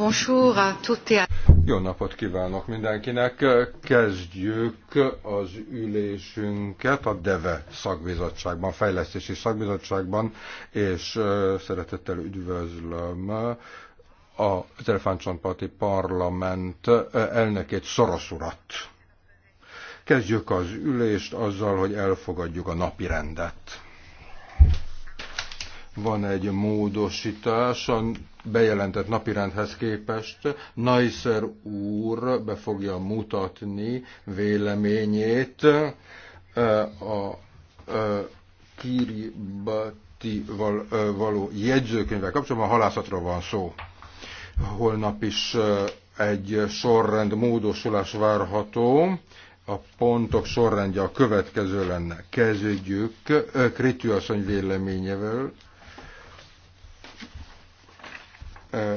Bonjour à toutes et Jó napot kívánok mindenkinek! Kezdjük az ülésünket a DEVE szakbizottságban, fejlesztési szakbizottságban, és szeretettel üdvözlöm az Elefántcsontparti Parlament elnökét, Szoros urat. Kezdjük az ülést azzal, hogy elfogadjuk a napi rendet. Van egy módosítás a bejelentett napirendhez képest. Naiszer úr be fogja mutatni véleményét a Kiribati-val való jegyzőkönyvvel kapcsolatban. A halászatra van szó. Holnap is egy sorrend módosulás várható. A pontok sorrendje a következő lenne. Kezdjük Kriti asszony véleményevel,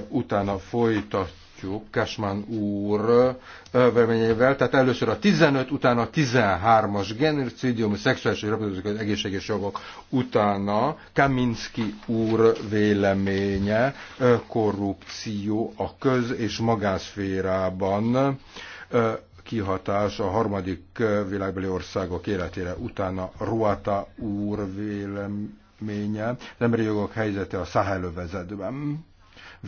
utána folytatjuk Kasman úr véleményével, tehát először a 15, utána a 13-as genocidium, szexuális és reprodukciós egészséges jogok, utána Kaminski úr véleménye, korrupció a köz- és magánszférában, kihatás a harmadik világbeli országok életére, utána Ruata úr véleménye, az emberi jogok helyzete a Száhelövezetben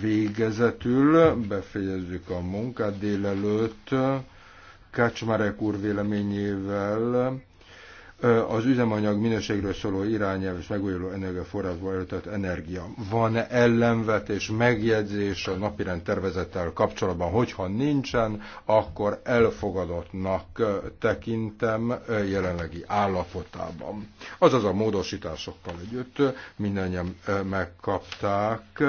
Végezetül befejezzük a munkát délelőtt Kacsmarek úr véleményével az üzemanyag minőségről szóló irányelv és megújuló energiaforrásból előtött energia. Van -e ellenvetés, megjegyzés a napirend tervezettel kapcsolatban? Hogyha nincsen, akkor elfogadottnak tekintem jelenlegi állapotában. Azaz a módosításokkal együtt mindannyian megkapták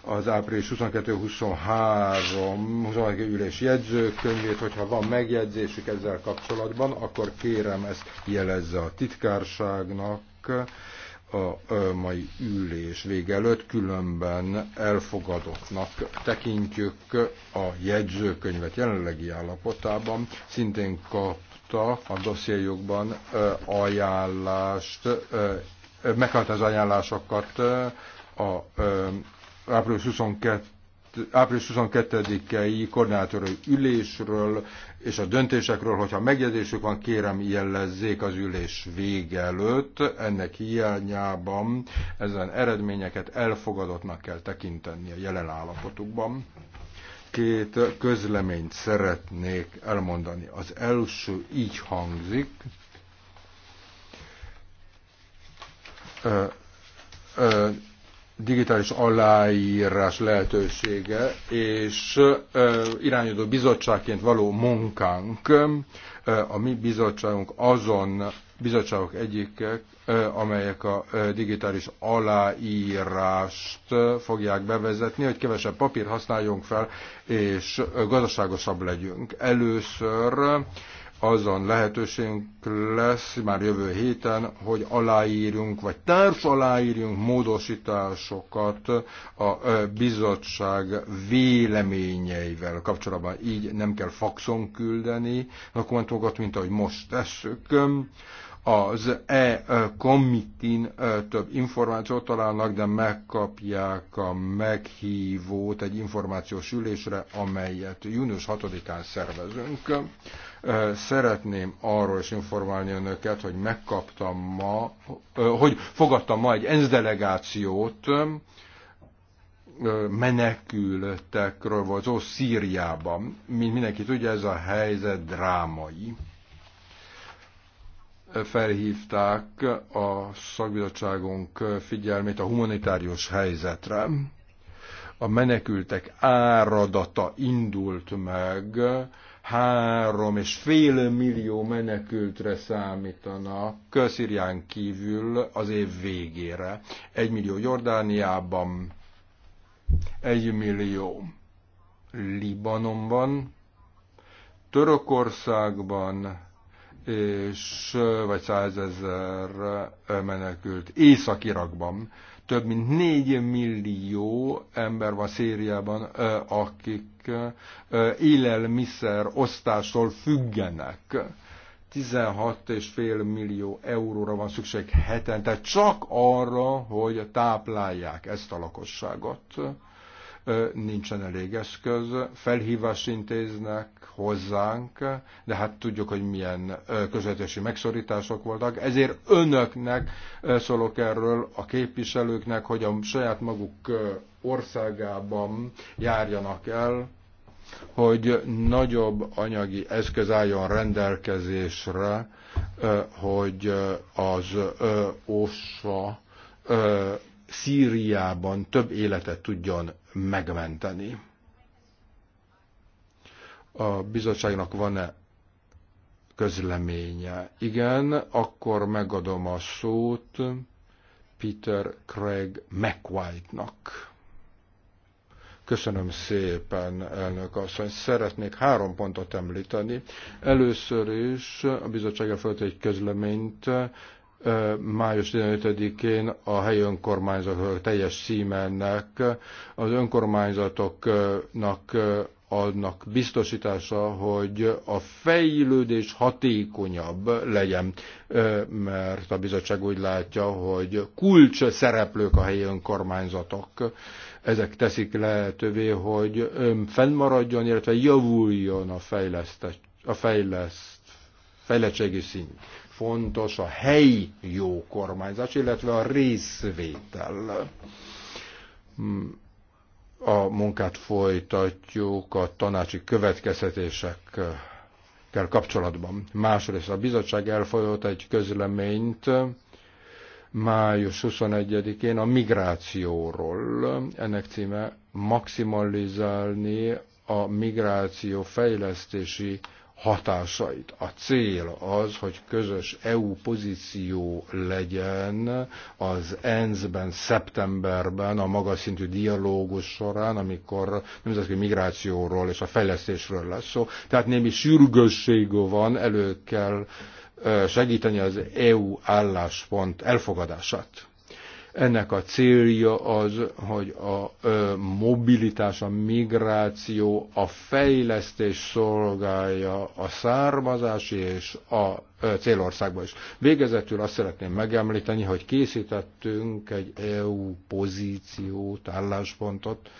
az április 22-23 ülés jegyzőkönyvét, hogyha van megjegyzésük ezzel kapcsolatban, akkor kérem ezt jelezni jelezze a titkárságnak a mai ülés vége előtt, különben elfogadottnak tekintjük a jegyzőkönyvet jelenlegi állapotában. Szintén kapta a dossziéjukban ajánlást, meghalt az ajánlásokat a április 22 április 22-i koordinátori ülésről és a döntésekről, hogyha megjegyzésük van, kérem jellezzék az ülés vége előtt. Ennek hiányában ezen eredményeket elfogadottnak kell tekinteni a jelen állapotukban. Két közleményt szeretnék elmondani. Az első így hangzik. Ö, ö, digitális aláírás lehetősége és irányadó bizottságként való munkánk, a mi bizottságunk azon bizottságok egyikek, amelyek a digitális aláírást fogják bevezetni, hogy kevesebb papír használjunk fel, és gazdaságosabb legyünk. Először azon lehetőségünk lesz már jövő héten, hogy aláírjunk, vagy társ aláírjunk módosításokat a bizottság véleményeivel kapcsolatban. Így nem kell faxon küldeni dokumentumokat, mint ahogy most tesszük az e-commitin e, több információt találnak, de megkapják a meghívót egy információs ülésre, amelyet június 6-án szervezünk. E, szeretném arról is informálni önöket, hogy megkaptam ma, e, hogy fogadtam ma egy ENSZ delegációt, menekültekről volt szó Szíriában. Mint mindenki tudja, ez a helyzet drámai felhívták a szakbizottságunk figyelmét a humanitárius helyzetre. A menekültek áradata indult meg, három és fél millió menekültre számítanak Szirián kívül az év végére. Egy millió Jordániában, egy millió Libanonban, Törökországban, és vagy százezer menekült Észak-Irakban. Több mint 4 millió ember van Szériában, akik élelmiszer osztástól függenek. 16,5 millió euróra van szükség hetente csak arra, hogy táplálják ezt a lakosságot nincsen elég eszköz, felhívást intéznek hozzánk, de hát tudjuk, hogy milyen közvetési megszorítások voltak, ezért önöknek szólok erről a képviselőknek, hogy a saját maguk országában járjanak el, hogy nagyobb anyagi eszköz álljon rendelkezésre, hogy az OSA Szíriában több életet tudjon megmenteni. A bizottságnak van-e közleménye? Igen, akkor megadom a szót Peter Craig McWhite-nak. Köszönöm szépen, elnök asszony. Szeretnék három pontot említeni. Először is a bizottság elfogadta egy közleményt május 15-én a helyi önkormányzatok teljes címennek az önkormányzatoknak adnak biztosítása, hogy a fejlődés hatékonyabb legyen, mert a bizottság úgy látja, hogy kulcs szereplők a helyi önkormányzatok. Ezek teszik lehetővé, hogy fennmaradjon, illetve javuljon a fejlesztés a fejleszt, fejlettségi szint fontos a helyi jó kormányzás, illetve a részvétel. A munkát folytatjuk a tanácsi következtetésekkel kapcsolatban. Másrészt a bizottság elfolyott egy közleményt, május 21-én a migrációról. Ennek címe maximalizálni a migráció fejlesztési hatásait. A cél az, hogy közös EU pozíció legyen az ENSZ-ben, szeptemberben, a magas szintű dialógus során, amikor nemzetközi migrációról és a fejlesztésről lesz szó. Tehát némi sürgősség van, elő kell segíteni az EU álláspont elfogadását. Ennek a célja az, hogy a mobilitás, a migráció, a fejlesztés szolgálja a származási és a célországba is. Végezetül azt szeretném megemlíteni, hogy készítettünk egy EU pozíciót, álláspontot,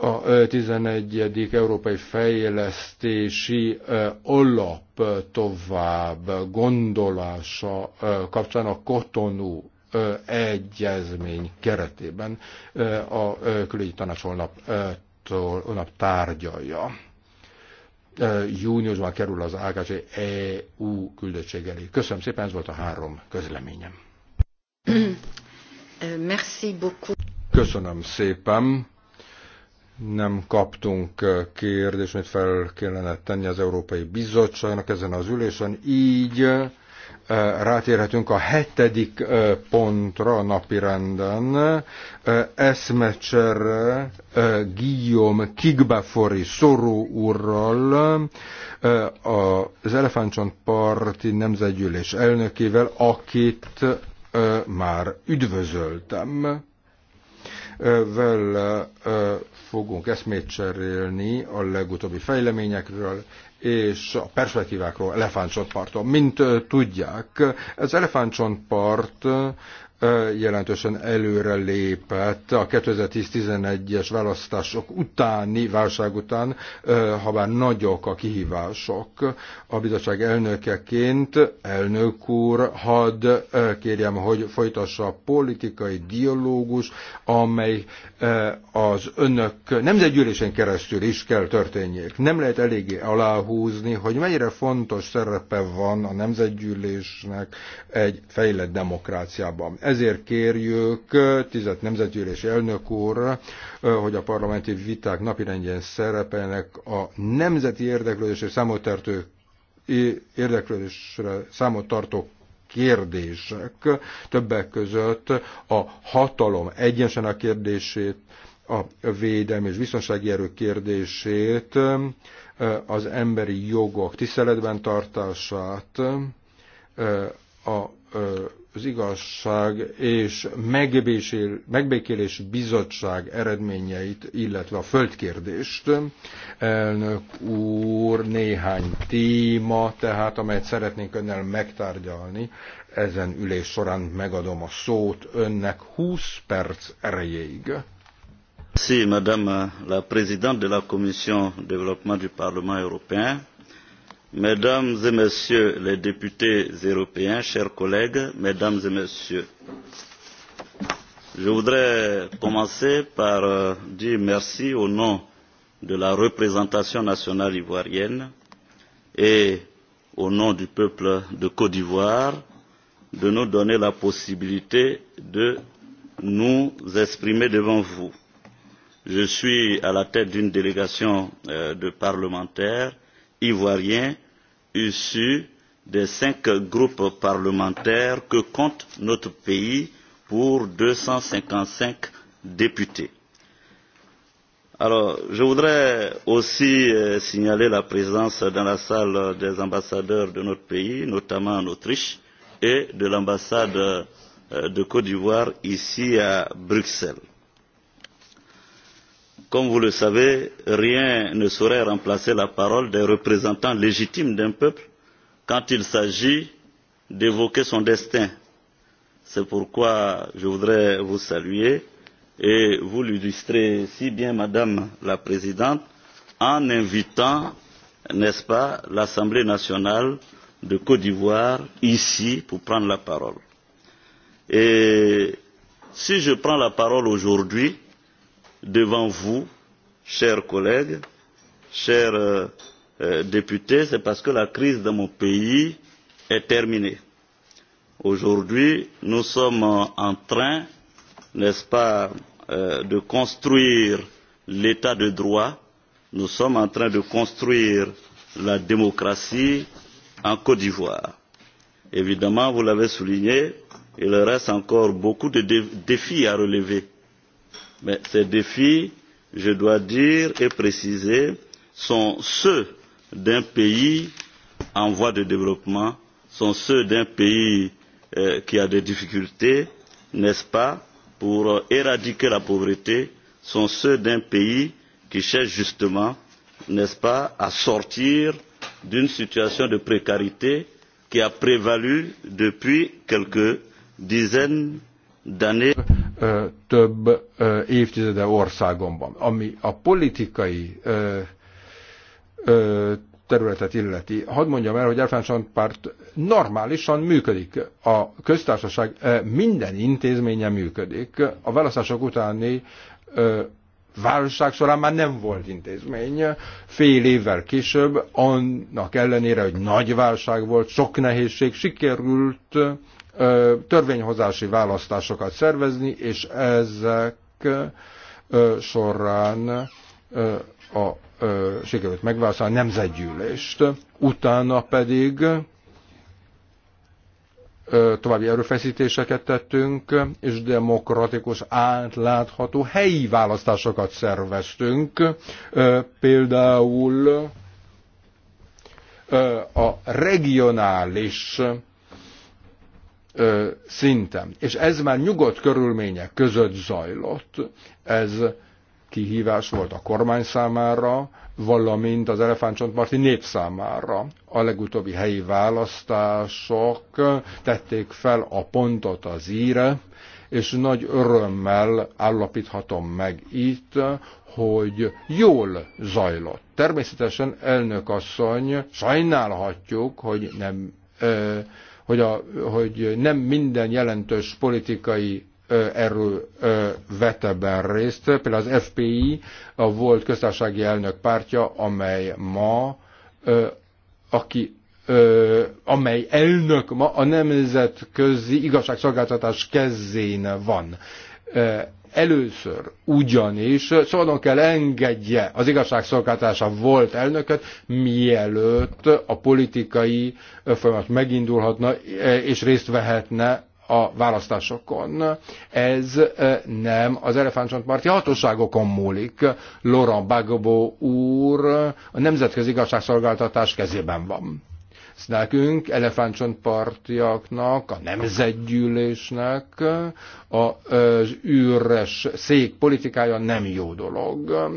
a 11. Európai Fejlesztési Alap tovább gondolása kapcsán a Kotonú egyezmény keretében a külügyi tanács holnap, holnap tárgyalja. Júniusban kerül az AKC EU küldöttség elé. Köszönöm szépen, ez volt a három közleményem. Merci beaucoup. Köszönöm szépen nem kaptunk kérdést, amit fel kellene tenni az Európai Bizottságnak ezen az ülésen, így rátérhetünk a hetedik pontra a napi renden, Eszmecser Guillaume Kigbefori Szorú úrral, az Elefántcsont Parti Nemzetgyűlés elnökével, akit már üdvözöltem. Vele fogunk eszmét cserélni a legutóbbi fejleményekről és a perspektívákról Elefántcsontparton. Mint tudják, az Elefántcsontpart jelentősen előrelépett a 2010-11-es választások utáni válság után, ha bár nagyok a kihívások. A bizottság elnökeként, elnök úr, hadd kérjem, hogy folytassa a politikai dialógus, amely az önök nemzetgyűlésen keresztül is kell történjék. Nem lehet eléggé aláhúzni, hogy mennyire fontos szerepe van a nemzetgyűlésnek egy fejlett demokráciában ezért kérjük tizet nemzetgyűlés elnök úr, hogy a parlamenti viták napirendjén szerepelnek a nemzeti érdeklődés és számottartó érdeklődésre számot tartó kérdések, többek között a hatalom egyensen a kérdését, a védelmi és biztonsági erők kérdését, az emberi jogok tiszteletben tartását, a az igazság és megbékélés bizottság eredményeit, illetve a földkérdést. Elnök úr, néhány téma, tehát amelyet szeretnénk önnel megtárgyalni, ezen ülés során megadom a szót önnek 20 perc erejéig. Merci, Madame la Présidente de la Commission Développement du Parlement Européen mesdames et messieurs les députés européens chers collègues mesdames et messieurs je voudrais commencer par euh, dire merci au nom de la représentation nationale ivoirienne et au nom du peuple de côte d'ivoire de nous donner la possibilité de nous exprimer devant vous. je suis à la tête d'une délégation euh, de parlementaires ivoiriens issus des cinq groupes parlementaires que compte notre pays pour deux cent cinquante cinq députés. Alors, je voudrais aussi euh, signaler la présence dans la salle des ambassadeurs de notre pays, notamment en Autriche, et de l'ambassade euh, de Côte d'Ivoire ici à Bruxelles comme vous le savez rien ne saurait remplacer la parole des représentants légitimes d'un peuple quand il s'agit d'évoquer son destin. c'est pourquoi je voudrais vous saluer et vous l'illustrer si bien madame la présidente en invitant n'est ce pas l'assemblée nationale de côte d'ivoire ici pour prendre la parole. et si je prends la parole aujourd'hui devant vous, chers collègues, chers euh, euh, députés, c'est parce que la crise dans mon pays est terminée. Aujourd'hui, nous sommes en train, n'est-ce pas, euh, de construire l'état de droit, nous sommes en train de construire la démocratie en Côte d'Ivoire. Évidemment, vous l'avez souligné, il reste encore beaucoup de dé défis à relever Mais ces défis, je dois dire et préciser, sont ceux d'un pays en voie de développement, sont ceux d'un pays euh, qui a des difficultés, n'est-ce pas, pour euh, éradiquer la pauvreté, sont ceux d'un pays qui cherche justement, n'est-ce pas, à sortir d'une situation de précarité qui a prévalu depuis quelques dizaines d'années több évtizede országomban. Ami a politikai területet illeti, hadd mondjam el, hogy Elfáncsant párt normálisan működik. A köztársaság minden intézménye működik. A választások utáni válság során már nem volt intézmény. Fél évvel később, annak ellenére, hogy nagy válság volt, sok nehézség, sikerült törvényhozási választásokat szervezni, és ezek során a sikerült megválasztani a nemzetgyűlést, utána pedig további erőfeszítéseket tettünk, és demokratikus, átlátható helyi választásokat szerveztünk, például a regionális szinten. És ez már nyugodt körülmények között zajlott. Ez kihívás volt a kormány számára, valamint az elefántcsontparti nép számára. A legutóbbi helyi választások tették fel a pontot az íre, és nagy örömmel állapíthatom meg itt, hogy jól zajlott. Természetesen elnök asszony, sajnálhatjuk, hogy nem ö, hogy, a, hogy nem minden jelentős politikai erő vette be részt. Például az FPI, a volt köztársasági elnök pártja, amely ma, aki amely elnök ma a nemzetközi igazságszolgáltatás kezén van Először ugyanis szabadon szóval kell engedje az igazságszolgáltása volt elnököt, mielőtt a politikai folyamat megindulhatna eh, és részt vehetne a választásokon. Ez eh, nem az elefántcsontparti hatóságokon múlik. Laurent Bagbo úr a nemzetközi igazságszolgáltatás kezében van nekünk, elefántcsontpartiaknak, a nemzetgyűlésnek az üres szék politikája nem jó dolog.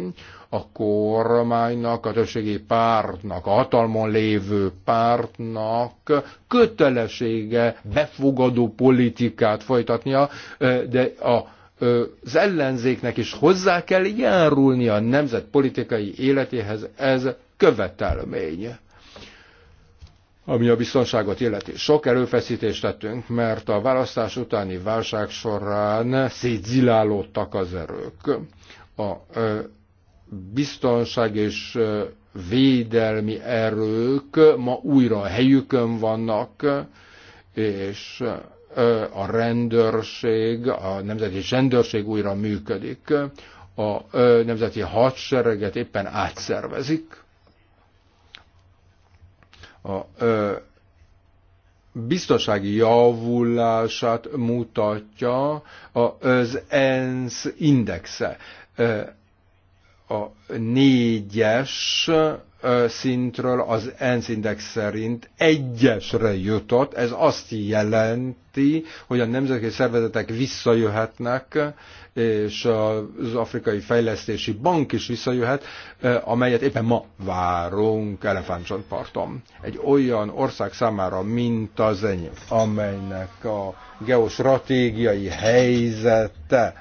A kormánynak, a többségi pártnak, a hatalmon lévő pártnak kötelessége befogadó politikát folytatnia, de a az ellenzéknek is hozzá kell járulni a nemzetpolitikai életéhez, ez követelmény ami a biztonságot illeti. Sok erőfeszítést tettünk, mert a választás utáni válság során szétzilálódtak az erők. A biztonság és védelmi erők ma újra a helyükön vannak, és a rendőrség, a nemzeti rendőrség újra működik, a nemzeti hadsereget éppen átszervezik, a ö, biztonsági javulását mutatja az ENSZ indexe. A négyes szintről az ENSZ index szerint egyesre jutott, ez azt jelenti, hogy a nemzetközi szervezetek visszajöhetnek, és az Afrikai Fejlesztési Bank is visszajöhet, amelyet éppen ma várunk Elefántcsontparton. Egy olyan ország számára, mint az enyém, amelynek a geostratégiai helyzete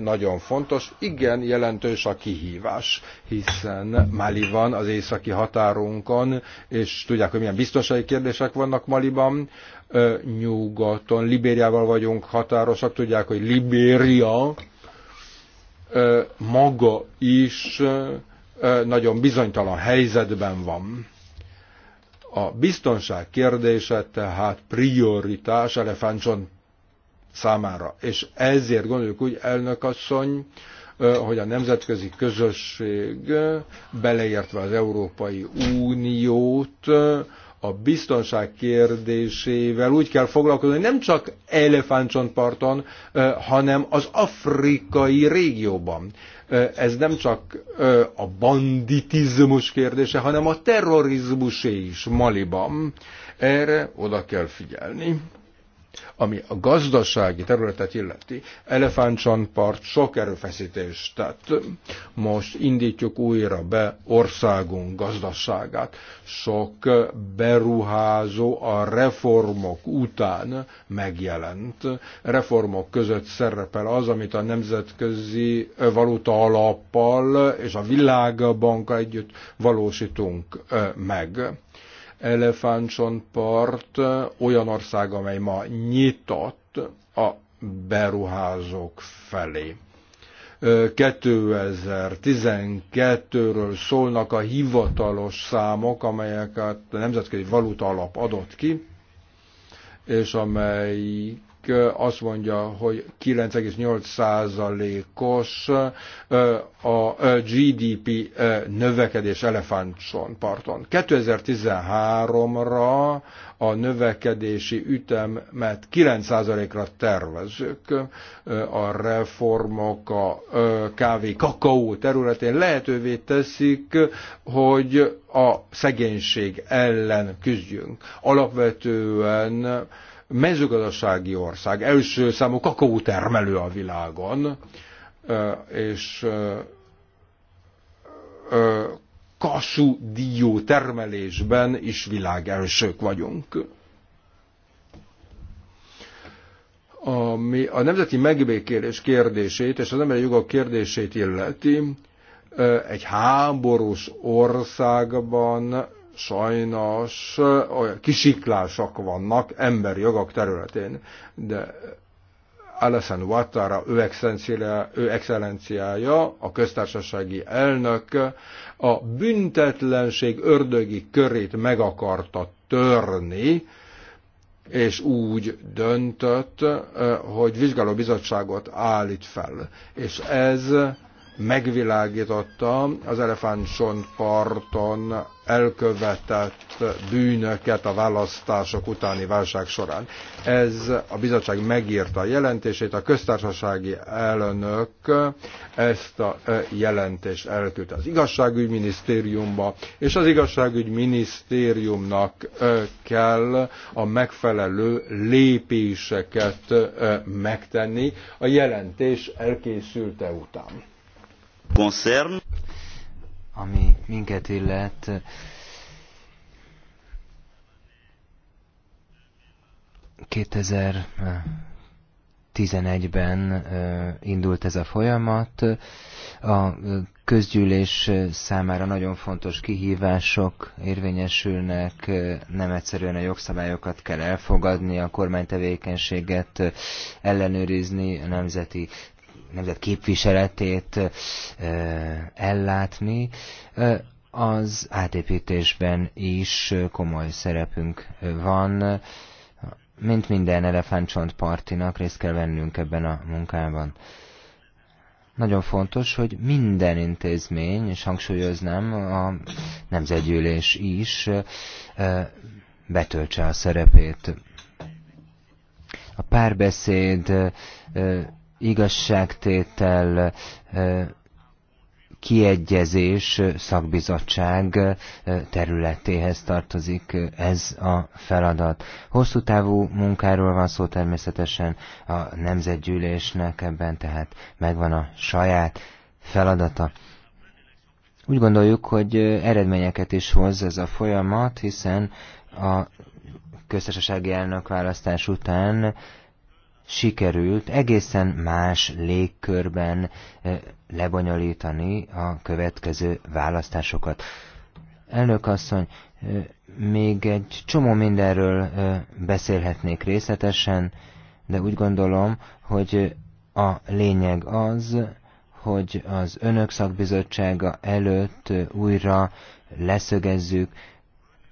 nagyon fontos. Igen, jelentős a kihívás, hiszen Mali van az északi határunkon, és tudják, hogy milyen biztonsági kérdések vannak Maliban nyugaton. Libériával vagyunk határosak, tudják, hogy Libéria maga is nagyon bizonytalan helyzetben van. A biztonság kérdése tehát prioritás elefántson számára. És ezért gondoljuk úgy, elnök asszony, hogy a nemzetközi közösség, beleértve az Európai Uniót, a biztonság kérdésével úgy kell foglalkozni, hogy nem csak elefántcsontparton, hanem az afrikai régióban. Ez nem csak a banditizmus kérdése, hanem a terrorizmusé is Maliban. Erre oda kell figyelni. Ami a gazdasági területet illeti, elefántcsontpart sok erőfeszítést tett. Most indítjuk újra be országunk gazdaságát. Sok beruházó a reformok után megjelent. Reformok között szerepel az, amit a Nemzetközi Valuta Alappal és a Világbanka együtt valósítunk meg Elefántcsontpart olyan ország, amely ma nyitott a beruházók felé. 2012-ről szólnak a hivatalos számok, amelyeket a Nemzetközi Valuta Alap adott ki, és amely azt mondja, hogy 9,8%-os a GDP növekedés elefántson parton. 2013-ra a növekedési ütemet 9%-ra tervezők a reformok a kávé kakaó területén lehetővé teszik, hogy a szegénység ellen küzdjünk. Alapvetően mezőgazdasági ország, első számú kakaótermelő a világon, és kasú dió termelésben is világelsők vagyunk. Ami a nemzeti megbékélés kérdését és az emberi jogok kérdését illeti, egy háborús országban sajnos olyan kisiklások vannak emberi jogok területén, de Alessandro Wattara, ő, ő excellenciája, a köztársasági elnök a büntetlenség ördögi körét meg akarta törni, és úgy döntött, hogy vizsgálóbizottságot állít fel. És ez megvilágította az elefántson parton elkövetett bűnöket a választások utáni válság során. Ez a bizottság megírta a jelentését, a köztársasági elnök ezt a e, jelentést elküldte az igazságügyminisztériumba, és az igazságügyminisztériumnak e, kell a megfelelő lépéseket e, megtenni a jelentés elkészülte után. Concern ami minket illet, kétezer 2011-ben indult ez a folyamat. A közgyűlés számára nagyon fontos kihívások érvényesülnek, nem egyszerűen a jogszabályokat kell elfogadni, a kormány tevékenységet ellenőrizni, a nemzeti nemzet képviseletét ellátni, az átépítésben is komoly szerepünk van. Mint minden elefántcsontpartinak részt kell vennünk ebben a munkában. Nagyon fontos, hogy minden intézmény, és hangsúlyoznám, a nemzetgyűlés is betöltse a szerepét. A párbeszéd igazságtétel, kiegyezés szakbizottság területéhez tartozik ez a feladat. Hosszú távú munkáról van szó természetesen a nemzetgyűlésnek ebben, tehát megvan a saját feladata. Úgy gondoljuk, hogy eredményeket is hoz ez a folyamat, hiszen a köztársasági elnök választás után sikerült egészen más légkörben eh, lebonyolítani a következő választásokat. Elnök asszony, eh, még egy csomó mindenről eh, beszélhetnék részletesen, de úgy gondolom, hogy a lényeg az, hogy az önök szakbizottsága előtt újra leszögezzük,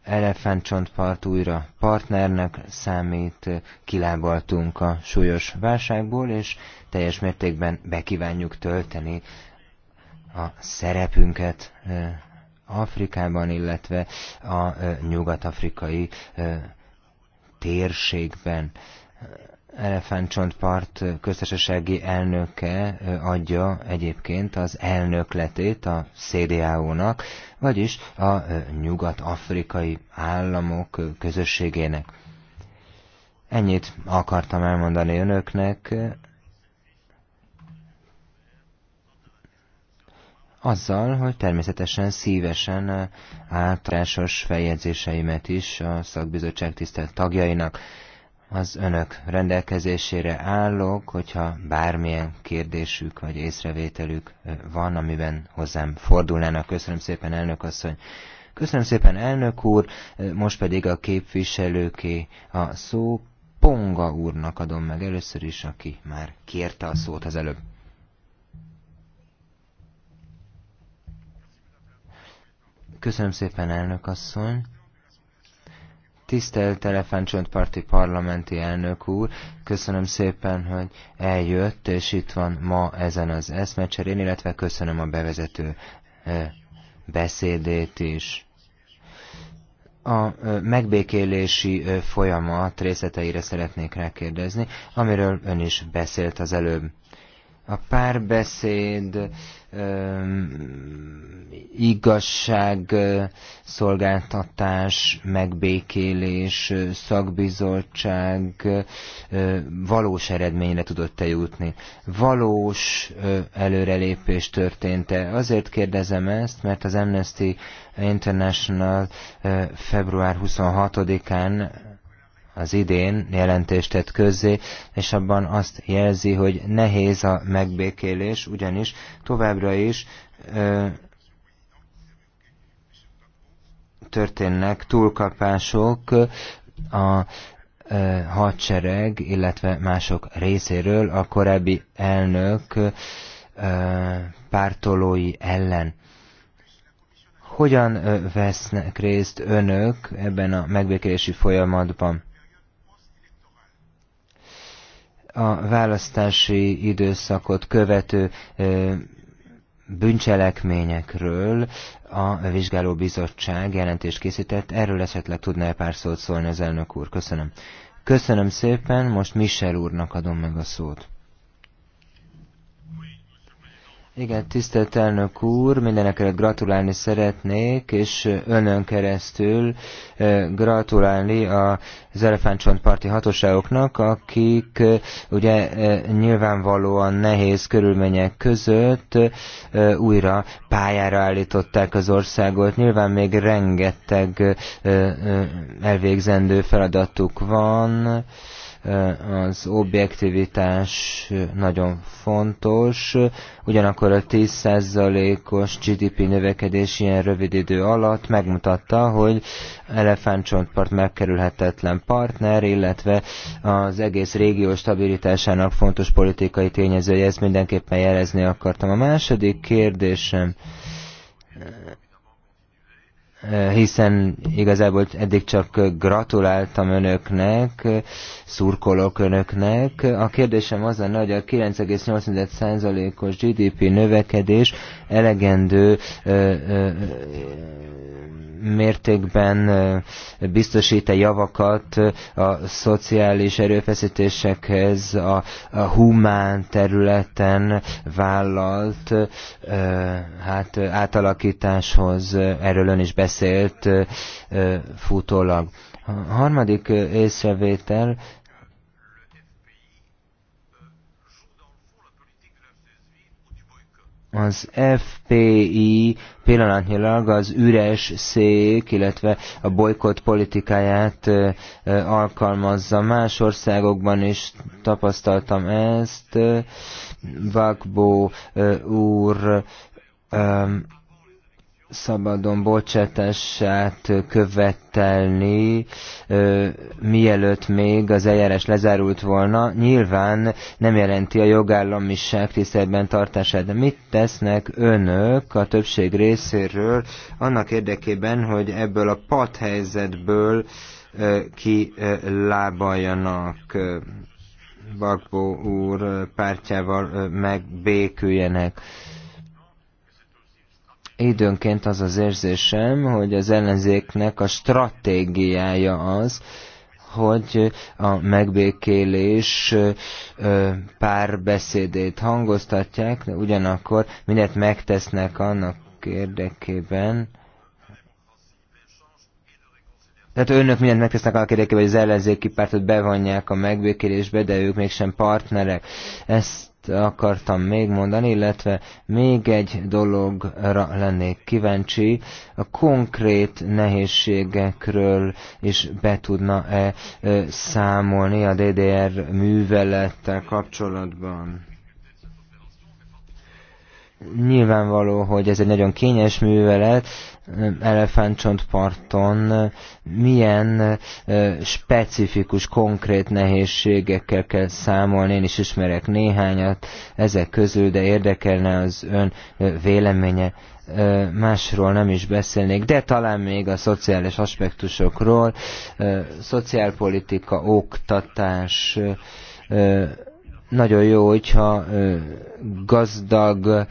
elefántcsontpart újra partnernek számít, kilábaltunk a súlyos válságból, és teljes mértékben bekívánjuk tölteni a szerepünket Afrikában, illetve a nyugat-afrikai térségben. Part köztesesegi elnöke adja egyébként az elnökletét a CDAO-nak, vagyis a e, nyugat-afrikai államok e, közösségének. Ennyit akartam elmondani önöknek. Azzal, hogy természetesen szívesen e, általásos feljegyzéseimet is a szakbizottság tisztelt tagjainak az önök rendelkezésére állok, hogyha bármilyen kérdésük vagy észrevételük van, amiben hozzám fordulnának. Köszönöm szépen, elnök asszony. Köszönöm szépen, elnök úr. Most pedig a képviselőké a szó. Ponga úrnak adom meg először is, aki már kérte a szót az előbb. Köszönöm szépen, elnök asszony. Tisztelt Elefántcsontparti parlamenti elnök úr, köszönöm szépen, hogy eljött, és itt van ma ezen az eszmecserén, illetve köszönöm a bevezető e, beszédét is. A e, megbékélési e, folyamat részleteire szeretnék rákérdezni, amiről ön is beszélt az előbb a párbeszéd, igazság, szolgáltatás, megbékélés, szakbizottság valós eredményre tudott-e jutni? Valós előrelépés történt-e? Azért kérdezem ezt, mert az Amnesty International február 26-án az idén jelentést tett közzé, és abban azt jelzi, hogy nehéz a megbékélés, ugyanis továbbra is ö, történnek túlkapások a ö, hadsereg, illetve mások részéről a korábbi elnök ö, pártolói ellen hogyan vesznek részt önök ebben a megbékélési folyamatban? a választási időszakot követő bűncselekményekről a vizsgálóbizottság jelentést készített. Erről esetleg tudná -e pár szót szólni az elnök úr? Köszönöm. Köszönöm szépen, most Michel úrnak adom meg a szót. Igen, tisztelt elnök úr, mindenekre gratulálni szeretnék, és önön keresztül eh, gratulálni az elefántcsontparti hatóságoknak, akik eh, ugye eh, nyilvánvalóan nehéz körülmények között újra pályára állították az országot. Nyilván még rengeteg elvégzendő feladatuk van, az objektivitás nagyon fontos, ugyanakkor a 10%-os GDP növekedés ilyen rövid idő alatt megmutatta, hogy elefántcsontpart megkerülhetetlen partner, illetve az egész régió stabilitásának fontos politikai tényezője, ezt mindenképpen jelezni akartam. A második kérdésem, hiszen igazából eddig csak gratuláltam önöknek, szurkolok önöknek. A kérdésem az lenne, hogy a 9,8%-os GDP növekedés elegendő mértékben biztosít-e javakat a szociális erőfeszítésekhez a, a humán területen vállalt hát, átalakításhoz, erről ön is beszélt futólag. A harmadik észrevétel Az FPI pillanatnyilag az üres szék, illetve a bolykott politikáját alkalmazza. Más országokban is tapasztaltam ezt. Vagbo úr szabadon bocsátását követelni, mielőtt még az eljárás lezárult volna, nyilván nem jelenti a jogállamiság tisztelben tartását. De mit tesznek önök a többség részéről annak érdekében, hogy ebből a padhelyzetből kilábaljanak? Bagbó úr pártjával megbéküljenek. Időnként az az érzésem, hogy az ellenzéknek a stratégiája az, hogy a megbékélés párbeszédét hangoztatják, de ugyanakkor mindent megtesznek annak érdekében, tehát önök mindent megtesznek a kérdékében, hogy az ellenzéki pártot bevonják a megbékélésbe, de ők mégsem partnerek. Ezt akartam még mondani, illetve még egy dologra lennék kíváncsi, a konkrét nehézségekről is be tudna-e számolni a DDR művelettel kapcsolatban. Nyilvánvaló, hogy ez egy nagyon kényes művelet, elefántcsontparton milyen specifikus, konkrét nehézségekkel kell számolni. Én is ismerek néhányat ezek közül, de érdekelne az ön véleménye. Másról nem is beszélnék, de talán még a szociális aspektusokról. Szociálpolitika, oktatás, nagyon jó, hogyha gazdag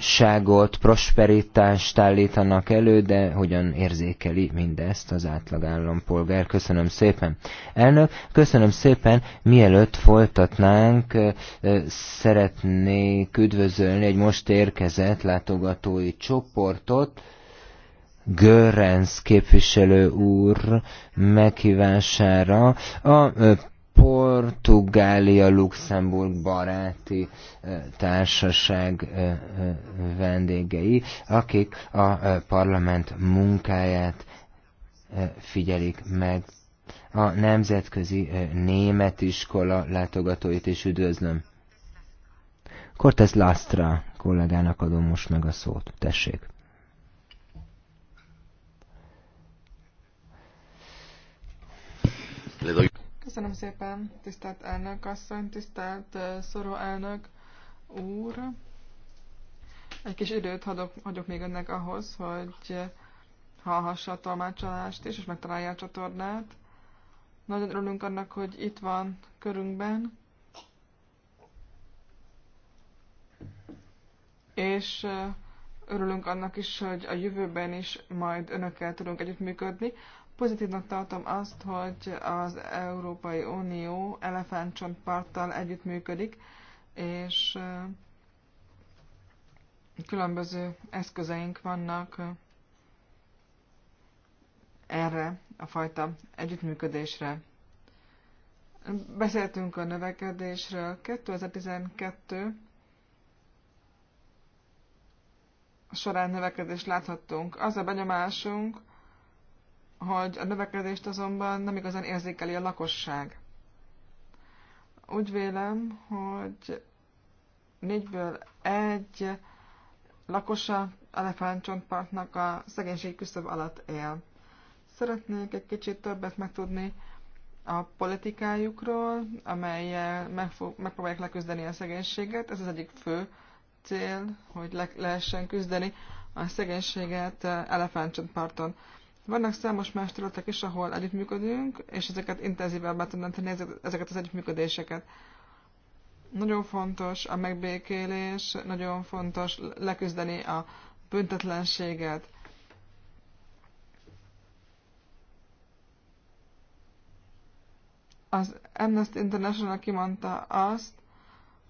ságot, prosperitást állítanak elő, de hogyan érzékeli mindezt az átlag állampolgár. Köszönöm szépen. Elnök, köszönöm szépen. Mielőtt folytatnánk, szeretnék üdvözölni egy most érkezett látogatói csoportot. Görrensz képviselő úr meghívására a Portugália-Luxemburg baráti társaság vendégei, akik a parlament munkáját figyelik meg. A Nemzetközi Német Iskola látogatóit is üdvözlöm. Cortez Lastra kollégának adom most meg a szót. Tessék! Le doy Köszönöm szépen, tisztelt elnök asszony, tisztelt szoró elnök úr. Egy kis időt adok, hagyok még önnek ahhoz, hogy hallhassa a tolmácsolást is, és megtalálja a csatornát. Nagyon örülünk annak, hogy itt van körünkben. És örülünk annak is, hogy a jövőben is majd önökkel tudunk együttműködni. Pozitívnak tartom azt, hogy az Európai Unió elefántcsontparttal együttműködik, és különböző eszközeink vannak erre a fajta együttműködésre. Beszéltünk a növekedésről. 2012 során növekedést láthattunk. Az a benyomásunk, hogy a növekedést azonban nem igazán érzékeli a lakosság. Úgy vélem, hogy négyből egy lakosa elefántcsontpartnak a szegénység küszöb alatt él. Szeretnék egy kicsit többet megtudni a politikájukról, amelyel megpróbálják leküzdeni a szegénységet. Ez az egyik fő cél, hogy le lehessen küzdeni a szegénységet elefántcsontparton. parton vannak számos más területek is, ahol együttműködünk, és ezeket intenzívebbá tudnám tenni, ezeket az együttműködéseket. Nagyon fontos a megbékélés, nagyon fontos leküzdeni a büntetlenséget. Az Amnesty International kimondta azt,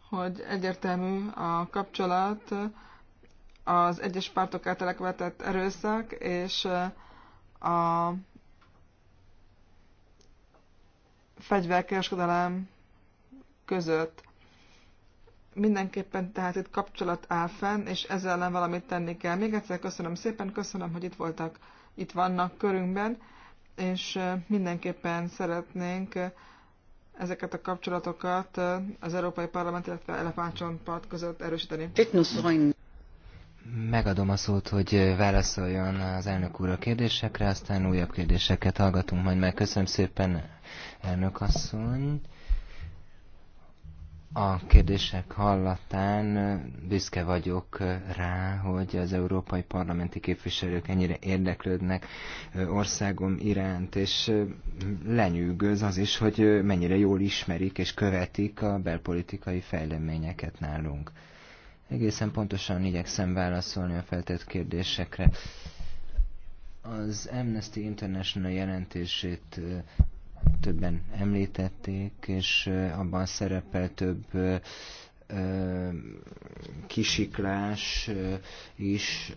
hogy egyértelmű a kapcsolat az egyes pártok által elkövetett erőszak és a fegyverkereskedelem között. Mindenképpen tehát itt kapcsolat áll fenn, és ezzel ellen valamit tenni kell. Még egyszer köszönöm szépen, köszönöm, hogy itt voltak, itt vannak körünkben, és mindenképpen szeretnénk ezeket a kapcsolatokat az Európai Parlament, illetve Elefántcsontpart között erősíteni. Megadom a szót, hogy válaszoljon az elnök úr a kérdésekre, aztán újabb kérdéseket hallgatunk majd meg. Köszönöm szépen, elnök asszony. A kérdések hallatán büszke vagyok rá, hogy az európai parlamenti képviselők ennyire érdeklődnek országom iránt, és lenyűgöz az is, hogy mennyire jól ismerik és követik a belpolitikai fejleményeket nálunk. Egészen pontosan igyekszem válaszolni a feltett kérdésekre. Az Amnesty International jelentését többen említették, és abban szerepel több kisiklás is,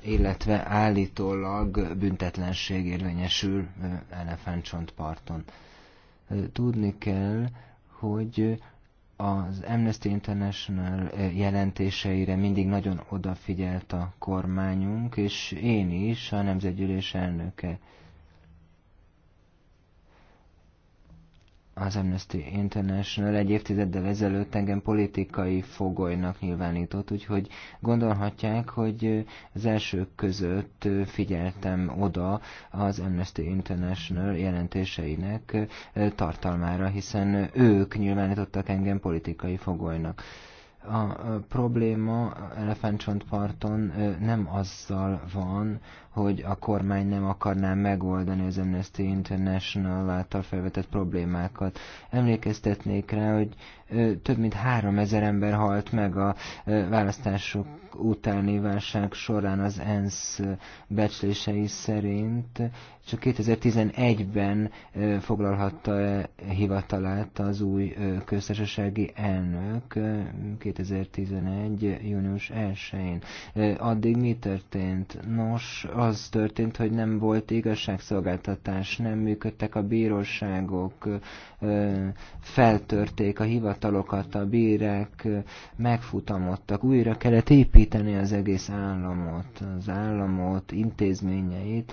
illetve állítólag büntetlenség érvényesül elefántcsontparton. Tudni kell, hogy az Amnesty International eh, jelentéseire mindig nagyon odafigyelt a kormányunk, és én is, a Nemzetgyűlés elnöke. az Amnesty International egy évtizeddel ezelőtt engem politikai fogolynak nyilvánított, úgyhogy gondolhatják, hogy az elsők között figyeltem oda az Amnesty International jelentéseinek tartalmára, hiszen ők nyilvánítottak engem politikai fogolynak a probléma Elefántcsontparton nem azzal van, hogy a kormány nem akarná megoldani az Amnesty International által felvetett problémákat. Emlékeztetnék rá, hogy több mint három ezer ember halt meg a választások utáni válság során az ENSZ becslései szerint. Csak 2011-ben foglalhatta -e hivatalát az új köztársasági elnök 2011. június 1-én. Addig mi történt? Nos, a az történt, hogy nem volt igazságszolgáltatás, nem működtek a bíróságok, feltörték a hivatalokat, a bírák megfutamodtak, újra kellett építeni az egész államot, az államot, intézményeit,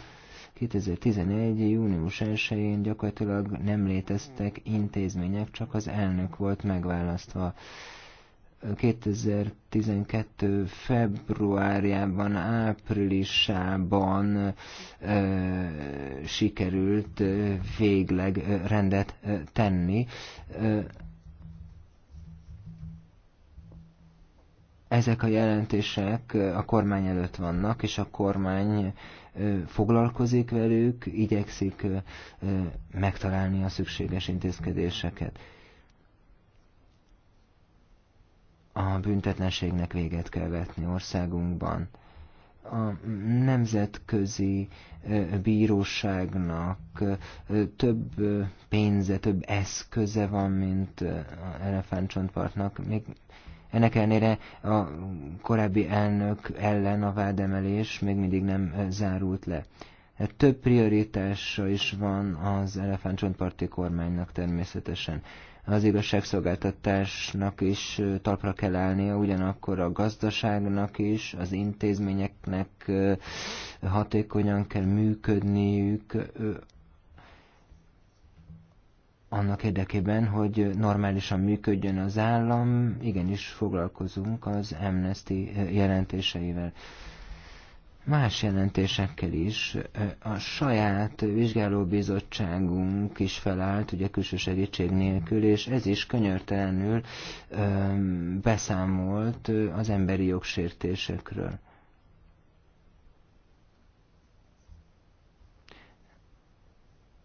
2011. június 1-én gyakorlatilag nem léteztek intézmények, csak az elnök volt megválasztva. 2012. februárjában, áprilisában sikerült végleg rendet tenni. ezek a jelentések a kormány előtt vannak, és a kormány foglalkozik velük, igyekszik megtalálni a szükséges intézkedéseket. a büntetlenségnek véget kell vetni országunkban. A nemzetközi bíróságnak több pénze, több eszköze van, mint a elefántcsontpartnak. Még ennek ellenére a korábbi elnök ellen a vádemelés még mindig nem zárult le. Hát több prioritása is van az elefántcsontparti kormánynak természetesen az igazságszolgáltatásnak is talpra kell állnia, ugyanakkor a gazdaságnak is, az intézményeknek hatékonyan kell működniük annak érdekében, hogy normálisan működjön az állam, igenis foglalkozunk az Amnesty jelentéseivel más jelentésekkel is. A saját vizsgálóbizottságunk is felállt, ugye külső segítség nélkül, és ez is könyörtelenül beszámolt az emberi jogsértésekről.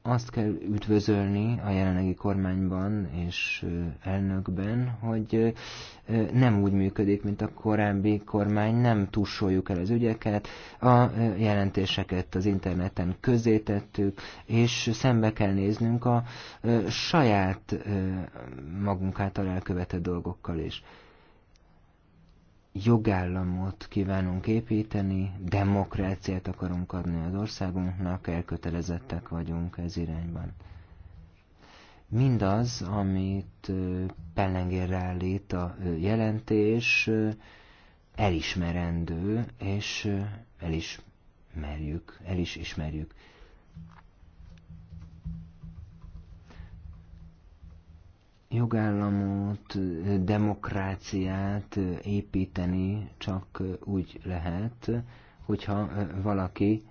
azt kell üdvözölni a jelenlegi kormányban és elnökben, hogy nem úgy működik, mint a korábbi kormány, nem tussoljuk el az ügyeket, a jelentéseket az interneten közé tettük, és szembe kell néznünk a saját magunk által elkövetett dolgokkal is jogállamot kívánunk építeni, demokráciát akarunk adni az országunknak, elkötelezettek vagyunk ez irányban. Mindaz, amit pellengérre állít a jelentés, elismerendő, és el is merjük, el is ismerjük. jogállamot, demokráciát építeni csak úgy lehet, hogyha valaki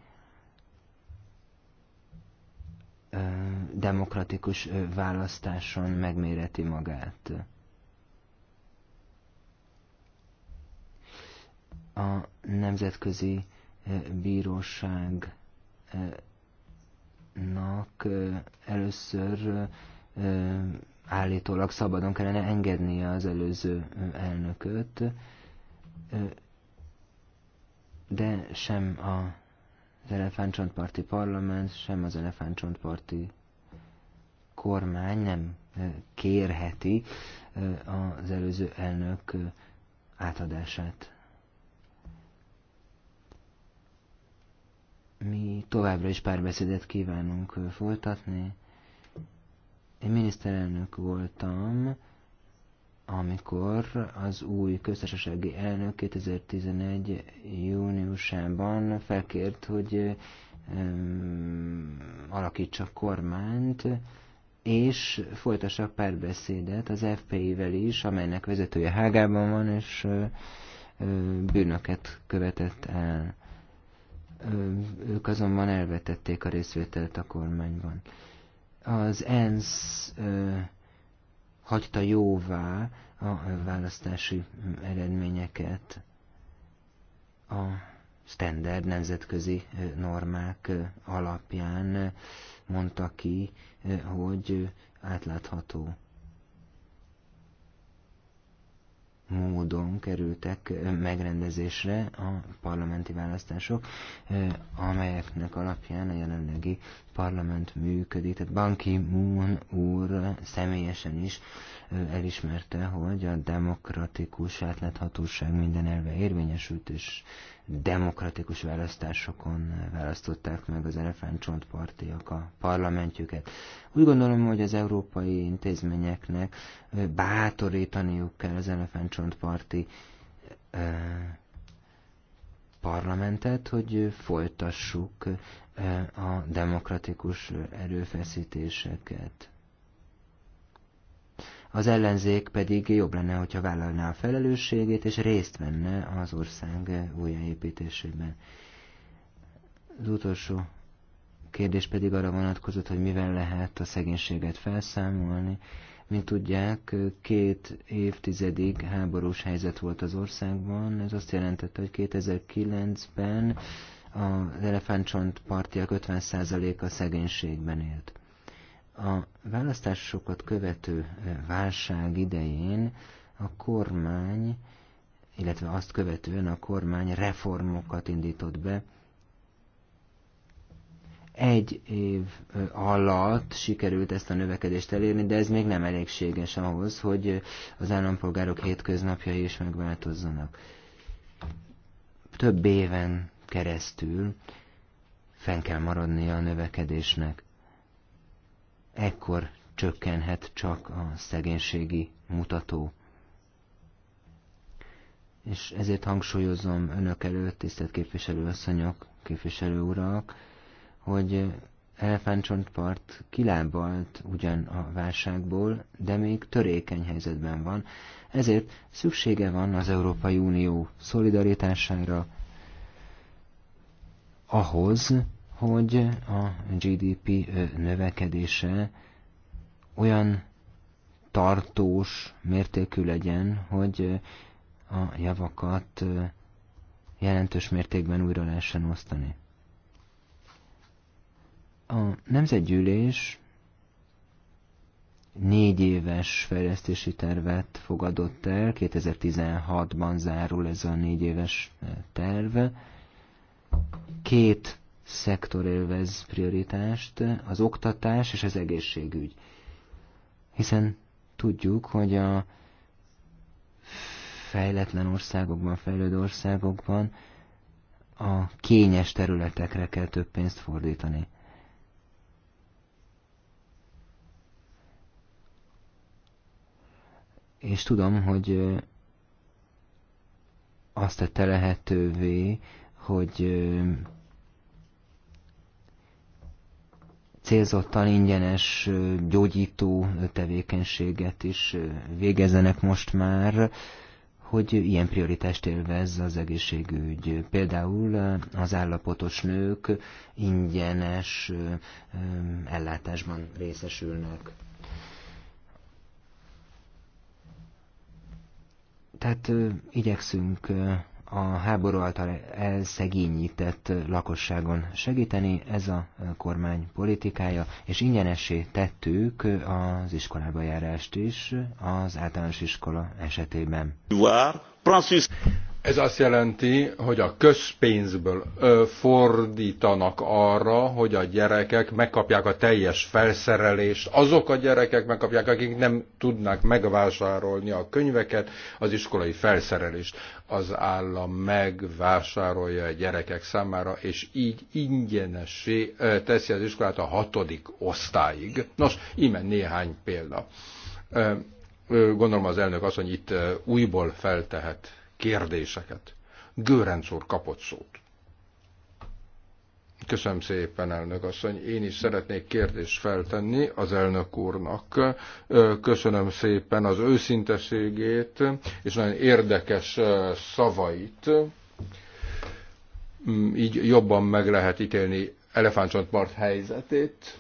demokratikus választáson megméreti magát. A nemzetközi bíróságnak először állítólag szabadon kellene engednie az előző elnököt, de sem az elefántcsontparti parlament, sem az elefántcsontparti kormány nem kérheti az előző elnök átadását. Mi továbbra is párbeszédet kívánunk folytatni én miniszterelnök voltam, amikor az új köztársasági elnök 2011. júniusában felkért, hogy um, alakítsa kormányt, és folytassa a párbeszédet az FPI-vel is, amelynek vezetője Hágában van, és bűnöket követett el. Ők azonban elvetették a részvételt a kormányban az ENSZ hagyta jóvá a választási eredményeket a standard nemzetközi normák alapján mondta ki, hogy átlátható módon kerültek megrendezésre a parlamenti választások, amelyeknek alapján a jelenlegi parlament működik. Tehát Ban Ki-moon úr személyesen is elismerte, hogy a demokratikus átláthatóság minden elve érvényesült, és demokratikus választásokon eh, választották meg az elefántcsontpartiak a parlamentjüket. Úgy gondolom, hogy az európai intézményeknek eh, bátorítaniuk kell az elefántcsontparti eh, parlamentet, hogy folytassuk a demokratikus erőfeszítéseket az ellenzék pedig jobb lenne, hogyha vállalná a felelősségét, és részt venne az ország újjáépítésében. Az utolsó kérdés pedig arra vonatkozott, hogy mivel lehet a szegénységet felszámolni. Mint tudják, két évtizedig háborús helyzet volt az országban, ez azt jelentette, hogy 2009-ben az elefántcsont partiak 50%-a szegénységben élt. A választásokat követő eh, válság idején a kormány, illetve azt követően a kormány reformokat indított be, egy év eh, alatt sikerült ezt a növekedést elérni, de ez még nem elégséges ahhoz, hogy eh, az állampolgárok hétköznapjai is megváltozzanak. Több éven keresztül fenn kell maradnia a növekedésnek ekkor csökkenhet csak a szegénységi mutató. És ezért hangsúlyozom önök előtt, tisztelt képviselőasszonyok, képviselő urak, hogy elefántcsontpart kilábalt ugyan a válságból, de még törékeny helyzetben van, ezért szüksége van az Európai Unió szolidaritására, ahhoz, hogy a GDP növekedése olyan tartós mértékű legyen, hogy a javakat jelentős mértékben újra lehessen osztani. A nemzetgyűlés négy éves fejlesztési tervet fogadott el, 2016-ban zárul ez a négy éves terv. Két szektor élvez prioritást, az oktatás és az egészségügy. Hiszen tudjuk, hogy a fejletlen országokban, fejlődő országokban a kényes területekre kell több pénzt fordítani. És tudom, hogy azt tette lehetővé, hogy célzottan ingyenes gyógyító tevékenységet is végezzenek most már, hogy ilyen prioritást élvez az egészségügy. Például az állapotos nők ingyenes ellátásban részesülnek. Tehát igyekszünk a háború által elszegényített lakosságon segíteni, ez a kormány politikája, és ingyenessé tettük az iskolába járást is az általános iskola esetében. Ez azt jelenti, hogy a közpénzből fordítanak arra, hogy a gyerekek megkapják a teljes felszerelést. Azok a gyerekek megkapják, akik nem tudnak megvásárolni a könyveket, az iskolai felszerelést. Az állam megvásárolja a gyerekek számára, és így ingyenesé teszi az iskolát a hatodik osztályig. Nos, íme néhány példa. Gondolom az elnök asszony itt újból feltehet kérdéseket. Gőrenc úr kapott szót. Köszönöm szépen, elnök asszony. Én is szeretnék kérdést feltenni az elnök úrnak. Köszönöm szépen az őszinteségét és nagyon érdekes szavait. Mm, így jobban meg lehet ítélni elefántcsontpart helyzetét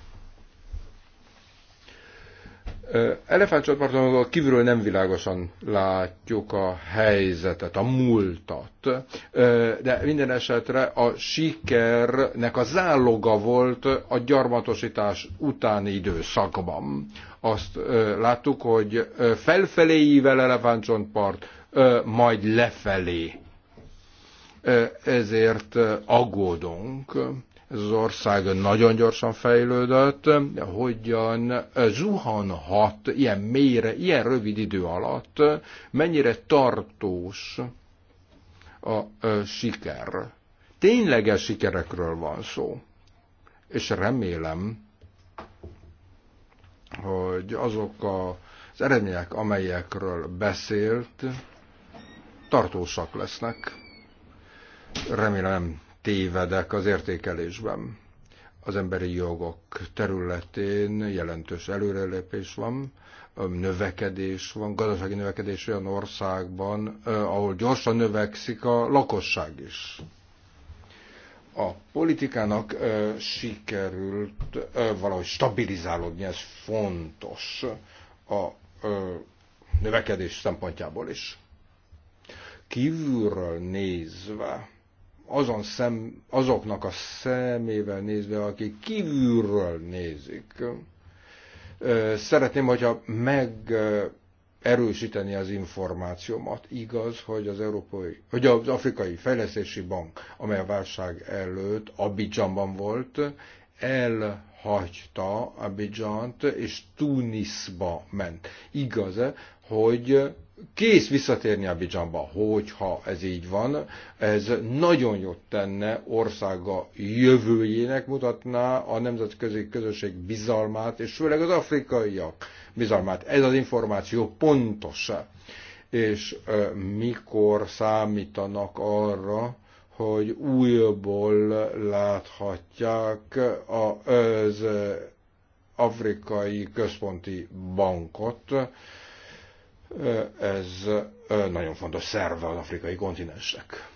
Elefántcsontparton kívülről nem világosan látjuk a helyzetet, a múltat, de minden esetre a sikernek a záloga volt a gyarmatosítás utáni időszakban. Azt láttuk, hogy felfelé ível Elefántcsontpart, majd lefelé. Ezért aggódunk ez az ország nagyon gyorsan fejlődött, hogyan eh, zuhanhat ilyen mélyre, ilyen rövid idő alatt, mennyire tartós a eh, siker. Tényleges sikerekről van szó. És remélem, hogy azok a, az eredmények, amelyekről beszélt, tartósak lesznek. Remélem tévedek az értékelésben. Az emberi jogok területén jelentős előrelépés van, növekedés van, gazdasági növekedés olyan országban, ahol gyorsan növekszik a lakosság is a politikának sikerült valahogy stabilizálódni, ez fontos a növekedés szempontjából is. Kívülről nézve azon szem, azoknak a szemével nézve, akik kívülről nézik. Szeretném, hogyha meg erősíteni az információmat. Igaz, hogy az, európai, hogy az Afrikai Fejlesztési Bank, amely a válság előtt Abidjanban volt, elhagyta Abidjant és Tunisba ment. Igaz, -e, hogy kész visszatérni a Bidzsamba, hogyha ez így van, ez nagyon jót tenne országa jövőjének, mutatná a nemzetközi közösség bizalmát, és főleg az afrikaiak bizalmát. Ez az információ pontos. És mikor számítanak arra, hogy újból láthatják az afrikai központi bankot, ez nagyon fontos szerve az afrikai kontinensnek.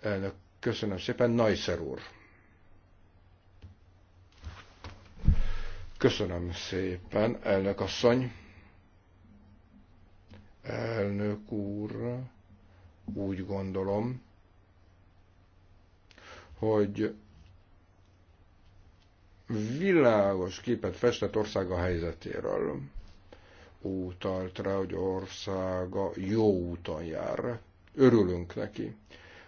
Elnök, köszönöm szépen. Najszer úr. Köszönöm szépen, elnök asszony. Elnök úr, úgy gondolom, hogy világos képet festett országa helyzetéről utalt rá, hogy országa jó úton jár. Örülünk neki.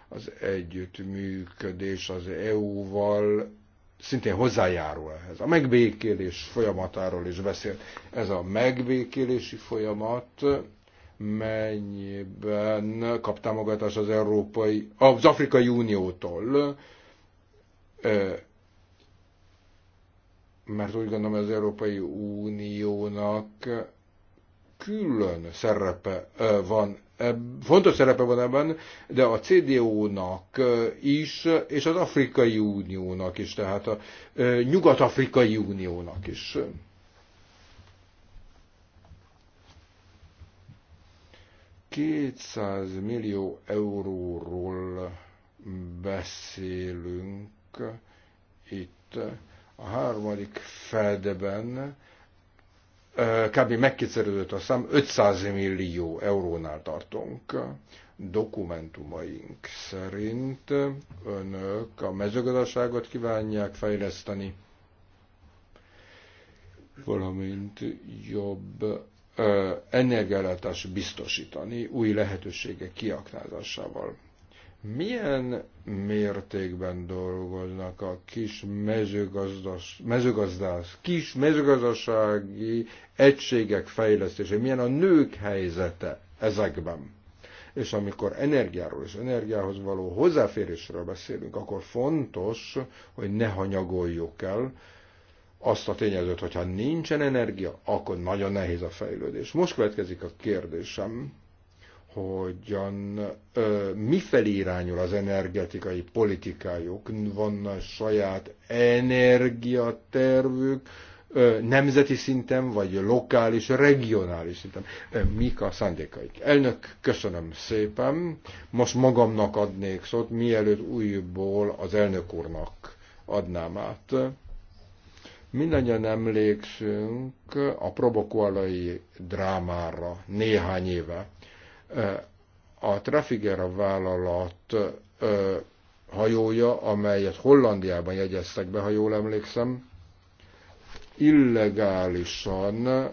Az együttműködés az EU-val szintén hozzájárul ehhez. A megbékélés folyamatáról is beszélt. Ez a megbékélési folyamat mennyiben kap támogatást az Európai, az Afrikai Uniótól, mert úgy gondolom az Európai Uniónak külön szerepe van, fontos szerepe van ebben, de a CDU-nak is, és az Afrikai Uniónak is, tehát a Nyugat-Afrikai Uniónak is. Kétszáz millió euróról beszélünk itt a harmadik feldeben, kb. megkétszerződött a szám, 500 millió eurónál tartunk. Dokumentumaink szerint önök a mezőgazdaságot kívánják fejleszteni, valamint jobb energiállátást biztosítani új lehetőségek kiaknázásával milyen mértékben dolgoznak a kis mezőgazdas, mezőgazdász, kis mezőgazdasági egységek fejlesztése, milyen a nők helyzete ezekben. És amikor energiáról és energiához való hozzáférésről beszélünk, akkor fontos, hogy ne hanyagoljuk el azt a tényezőt, hogyha nincsen energia, akkor nagyon nehéz a fejlődés. Most következik a kérdésem, hogyan mifelé irányul az energetikai politikájuk, van a saját energiatervük, nemzeti szinten, vagy lokális, regionális szinten. mik a szándékaik? Elnök, köszönöm szépen. Most magamnak adnék szót, mielőtt újból az elnök úrnak adnám át. Mindannyian emlékszünk a provokualai drámára néhány éve a Trafigera vállalat hajója, amelyet Hollandiában jegyeztek be, ha jól emlékszem, illegálisan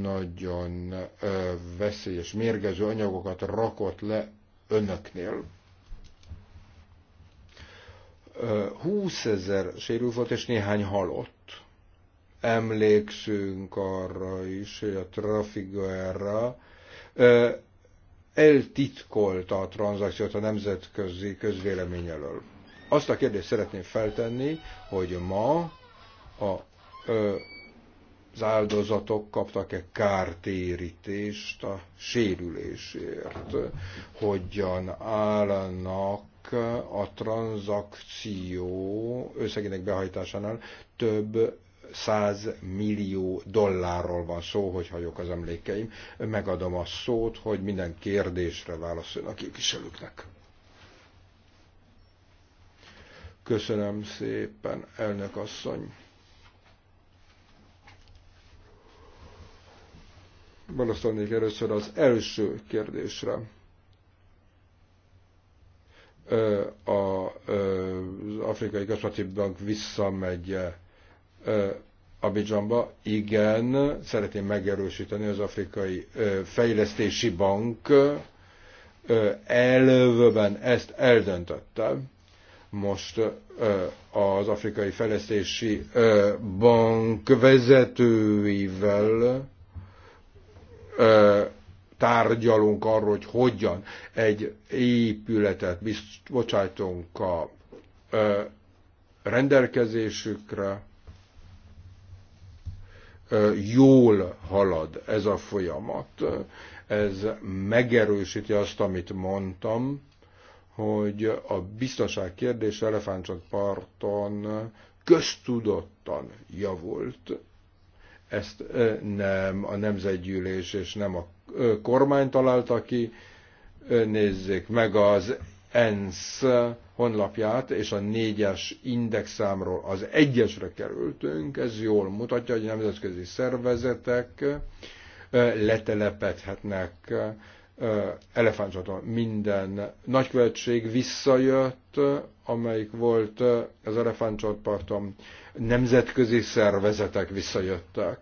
nagyon veszélyes, mérgező anyagokat rakott le önöknél. 20 ezer sérült volt, és néhány halott emlékszünk arra is, hogy a Trafiguerra eltitkolta a tranzakciót a nemzetközi közvélemény elől. Azt a kérdést szeretném feltenni, hogy ma a, ö, az áldozatok kaptak-e kártérítést a sérülésért, hogyan állnak a tranzakció összegének behajtásánál több 100 millió dollárról van szó, hogy hagyok az emlékeim. Megadom a szót, hogy minden kérdésre válaszoljon a képviselőknek. Köszönöm szépen, elnök asszony. válaszolnék először az első kérdésre. Az Afrikai Központi Bank visszamegy Abidjanba, igen, szeretném megerősíteni az Afrikai Fejlesztési Bank elvben ezt eldöntötte. Most az Afrikai Fejlesztési Bank vezetőivel tárgyalunk arról, hogy hogyan egy épületet bocsájtunk a rendelkezésükre, jól halad ez a folyamat. Ez megerősíti azt, amit mondtam, hogy a biztonság kérdés Elefántcsontparton köztudottan javult. Ezt nem a nemzetgyűlés és nem a kormány találta ki. Nézzék meg az ENSZ honlapját, és a négyes indexámról az egyesre kerültünk. Ez jól mutatja, hogy nemzetközi szervezetek eh, letelepedhetnek Elefántcsaton minden nagykövetség visszajött, amelyik volt az Elefántcsontparton, nemzetközi szervezetek visszajöttek,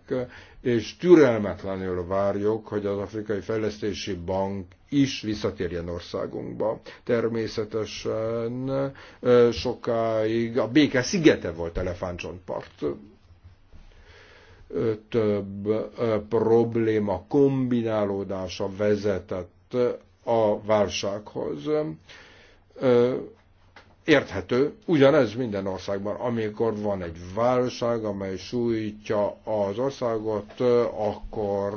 és türelmetlenül várjuk, hogy az Afrikai Fejlesztési Bank is visszatérjen országunkba. Természetesen sokáig a béke szigete volt Elefántcsontpart több probléma kombinálódása vezetett a válsághoz. Érthető, ugyanez minden országban, amikor van egy válság, amely sújtja az országot, akkor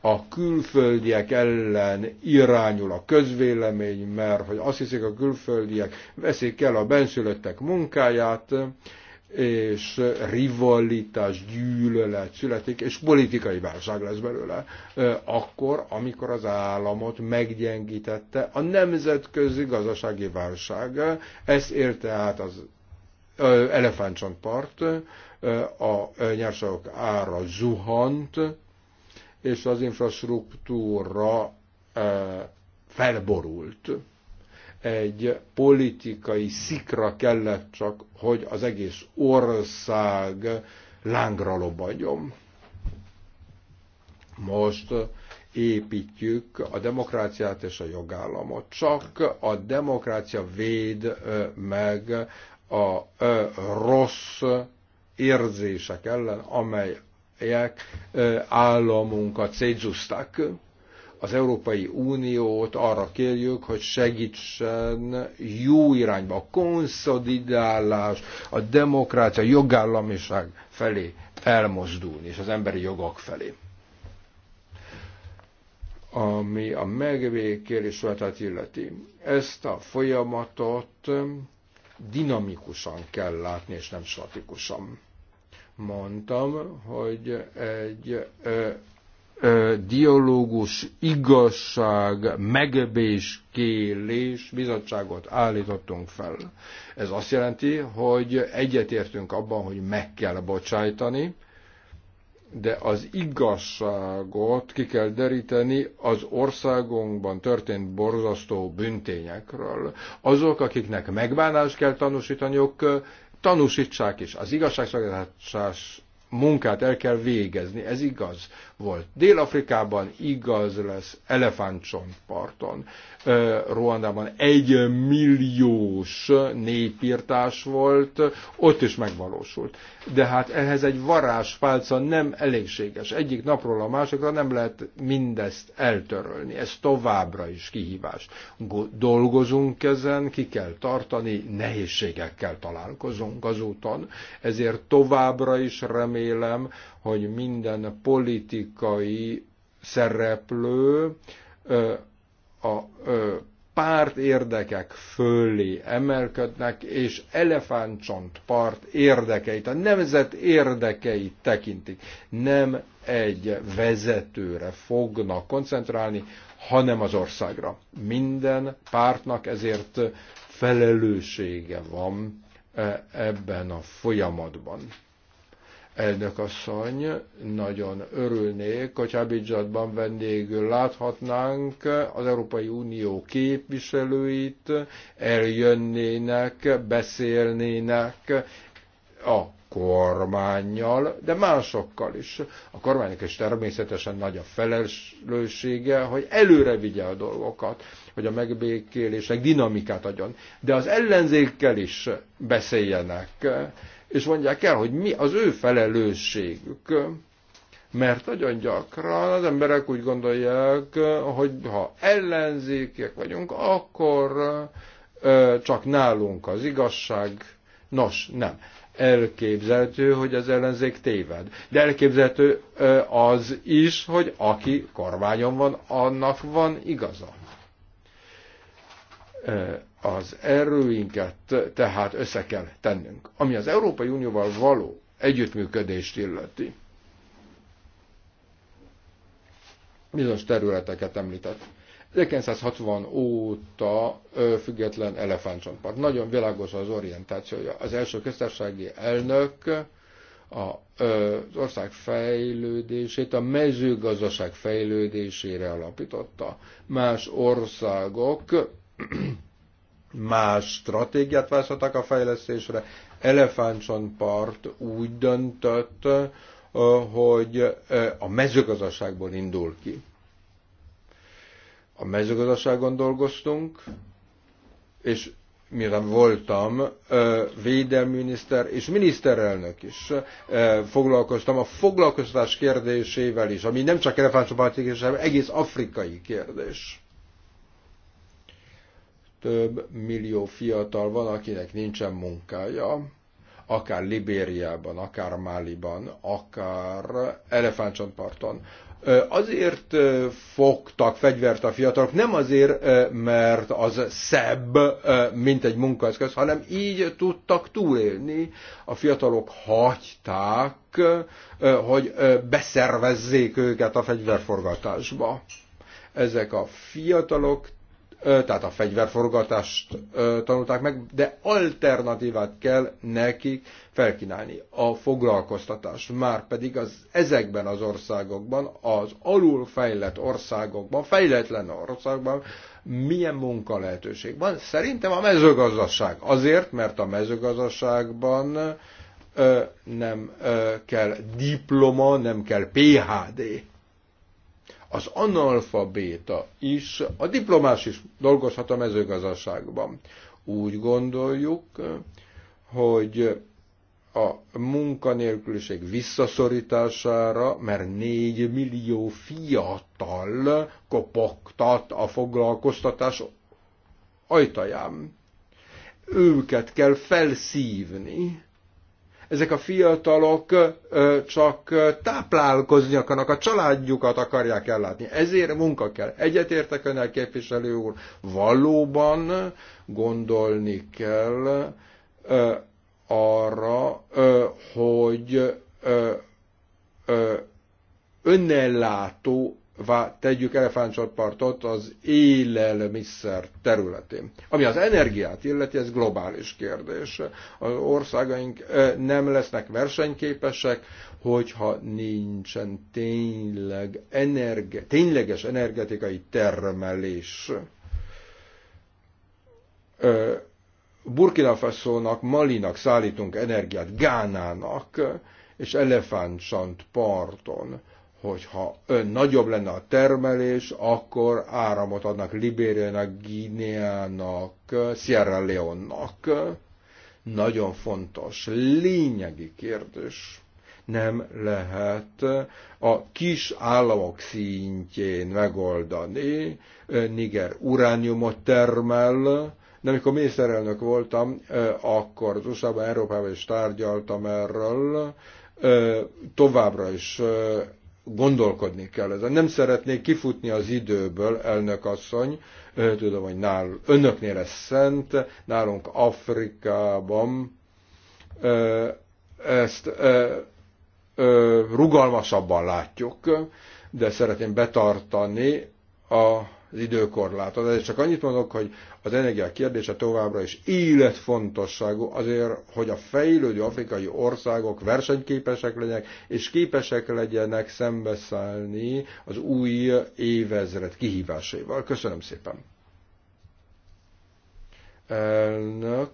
a külföldiek ellen irányul a közvélemény, mert hogy azt hiszik, a külföldiek veszik el a benszülöttek munkáját, és rivalitás, gyűlölet születik, és politikai válság lesz belőle, akkor, amikor az államot meggyengítette a nemzetközi gazdasági válság. Ezt érte át az elefántcsontpart, a nyersanyagok ára zuhant, és az infrastruktúra felborult egy politikai szikra kellett csak, hogy az egész ország lángra lobbanjon. Most építjük a demokráciát és a jogállamot. Csak a demokrácia véd meg a rossz érzések ellen, amelyek államunkat szétszúzták az Európai Uniót arra kérjük, hogy segítsen jó irányba a konszolidálás, a demokrácia, a jogállamiság felé elmozdulni, és az emberi jogok felé. Ami a megvékélés vetett illeti. Ezt a folyamatot dinamikusan kell látni, és nem statikusan. Mondtam, hogy egy dialógus, igazság, megbéskélés bizottságot állítottunk fel. Ez azt jelenti, hogy egyetértünk abban, hogy meg kell bocsájtani, de az igazságot ki kell deríteni az országunkban történt borzasztó büntényekről. Azok, akiknek megbánást kell tanúsítaniuk, tanúsítsák is. Az igazságszolgáltatás munkát el kell végezni, ez igaz volt. Dél-Afrikában igaz lesz elefántcsontparton. Ruandában egy milliós népírtás volt, ott is megvalósult. De hát ehhez egy varázspálca nem elégséges. Egyik napról a másikra nem lehet mindezt eltörölni. Ez továbbra is kihívás. Dolgozunk ezen, ki kell tartani, nehézségekkel találkozunk azúton. Ezért továbbra is remélem, hogy minden politikai szereplő a párt érdekek fölé emelkednek, és elefántcsont part érdekeit, a nemzet érdekeit tekintik. Nem egy vezetőre fognak koncentrálni, hanem az országra. Minden pártnak ezért felelőssége van ebben a folyamatban elnökasszony, nagyon örülnék, hogy Abidzsatban vendégül láthatnánk az Európai Unió képviselőit, eljönnének, beszélnének a kormányjal, de másokkal is. A kormánynak is természetesen nagy a felelőssége, hogy előre vigye a dolgokat, hogy a megbékélésnek dinamikát adjon. De az ellenzékkel is beszéljenek, és mondják el, hogy mi az ő felelősségük. Mert nagyon gyakran az emberek úgy gondolják, hogy ha ellenzékek vagyunk, akkor csak nálunk az igazság. Nos, nem Elképzelhető, hogy az ellenzék téved. De elképzelhető az is, hogy aki kormányon van, annak van igaza az erőinket tehát össze kell tennünk. Ami az Európai Unióval való együttműködést illeti. Bizonyos területeket említett. 1960 óta ö, független elefántcsontpark. Nagyon világos az orientációja. Az első köztársasági elnök a, ö, az ország fejlődését a mezőgazdaság fejlődésére alapította. Más országok más stratégiát választottak a fejlesztésre. Elefántcsontpart úgy döntött, hogy a mezőgazdaságból indul ki a mezőgazdaságon dolgoztunk, és mire voltam védelminiszter és miniszterelnök is foglalkoztam a foglalkoztatás kérdésével is, ami nem csak elefántsopáti kérdés, hanem egész afrikai kérdés. Több millió fiatal van, akinek nincsen munkája akár Libériában, akár Máliban, akár Elefántcsontparton. Azért fogtak fegyvert a fiatalok, nem azért, mert az szebb, mint egy munkaeszköz, hanem így tudtak túlélni. A fiatalok hagyták, hogy beszervezzék őket a fegyverforgatásba ezek a fiatalok tehát a fegyverforgatást tanulták meg, de alternatívát kell nekik felkínálni. A foglalkoztatást már pedig az ezekben az országokban, az alulfejlett országokban, fejletlen országban milyen munka lehetőség van? Szerintem a mezőgazdaság. Azért, mert a mezőgazdaságban nem kell diploma, nem kell PHD az analfabéta is, a diplomás is dolgozhat a mezőgazdaságban. Úgy gondoljuk, hogy a munkanélküliség visszaszorítására, mert 4 millió fiatal kopogtat a foglalkoztatás ajtaján. Őket kell felszívni, ezek a fiatalok csak táplálkozni akarnak, a családjukat akarják ellátni. Ezért munka kell. Egyetértek önnel, képviselő úr, valóban gondolni kell arra, hogy önellátó tegyük elefántcsontpartot az élelmiszer területén. Ami az energiát illeti, ez globális kérdés. Az országaink nem lesznek versenyképesek, hogyha nincsen tényleg energe, tényleges energetikai termelés. Burkina Faso-nak, Malinak szállítunk energiát, Gánának és elefántsant parton hogyha ön nagyobb lenne a termelés, akkor áramot adnak Libériának, Guineának, Sierra Leonnak. Nagyon fontos, lényegi kérdés. Nem lehet a kis államok szintjén megoldani. Niger urániumot termel, de amikor miniszterelnök voltam, akkor az USA-ban, Európában is tárgyaltam erről, továbbra is gondolkodni kell ezen. Nem szeretnék kifutni az időből, elnök asszony, tudom, hogy nál, önöknél ez szent, nálunk Afrikában ezt rugalmasabban látjuk, de szeretném betartani a az időkorlátod. Ezért csak annyit mondok, hogy az energiák kérdése továbbra is életfontosságú azért, hogy a fejlődő afrikai országok versenyképesek legyenek, és képesek legyenek szembeszállni az új évezred kihívásaival. Köszönöm szépen! Elnök,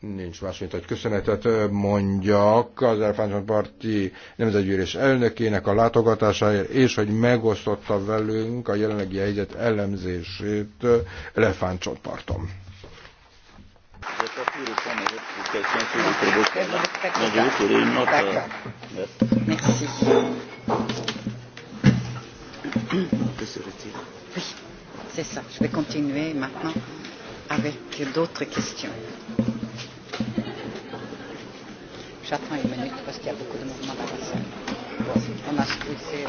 Nincs más, mint hogy köszönetet mondjak az Elefántson Parti nemzetgyűlés elnökének a látogatásáért, és hogy megosztotta velünk a jelenlegi helyzet elemzését Elefántson parton. c'est ça. Je vais continuer maintenant avec d'autres questions. J'attends une minute parce qu'il y a beaucoup de mouvements dans la salle. On a expulsé.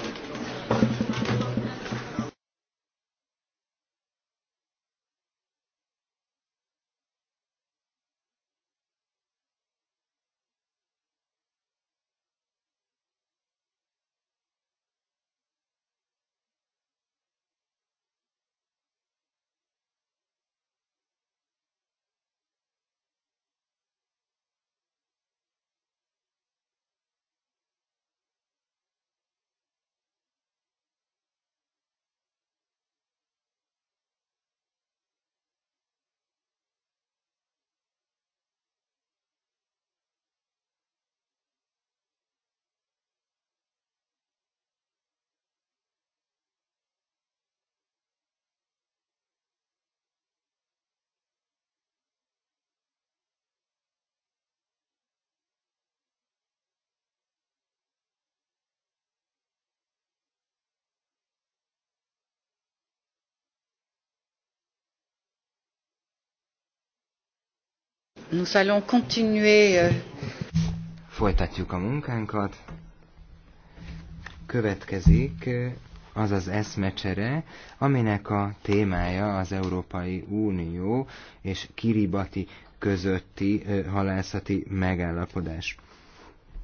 Nous allons continuer. Euh. Folytatjuk a munkánkat. Következik euh, az az eszmecsere, aminek a témája az Európai Unió és Kiribati közötti euh, halászati megállapodás.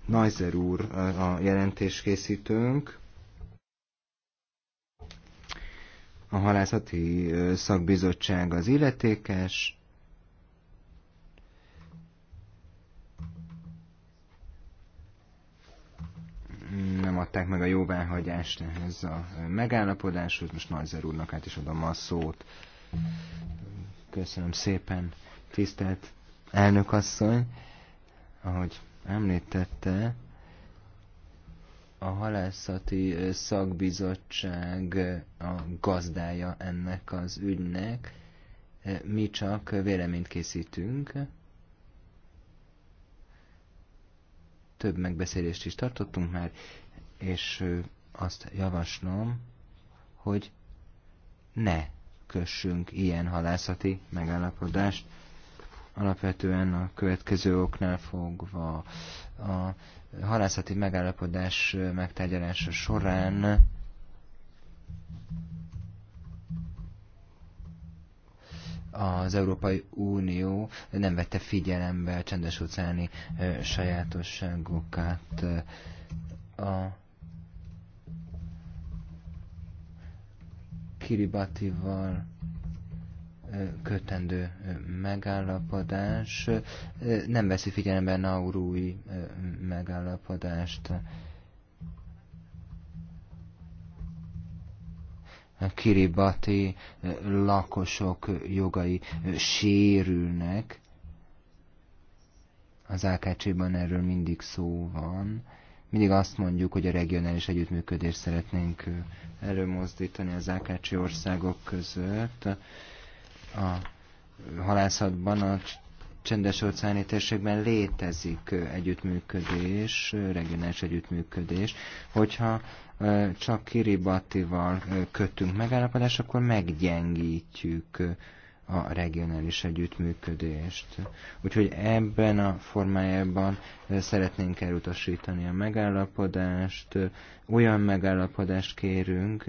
Najzer úr a jelentéskészítőnk. A halászati szakbizottság az illetékes, nem adták meg a jóváhagyást ehhez a megállapodáshoz. Most Nagyzer úrnak át is adom a szót. Köszönöm szépen, tisztelt elnökasszony. Ahogy említette, a halászati szakbizottság a gazdája ennek az ügynek. Mi csak véleményt készítünk. Több megbeszélést is tartottunk már, és azt javaslom, hogy ne kössünk ilyen halászati megállapodást, alapvetően a következő oknál fogva a halászati megállapodás megtárgyalása során az Európai Unió nem vette figyelembe a csendes óceáni sajátosságokat. A Kiribatival kötendő megállapodás nem veszi figyelembe Naurui megállapodást. A Kiribati lakosok jogai sérülnek. Az AKC-ban erről mindig szó van. Mindig azt mondjuk, hogy a regionális együttműködést szeretnénk előmozdítani az AKC országok között. A halászatban a csendes óceáni térségben létezik együttműködés, regionális együttműködés. Hogyha csak Kiribatival kötünk megállapodást, akkor meggyengítjük a regionális együttműködést. Úgyhogy ebben a formájában szeretnénk elutasítani a megállapodást, olyan megállapodást kérünk,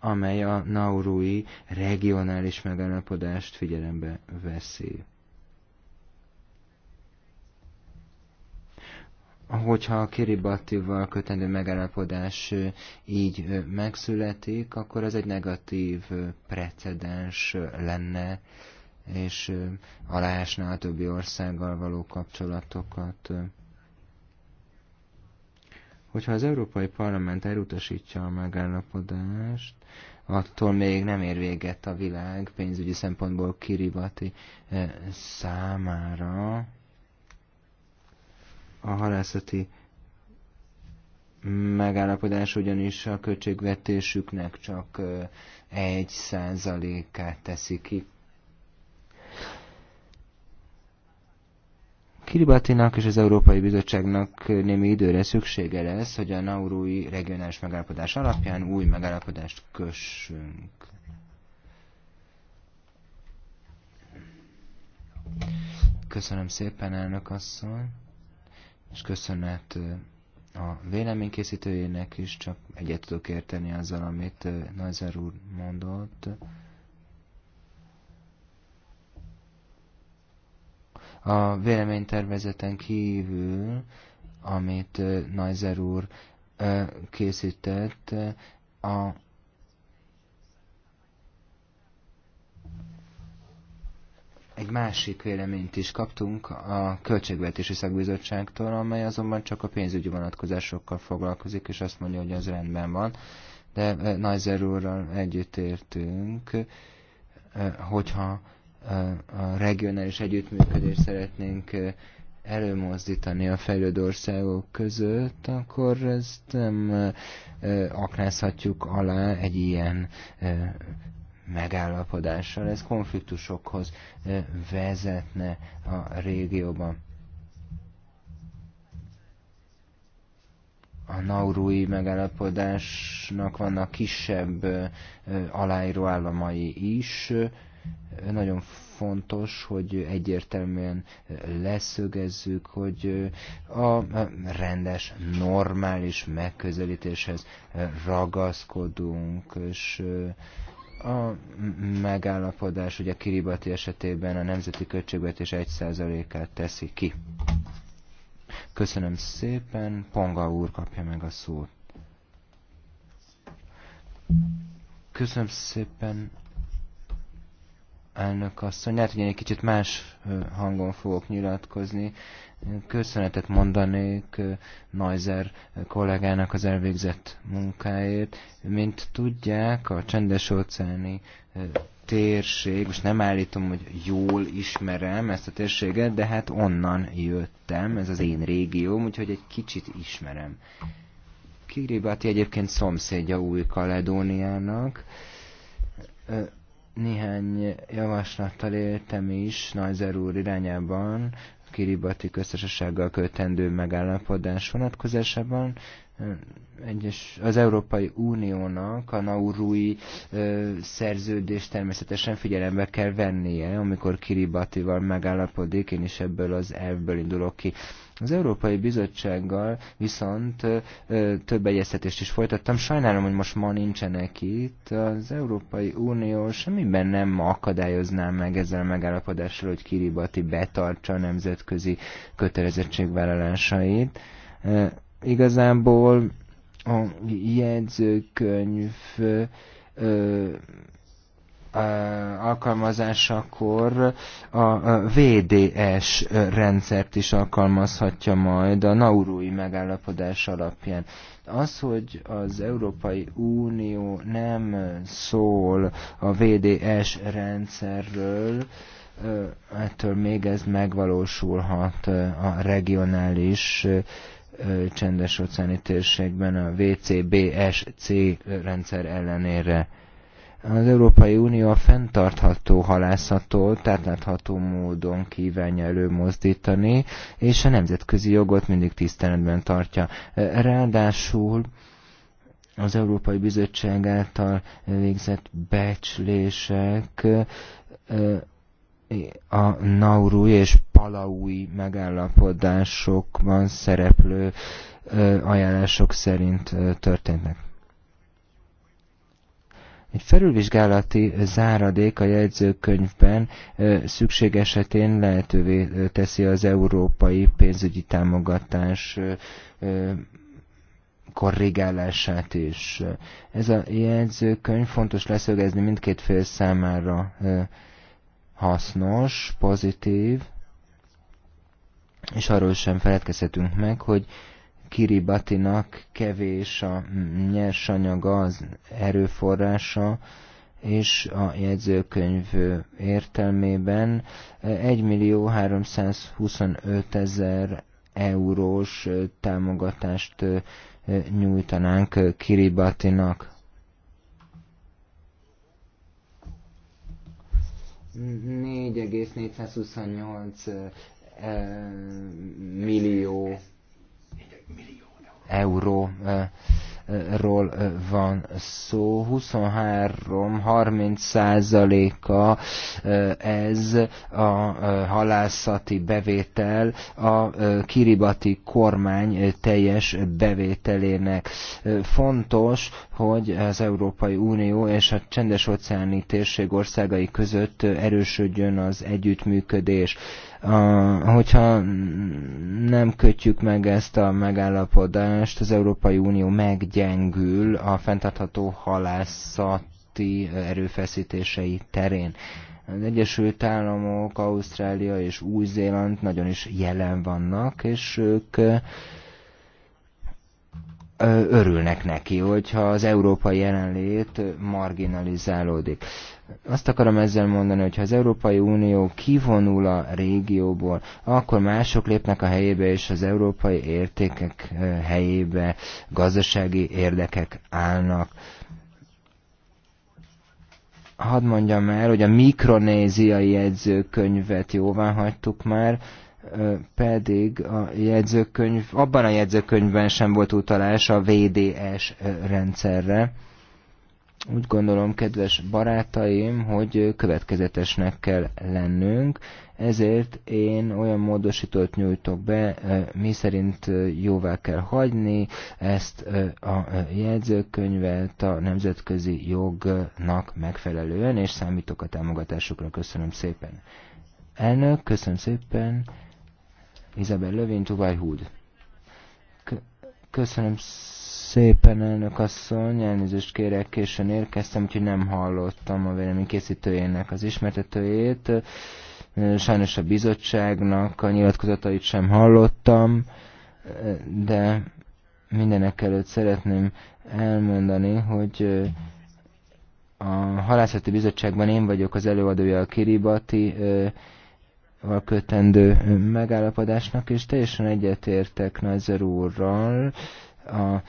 amely a Naurui regionális megállapodást figyelembe veszi. hogyha a Kiribatival kötendő megállapodás így megszületik, akkor ez egy negatív precedens lenne, és aláásná a többi országgal való kapcsolatokat. Hogyha az Európai Parlament elutasítja a megállapodást, attól még nem ér véget a világ pénzügyi szempontból Kiribati számára, a halászati megállapodás ugyanis a költségvetésüknek csak egy százalékát teszi ki. Kiribatinak és az Európai Bizottságnak némi időre szüksége lesz, hogy a Naurui regionális megállapodás alapján új megállapodást kössünk. Köszönöm szépen, elnök asszony és köszönet a véleménykészítőjének is, csak egyet tudok érteni azzal, amit Nazar úr mondott. A véleménytervezeten kívül, amit Nazar úr készített, a egy másik véleményt is kaptunk a Költségvetési Szakbizottságtól, amely azonban csak a pénzügyi vonatkozásokkal foglalkozik, és azt mondja, hogy az rendben van. De eh, Najzer úrral együtt értünk, eh, hogyha eh, a regionális együttműködést szeretnénk előmozdítani a fejlődő országok között, akkor ezt nem aknázhatjuk alá egy ilyen megállapodással. Ez konfliktusokhoz vezetne a régióban. a naurui megállapodásnak vannak kisebb aláíró államai is. Nagyon fontos, hogy egyértelműen leszögezzük, hogy a rendes, normális megközelítéshez ragaszkodunk, és a megállapodás hogy a Kiribati esetében a nemzeti költségvetés 1%-át teszi ki. Köszönöm szépen, Ponga úr kapja meg a szót. Köszönöm szépen, elnök asszony. Lehet, hogy én egy kicsit más hangon fogok nyilatkozni, köszönetet mondanék Neuser kollégának az elvégzett munkáért. Mint tudják, a csendes óceáni térség, most nem állítom, hogy jól ismerem ezt a térséget, de hát onnan jöttem, ez az én régióm, úgyhogy egy kicsit ismerem. Kiribati egyébként szomszédja Új-Kaledóniának. Néhány javaslattal éltem is Najzer úr irányában, Kiribati köztársasággal kötendő megállapodás vonatkozásában egyes, az Európai Uniónak a Naurui ö, szerződést természetesen figyelembe kell vennie, amikor Kiribatival megállapodik, én is ebből az elvből indulok ki. Az Európai Bizottsággal viszont több egyeztetést is folytattam. Sajnálom, hogy most ma nincsenek itt. Az Európai Unió semmiben nem akadályozná meg ezzel a megállapodással, hogy Kiribati betartsa a nemzetközi kötelezettségvállalásait. Igazából a jegyzőkönyv alkalmazásakor a VDS rendszert is alkalmazhatja majd a naurói megállapodás alapján. Az, hogy az Európai Unió nem szól a VDS rendszerről, ettől még ez megvalósulhat a regionális csendes óceáni térségben a VCBSC rendszer ellenére az Európai Unió a fenntartható halászattól tátlátható módon kívánja előmozdítani, és a nemzetközi jogot mindig tiszteletben tartja. Ráadásul az Európai Bizottság által végzett becslések a Nauru és Palaui megállapodásokban szereplő ajánlások szerint történtek. Egy felülvizsgálati záradék a jegyzőkönyvben szükség esetén lehetővé teszi az európai pénzügyi támogatás korrigálását is. Ez a jegyzőkönyv fontos leszögezni mindkét fél számára hasznos, pozitív, és arról sem feledkezhetünk meg, hogy Kiribatinak kevés a nyersanyaga, az erőforrása, és a jegyzőkönyv értelmében 1 millió 325 ezer eurós támogatást nyújtanánk Kiribatinak. négy egész 428 eh, millió euró eh, eh, eh, van szó. 23-30 százaléka ez a halászati bevétel a kiribati kormány teljes bevételének. Fontos, hogy az Európai Unió és a csendes óceáni térség országai között erősödjön az együttműködés a, hogyha nem kötjük meg ezt a megállapodást, az Európai Unió meggyengül a fenntartható halászati erőfeszítései terén. Az Egyesült Államok, Ausztrália és Új-Zéland nagyon is jelen vannak, és ők örülnek neki, hogyha az európai jelenlét marginalizálódik. Azt akarom ezzel mondani, hogy ha az Európai Unió kivonul a régióból, akkor mások lépnek a helyébe, és az európai értékek eh, helyébe gazdasági érdekek állnak hadd mondjam el, hogy a mikronéziai jegyzőkönyvet jóvá hagytuk már, eh, pedig a jegyzőkönyv, abban a jegyzőkönyvben sem volt utalás a VDS eh, rendszerre. Úgy gondolom, kedves barátaim, hogy következetesnek kell lennünk, ezért én olyan módosítót nyújtok be, mi szerint jóvá kell hagyni ezt a jegyzőkönyvet a nemzetközi jognak megfelelően, és számítok a támogatásukra. Köszönöm szépen. Elnök, köszönöm szépen. Isabel Lövén, Tuvaj Hood. Köszönöm szépen szépen, elnök asszony, elnézést kérek, későn érkeztem, úgyhogy nem hallottam a véleménykészítőjének az ismertetőjét. Sajnos a bizottságnak a nyilatkozatait sem hallottam, de mindenek előtt szeretném elmondani, hogy a halászati bizottságban én vagyok az előadója a Kiribati a kötendő megállapodásnak, és teljesen egyetértek Nazer úrral, a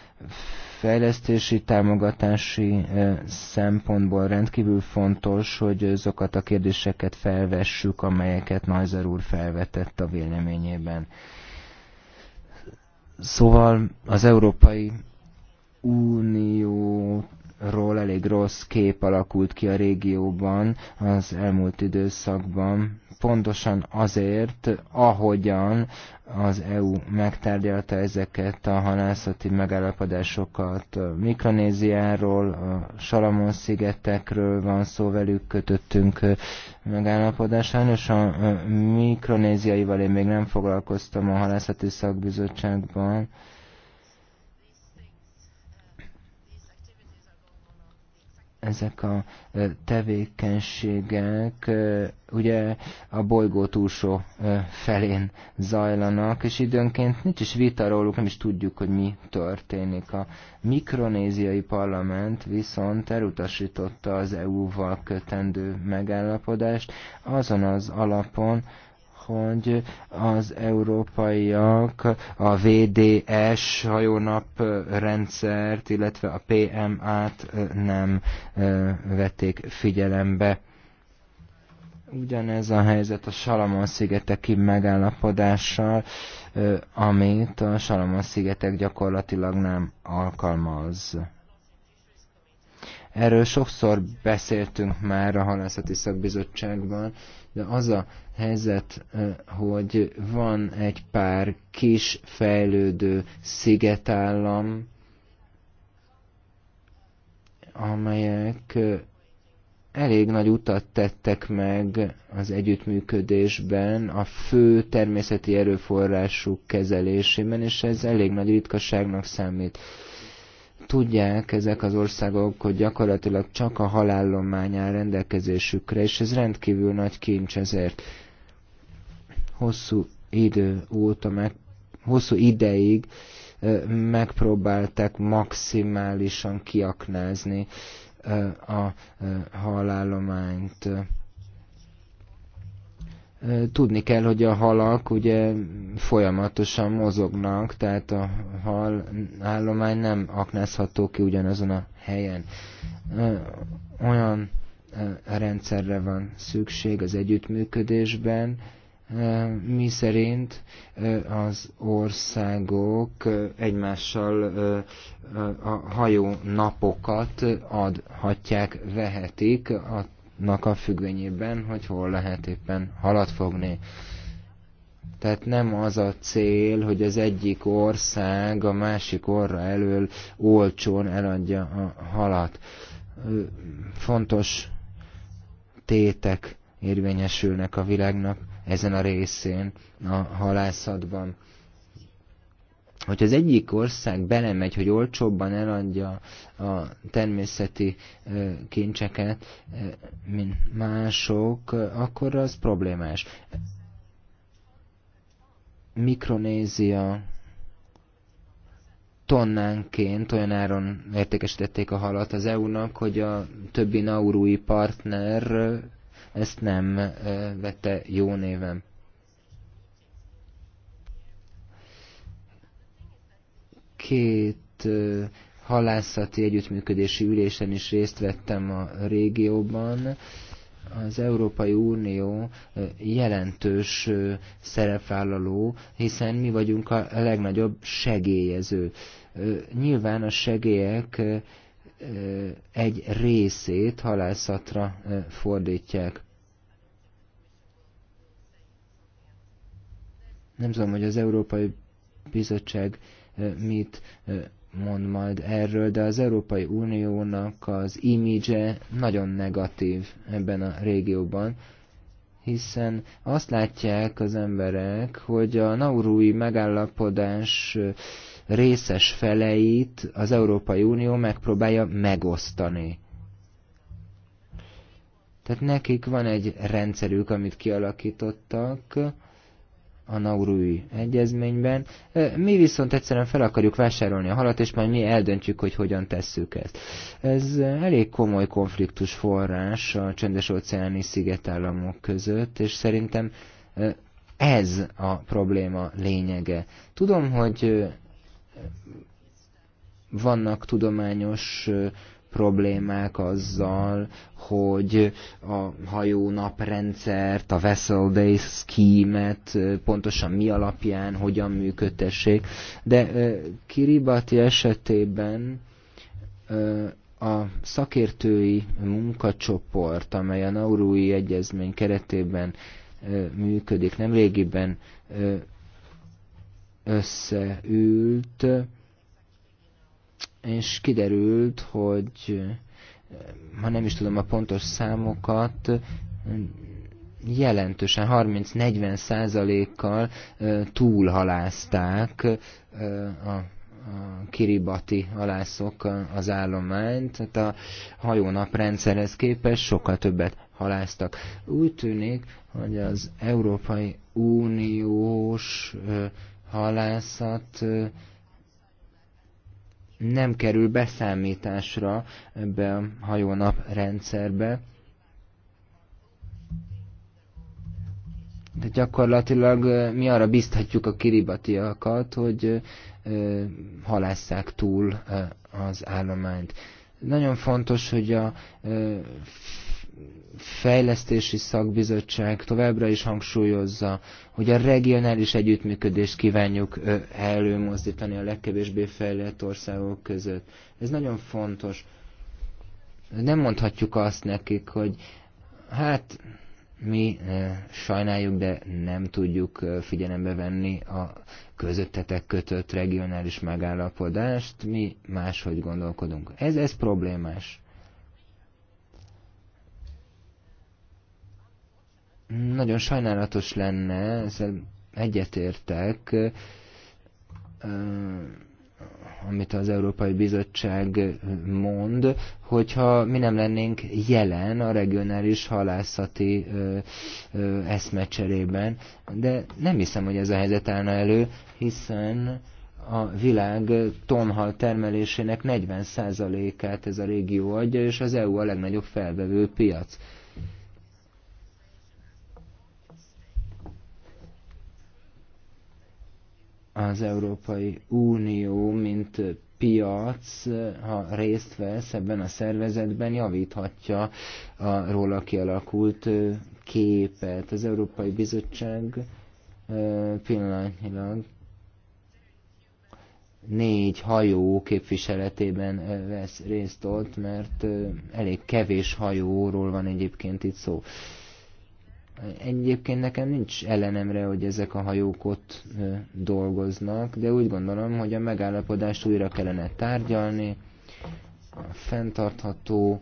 fejlesztési, támogatási szempontból rendkívül fontos, hogy azokat a kérdéseket felvessük, amelyeket Najzer úr felvetett a véleményében. Szóval az Európai Unióról elég rossz kép alakult ki a régióban az elmúlt időszakban, pontosan azért, ahogyan az EU megtárgyalta ezeket a halászati megállapodásokat. Mikronéziáról, a Salamon-szigetekről van szó, velük kötöttünk megállapodás. Sajnos a mikronéziaival én még nem foglalkoztam a halászati szakbizottságban, ezek a tevékenységek ugye a bolygó túlsó felén zajlanak, és időnként nincs is vita róluk, nem is tudjuk, hogy mi történik. A mikronéziai parlament viszont elutasította az EU-val kötendő megállapodást azon az alapon, hogy az európaiak a VDS hajónap rendszert, illetve a PMA-t nem vették figyelembe. Ugyanez a helyzet a Salamon-szigeteki megállapodással, amit a Salamon-szigetek gyakorlatilag nem alkalmaz. Erről sokszor beszéltünk már a halászati szakbizottságban, de az a helyzet, eh, hogy van egy pár kis fejlődő szigetállam, amelyek eh, elég nagy utat tettek meg az együttműködésben, a fő természeti erőforrásuk kezelésében, és ez elég nagy ritkaságnak számít tudják ezek az országok, hogy gyakorlatilag csak a halállomány áll rendelkezésükre, és ez rendkívül nagy kincs ezért. Hosszú idő óta, meg, hosszú ideig megpróbálták maximálisan kiaknázni a halállományt. Tudni kell, hogy a halak ugye folyamatosan mozognak, tehát a hal állomány nem aknázható ki ugyanazon a helyen. Olyan rendszerre van szükség az együttműködésben, mi szerint az országok egymással a hajó napokat adhatják, vehetik, annak a függvényében, hogy hol lehet éppen halat fogni. Tehát nem az a cél, hogy az egyik ország a másik orra elől olcsón eladja a halat. Fontos tétek érvényesülnek a világnak ezen a részén a halászatban. Hogyha az egyik ország belemegy, hogy olcsóbban eladja a természeti kincseket, mint mások, akkor az problémás. Mikronézia tonnánként olyan áron értékesítették a halat az EU-nak, hogy a többi naurui partner ezt nem vette jó néven. két halászati együttműködési ülésen is részt vettem a régióban. Az Európai Unió jelentős szerepvállaló, hiszen mi vagyunk a legnagyobb segélyező. Nyilván a segélyek egy részét halászatra fordítják. Nem tudom, hogy az Európai Bizottság mit mond majd erről, de az Európai Uniónak az imidzse nagyon negatív ebben a régióban, hiszen azt látják az emberek, hogy a naurui megállapodás részes feleit az Európai Unió megpróbálja megosztani. Tehát nekik van egy rendszerük, amit kialakítottak, a Naurui egyezményben. Mi viszont egyszerűen fel akarjuk vásárolni a halat, és majd mi eldöntjük, hogy hogyan tesszük ezt. Ez elég komoly konfliktus forrás a csendes-óceáni szigetállamok között, és szerintem ez a probléma lényege. Tudom, hogy vannak tudományos problémák azzal, hogy a naprendszert, a Vessel Day Scheme-et pontosan mi alapján, hogyan működtessék. De Kiribati esetében a szakértői munkacsoport, amely a Naurui Egyezmény keretében működik, nem régiben összeült, és kiderült, hogy ha nem is tudom a pontos számokat, jelentősen 30-40 százalékkal túlhalázták a a kiribati halászok az állományt, tehát a hajónap rendszerhez képest sokkal többet haláztak. Úgy tűnik, hogy az Európai Uniós halászat nem kerül beszámításra ebbe a hajónap rendszerbe. De gyakorlatilag mi arra bízhatjuk a kiribatiakat, hogy halásszák túl az állományt. Nagyon fontos, hogy a fejlesztési szakbizottság továbbra is hangsúlyozza, hogy a regionális együttműködést kívánjuk előmozdítani a legkevésbé fejlett országok között. Ez nagyon fontos. Nem mondhatjuk azt nekik, hogy hát mi sajnáljuk, de nem tudjuk figyelembe venni a közöttetek kötött regionális megállapodást, mi máshogy gondolkodunk. Ez, ez problémás. Nagyon sajnálatos lenne, ezzel egyetértek, amit az Európai Bizottság mond, hogyha mi nem lennénk jelen a regionális halászati eszmecserében, de nem hiszem, hogy ez a helyzet állna elő, hiszen a világ tonhal termelésének 40%-át ez a régió adja, és az EU a legnagyobb felvevő piac. az Európai Unió, mint piac, ha részt vesz ebben a szervezetben, javíthatja a róla kialakult képet. Az Európai Bizottság pillanatnyilag négy hajó képviseletében vesz részt ott, mert elég kevés hajóról van egyébként itt szó. Egyébként nekem nincs ellenemre, hogy ezek a hajók ott dolgoznak, de úgy gondolom, hogy a megállapodást újra kellene tárgyalni, a fenntartható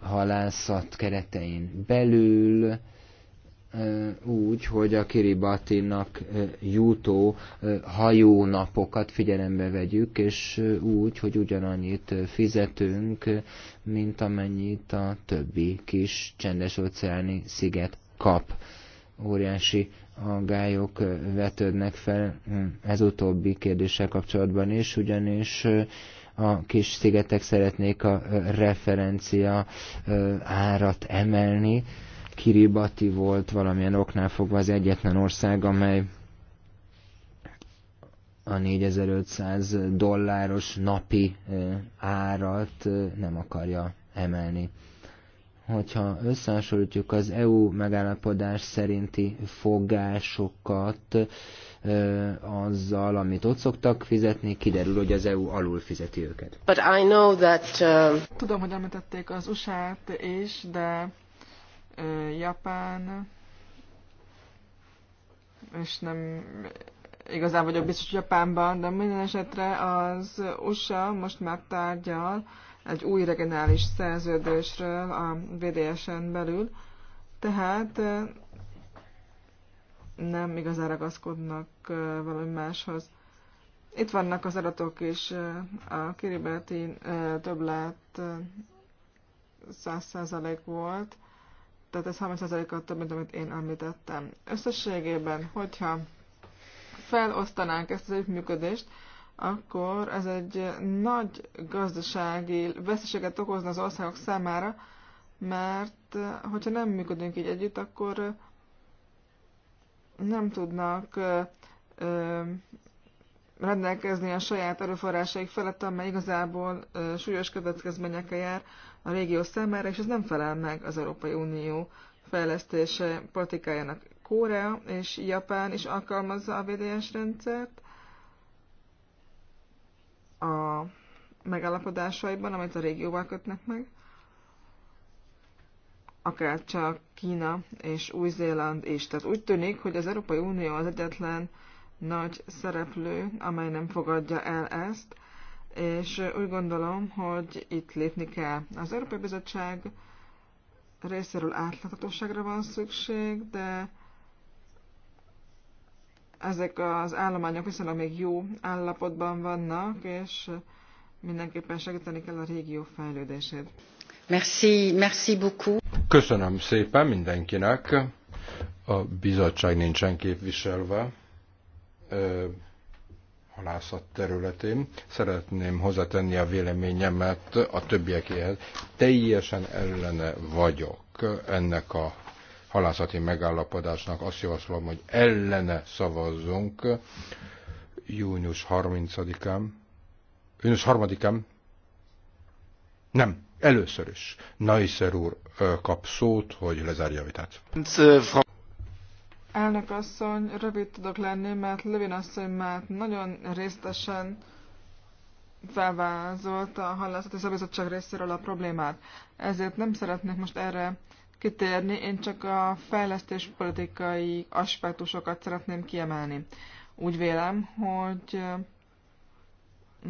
halászat keretein belül, úgy, hogy a Kiribati-nak jutó hajónapokat figyelembe vegyük, és úgy, hogy ugyanannyit fizetünk, mint amennyit a többi kis csendes óceáni sziget kap. Óriási aggályok vetődnek fel ez utóbbi kérdéssel kapcsolatban is, ugyanis a kis szigetek szeretnék a referencia árat emelni. Kiribati volt valamilyen oknál fogva az egyetlen ország, amely a 4500 dolláros napi árat nem akarja emelni hogyha összehasonlítjuk az EU megállapodás szerinti fogásokat ö, azzal, amit ott szoktak fizetni, kiderül, hogy az EU alul fizeti őket. But I know that, uh... Tudom, hogy említették az USA-t is, de ö, Japán és nem igazán vagyok biztos, hogy Japánban, de minden esetre az USA most már tárgyal egy új regionális szerződésről a VDS-en belül, tehát nem igazán ragaszkodnak valami máshoz. Itt vannak az adatok is, a kiribeti többlet 100% volt, tehát ez 30%-kal több, mint amit én említettem. Összességében, hogyha felosztanánk ezt az működést, akkor ez egy nagy gazdasági veszteséget okozna az országok számára, mert hogyha nem működünk így együtt, akkor nem tudnak rendelkezni a saját erőforrásaik felett, amely igazából súlyos következményekkel jár a régió számára, és ez nem felel meg az Európai Unió fejlesztése politikájának. Korea és Japán is alkalmazza a VDS rendszert, a megállapodásaiban, amit a régióval kötnek meg, akár csak Kína és Új-Zéland is. Tehát úgy tűnik, hogy az Európai Unió az egyetlen nagy szereplő, amely nem fogadja el ezt, és úgy gondolom, hogy itt lépni kell. Az Európai Bizottság részéről átláthatóságra van szükség, de ezek az állományok viszonylag még jó állapotban vannak, és mindenképpen segíteni kell a régió fejlődését. Merci, merci beaucoup. Köszönöm szépen mindenkinek. A bizottság nincsen képviselve halászat területén. Szeretném hozzátenni a véleményemet a többiekéhez. Teljesen ellene vagyok ennek a halászati megállapodásnak. Azt javaslom, hogy ellene szavazzunk június 30-án. Június 3-án? Nem, először is. Neisser úr kap szót, hogy lezárja a vitát. Elnök asszony, rövid tudok lenni, mert Lövin asszony már nagyon résztesen felvázolta a hallászati szabizottság részéről a problémát. Ezért nem szeretnék most erre kitérni, én csak a fejlesztés politikai aspektusokat szeretném kiemelni. Úgy vélem, hogy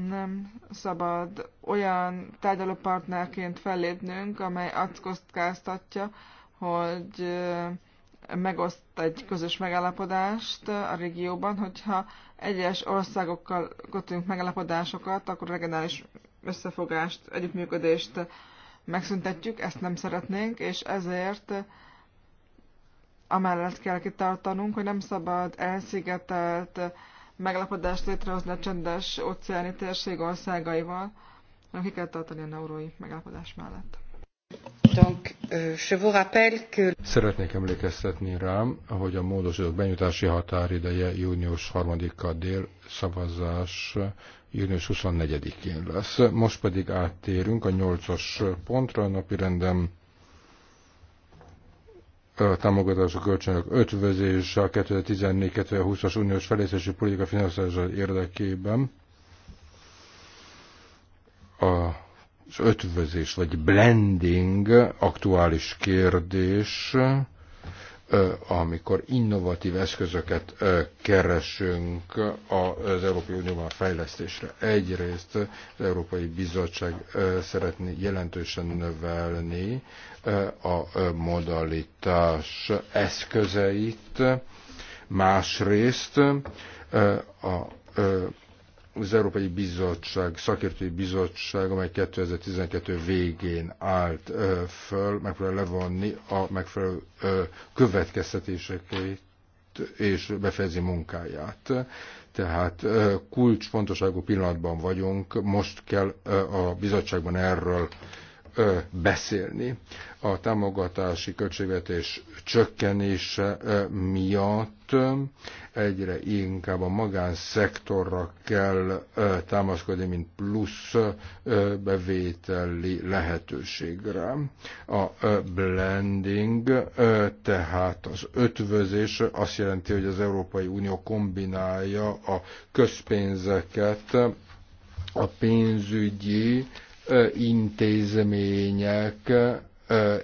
nem szabad olyan tárgyalópartnerként fellépnünk, amely azt kockáztatja, hogy megoszt egy közös megállapodást a régióban, hogyha egyes országokkal kötünk megállapodásokat, akkor regionális összefogást, együttműködést megszüntetjük, ezt nem szeretnénk, és ezért amellett kell kitartanunk, hogy nem szabad elszigetelt meglapodást létrehozni a csendes óceáni térség országaival, hanem ki kell tartani a neurói meglapodás mellett. Donc, euh, je vous rappelle que... Szeretnék emlékeztetni rám, hogy a módosított benyújtási határideje június 3-a dél szavazás június 24-én lesz. Most pedig áttérünk a 8-as pontra a napi rendem támogatás a kölcsönök ötvözés a 2014-2020-as uniós felészési politika finanszírozása érdekében. A az ötvözés vagy blending aktuális kérdés amikor innovatív eszközöket keresünk az Európai Unióban a fejlesztésre. Egyrészt az Európai Bizottság szeretné jelentősen növelni a modalitás eszközeit, másrészt a az Európai Bizottság, szakértői bizottság, amely 2012 végén állt föl, megpróbál levonni a megfelelő következtetéseket és befejezi munkáját. Tehát kulcsfontosságú pillanatban vagyunk, most kell a bizottságban erről beszélni. A támogatási költségvetés csökkenése miatt egyre inkább a magánszektorra kell támaszkodni, mint plusz bevételi lehetőségre. A blending, tehát az ötvözés azt jelenti, hogy az Európai Unió kombinálja a közpénzeket a pénzügyi intézmények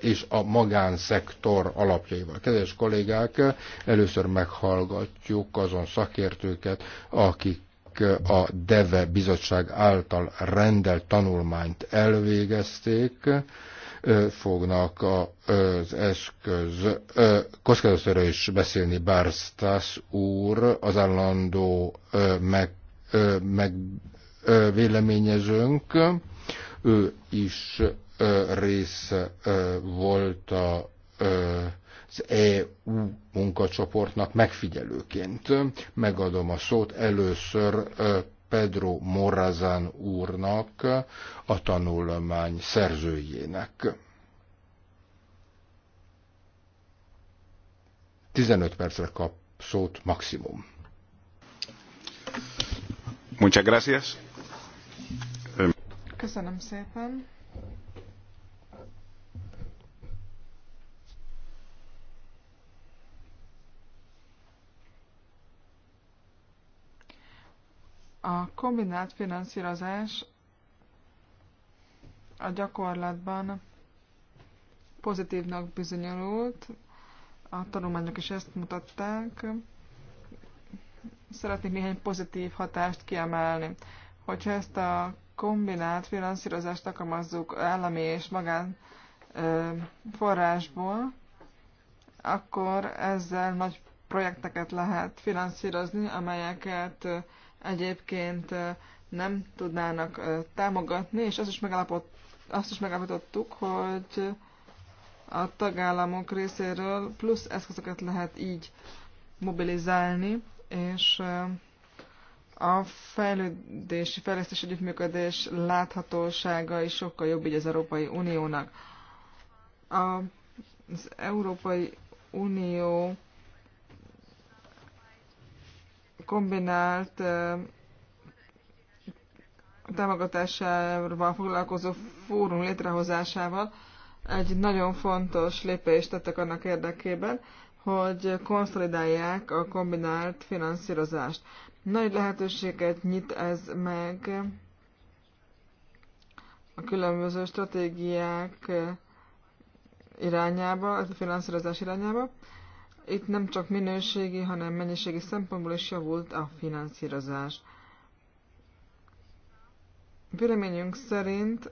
és a magánszektor alapjaival. Kedves kollégák, először meghallgatjuk azon szakértőket, akik a DEVE bizottság által rendelt tanulmányt elvégezték, fognak az eszköz kockázatról is beszélni Bárztász úr, az állandó meg, meg véleményezőnk, ő is része volt a az EU munkacsoportnak megfigyelőként. Megadom a szót először Pedro Morazán úrnak, a tanulmány szerzőjének. 15 percre kap szót maximum. Muchas gracias. Köszönöm szépen. A kombinált finanszírozás a gyakorlatban pozitívnak bizonyulult, a tanulmányok is ezt mutatták. Szeretnék néhány pozitív hatást kiemelni. Hogyha ezt a kombinált finanszírozást alkalmazzuk állami és magán forrásból, akkor ezzel nagy projekteket lehet finanszírozni, amelyeket egyébként nem tudnának támogatni, és azt is, azt is megállapítottuk, hogy a tagállamok részéről plusz eszközöket lehet így mobilizálni, és a fejlődési, fejlesztési együttműködés láthatósága is sokkal jobb így az Európai Uniónak. A, az Európai Unió kombinált támogatásával foglalkozó fórum létrehozásával egy nagyon fontos lépést tettek annak érdekében, hogy konszolidálják a kombinált finanszírozást. Nagy lehetőséget nyit ez meg a különböző stratégiák irányába, a finanszírozás irányába. Itt nem csak minőségi, hanem mennyiségi szempontból is javult a finanszírozás. Véleményünk szerint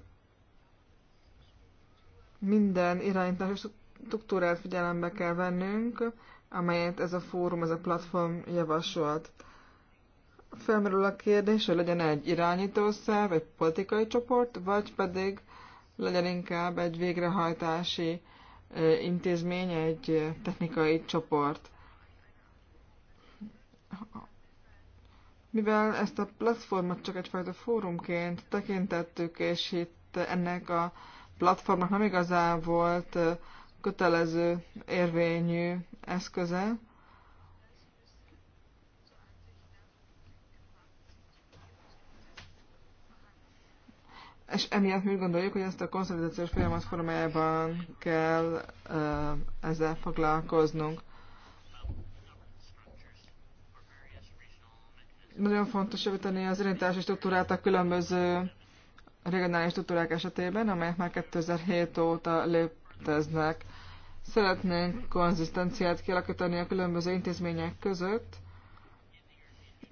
minden irányítási struktúrát figyelembe kell vennünk, amelyet ez a fórum, ez a platform javasolt. Felmerül a kérdés, hogy legyen egy szerv, egy politikai csoport, vagy pedig legyen inkább egy végrehajtási intézmény, egy technikai csoport. Mivel ezt a platformot csak egyfajta fórumként tekintettük, és itt ennek a platformnak nem igazán volt kötelező érvényű eszköze, és emiatt mi úgy gondoljuk, hogy ezt a konszolidációs folyamat formájában kell ezzel foglalkoznunk. Nagyon fontos javítani az irányítási struktúrát a különböző regionális struktúrák esetében, amelyek már 2007 óta léteznek. Szeretnénk konzisztenciát kialakítani a különböző intézmények között,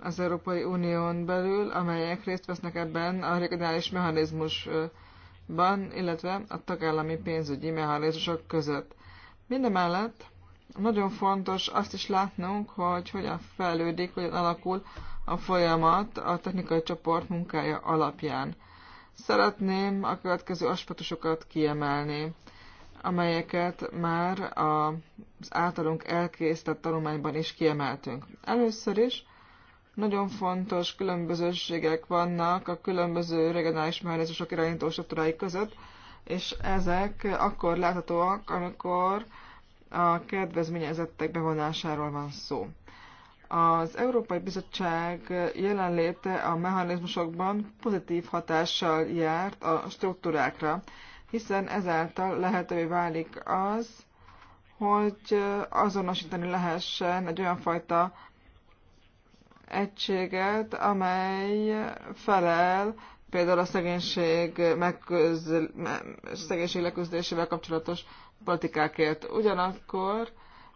az Európai Unión belül, amelyek részt vesznek ebben a regionális mechanizmusban, illetve a tagállami pénzügyi mechanizmusok között. Mindemellett nagyon fontos azt is látnunk, hogy hogyan fejlődik, hogyan alakul a folyamat a technikai csoport munkája alapján. Szeretném a következő aspektusokat kiemelni, amelyeket már az általunk elkészített tanulmányban is kiemeltünk. Először is nagyon fontos különbözőségek vannak a különböző regionális mechanizmusok irányító struktúrái között, és ezek akkor láthatóak, amikor a kedvezményezettek bevonásáról van szó. Az Európai Bizottság jelenléte a mechanizmusokban pozitív hatással járt a struktúrákra, hiszen ezáltal lehetővé válik az, hogy azonosítani lehessen egy olyan fajta egységet, amely felel például a szegénység, megközl, szegénység leküzdésével kapcsolatos politikákért. Ugyanakkor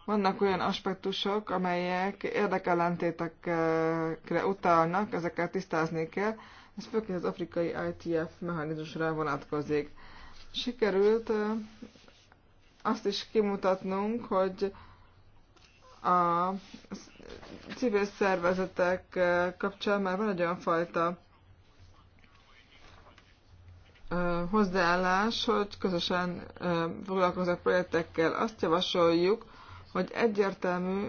vannak olyan aspektusok, amelyek érdekellentétekre utalnak, ezeket tisztázni kell, ez főként az afrikai ITF mechanizmusra vonatkozik. Sikerült azt is kimutatnunk, hogy a civil szervezetek eh, kapcsán már van egy olyan fajta eh, hozzáállás, hogy közösen eh, foglalkoznak projektekkel. Azt javasoljuk, hogy egyértelmű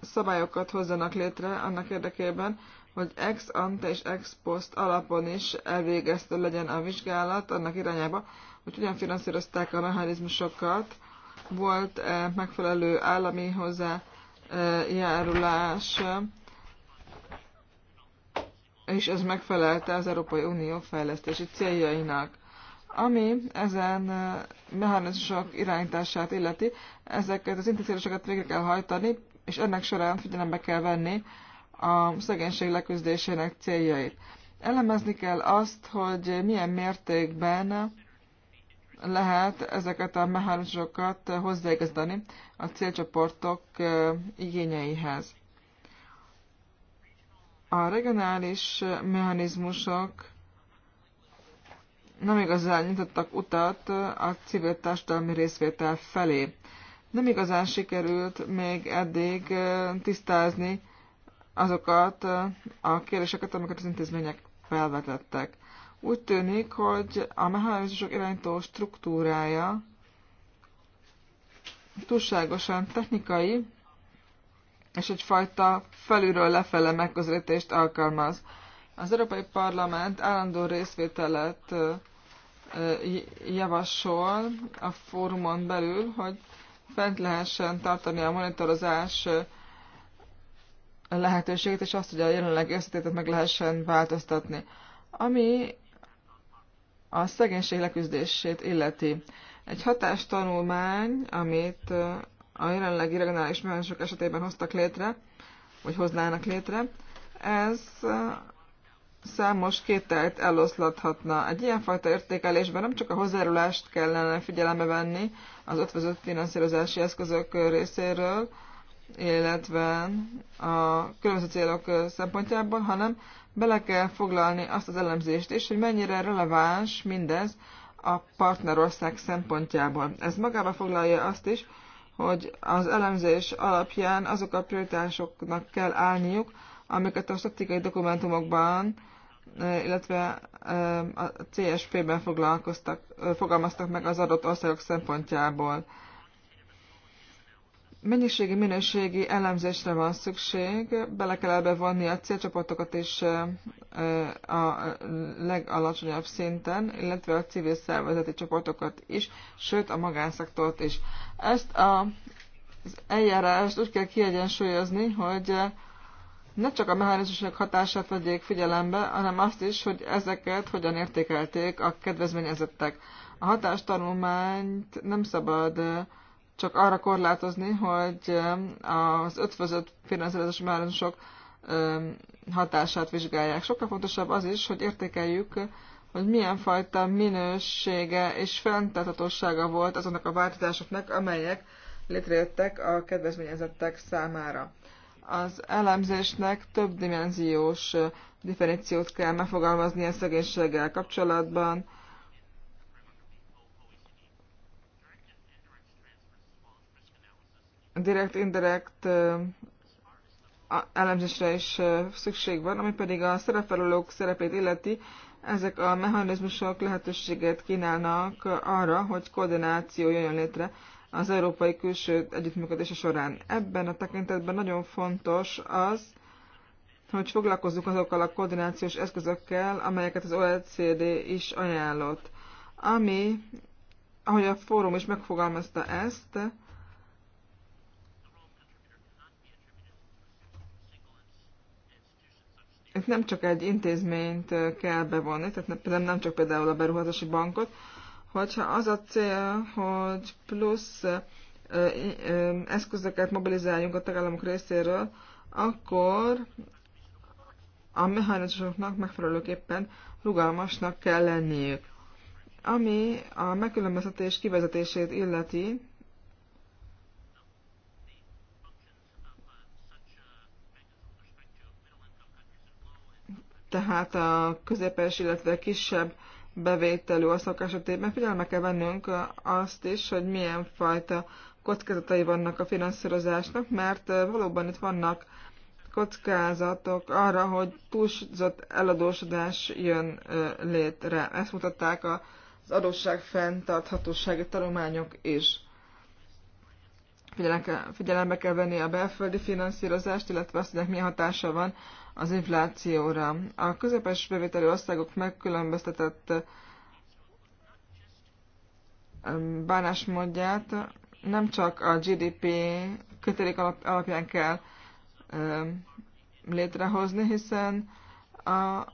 szabályokat hozzanak létre annak érdekében, hogy ex ante és ex post alapon is elvégeztő legyen a vizsgálat annak irányába, hogy ugyan finanszírozták a mechanizmusokat, volt -e megfelelő állami hozzá járulás, és ez megfelelte az Európai Unió fejlesztési céljainak. Ami ezen mechanizmusok irányítását illeti, ezeket az intézkedéseket végre kell hajtani, és ennek során figyelembe kell venni a szegénység leküzdésének céljait. Elemezni kell azt, hogy milyen mértékben lehet ezeket a mechanizmusokat hozzáigazdani a célcsoportok igényeihez. A regionális mechanizmusok nem igazán nyitottak utat a civil társadalmi részvétel felé. Nem igazán sikerült még eddig tisztázni azokat a kérdéseket, amiket az intézmények felvetettek. Úgy tűnik, hogy a mechanizmusok irányító struktúrája túlságosan technikai, és egyfajta felülről lefele megközelítést alkalmaz. Az Európai Parlament állandó részvételet javasol a fórumon belül, hogy fent lehessen tartani a monitorozás lehetőségét, és azt, hogy a jelenlegi összetétet meg lehessen változtatni. Ami a szegénység leküzdését illeti. Egy hatástanulmány, amit a jelenlegi regionális mechanizmusok esetében hoztak létre, vagy hoznának létre, ez számos kételt eloszlathatna. Egy ilyenfajta értékelésben nem csak a hozzájárulást kellene figyelembe venni az ötvözött finanszírozási eszközök részéről, illetve a különböző célok szempontjából, hanem bele kell foglalni azt az elemzést is, hogy mennyire releváns mindez a partnerország szempontjából. Ez magába foglalja azt is, hogy az elemzés alapján azok a prioritásoknak kell állniuk, amiket a statikai dokumentumokban, illetve a CSP-ben fogalmaztak meg az adott országok szempontjából mennyiségi, minőségi elemzésre van szükség, bele kell ebbe vonni a célcsoportokat is a legalacsonyabb szinten, illetve a civil szervezeti csoportokat is, sőt a magánszektort is. Ezt a, az eljárást úgy kell kiegyensúlyozni, hogy ne csak a mechanizmusok hatását vegyék figyelembe, hanem azt is, hogy ezeket hogyan értékelték a kedvezményezettek. A hatástanulmányt nem szabad csak arra korlátozni, hogy um, az ötvözött finanszírozási márosok um, hatását vizsgálják. Sokkal fontosabb az is, hogy értékeljük, hogy milyen fajta minősége és fenntartatósága volt azoknak a változásoknak, amelyek létrejöttek a kedvezményezettek számára. Az elemzésnek több dimenziós uh, definíciót kell megfogalmazni a szegénységgel kapcsolatban, direkt-indirekt elemzésre is szükség van, ami pedig a szerepfelelők szerepét illeti, ezek a mechanizmusok lehetőséget kínálnak arra, hogy koordináció jöjjön létre az európai külső együttműködése során. Ebben a tekintetben nagyon fontos az, hogy foglalkozzunk azokkal a koordinációs eszközökkel, amelyeket az OECD is ajánlott. Ami, ahogy a fórum is megfogalmazta ezt, itt nem csak egy intézményt kell bevonni, tehát nem, nem csak például a beruházási bankot, hogyha az a cél, hogy plusz eszközöket mobilizáljunk a tagállamok részéről, akkor a mechanizmusoknak megfelelőképpen rugalmasnak kell lenniük. Ami a megkülönböztetés kivezetését illeti, tehát a közepes, illetve kisebb bevételű asztalok esetében figyelme kell vennünk azt is, hogy milyen fajta kockázatai vannak a finanszírozásnak, mert valóban itt vannak kockázatok arra, hogy túlzott eladósodás jön létre. Ezt mutatták az adósság fenntarthatósági tanulmányok is. Figyelembe kell venni a belföldi finanszírozást, illetve azt, hogy milyen hatása van az inflációra. A közepes bevételi országok megkülönböztetett bánásmódját nem csak a GDP kötelék alapján kell létrehozni, hiszen a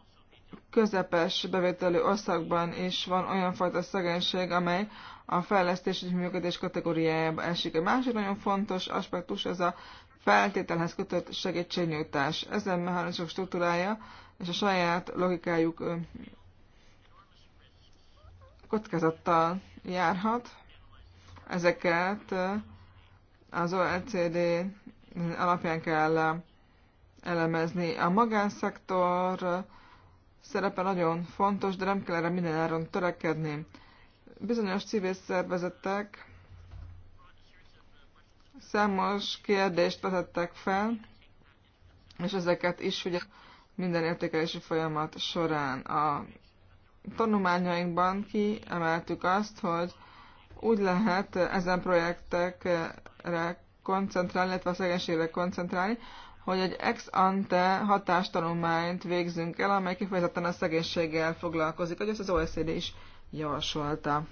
közepes bevételi országban is van olyan fajta szegénység, amely a fejlesztési működés kategóriájába esik. A másik nagyon fontos aspektus ez a feltételhez kötött segítségnyújtás. Ezen mechanizmusok struktúrája és a saját logikájuk kockázattal járhat. Ezeket az OECD alapján kell elemezni. A magánszektor szerepe nagyon fontos, de nem kell erre minden áron törekedni. Bizonyos civil szervezetek Számos kérdést vetettek fel, és ezeket is ugye minden értékelési folyamat során a tanulmányainkban kiemeltük azt, hogy úgy lehet ezen projektekre koncentrálni, illetve a szegénységre koncentrálni, hogy egy ex ante hatástanulmányt végzünk el, amely kifejezetten a szegénységgel foglalkozik, hogy ezt az OECD is javasolta.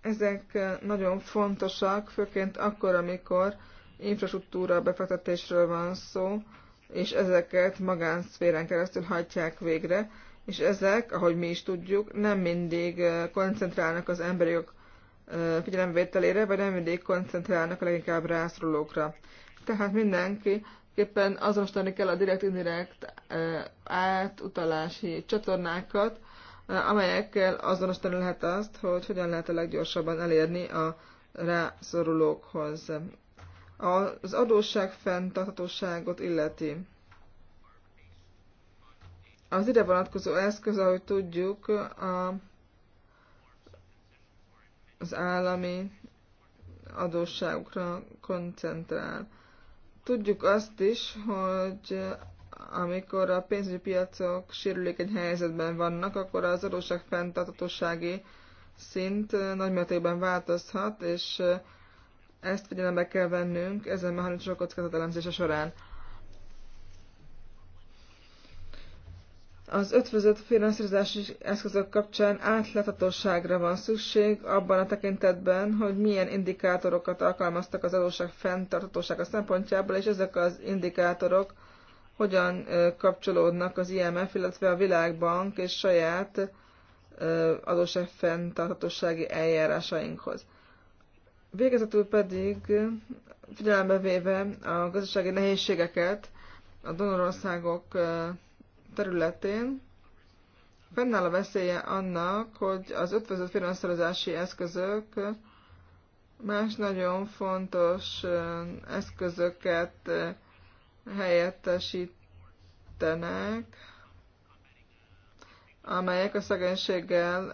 Ezek nagyon fontosak, főként akkor, amikor infrastruktúra befektetésről van szó, és ezeket magánszférán keresztül hajtják végre, és ezek, ahogy mi is tudjuk, nem mindig koncentrálnak az emberi jogok figyelemvételére, vagy nem mindig koncentrálnak a leginkább rászorulókra. Tehát mindenki éppen azonosítani kell a direkt-indirekt átutalási csatornákat, amelyekkel azonosítani lehet azt, hogy hogyan lehet a leggyorsabban elérni a rászorulókhoz. Az adósság fenntarthatóságot illeti. Az ide vonatkozó eszköz, ahogy tudjuk, a, az állami adósságokra koncentrál. Tudjuk azt is, hogy amikor a pénzügyi piacok sérülékeny helyzetben vannak, akkor az adósság fenntartatósági szint eh, nagymértékben változhat, és eh, ezt figyelembe kell vennünk ezen mechanizmusok elemzése során. Az ötvözött finanszírozási eszközök kapcsán átláthatóságra van szükség abban a tekintetben, hogy milyen indikátorokat alkalmaztak az adósság fenntartatósága szempontjából, és ezek az indikátorok hogyan kapcsolódnak az IMF, illetve a Világbank és saját fenntartatossági eljárásainkhoz. Végezetül pedig figyelembe véve a gazdasági nehézségeket a donorországok területén, fennáll a veszélye annak, hogy az ötvözött finanszírozási eszközök más nagyon fontos eszközöket helyettesítenek, amelyek a szegénységgel,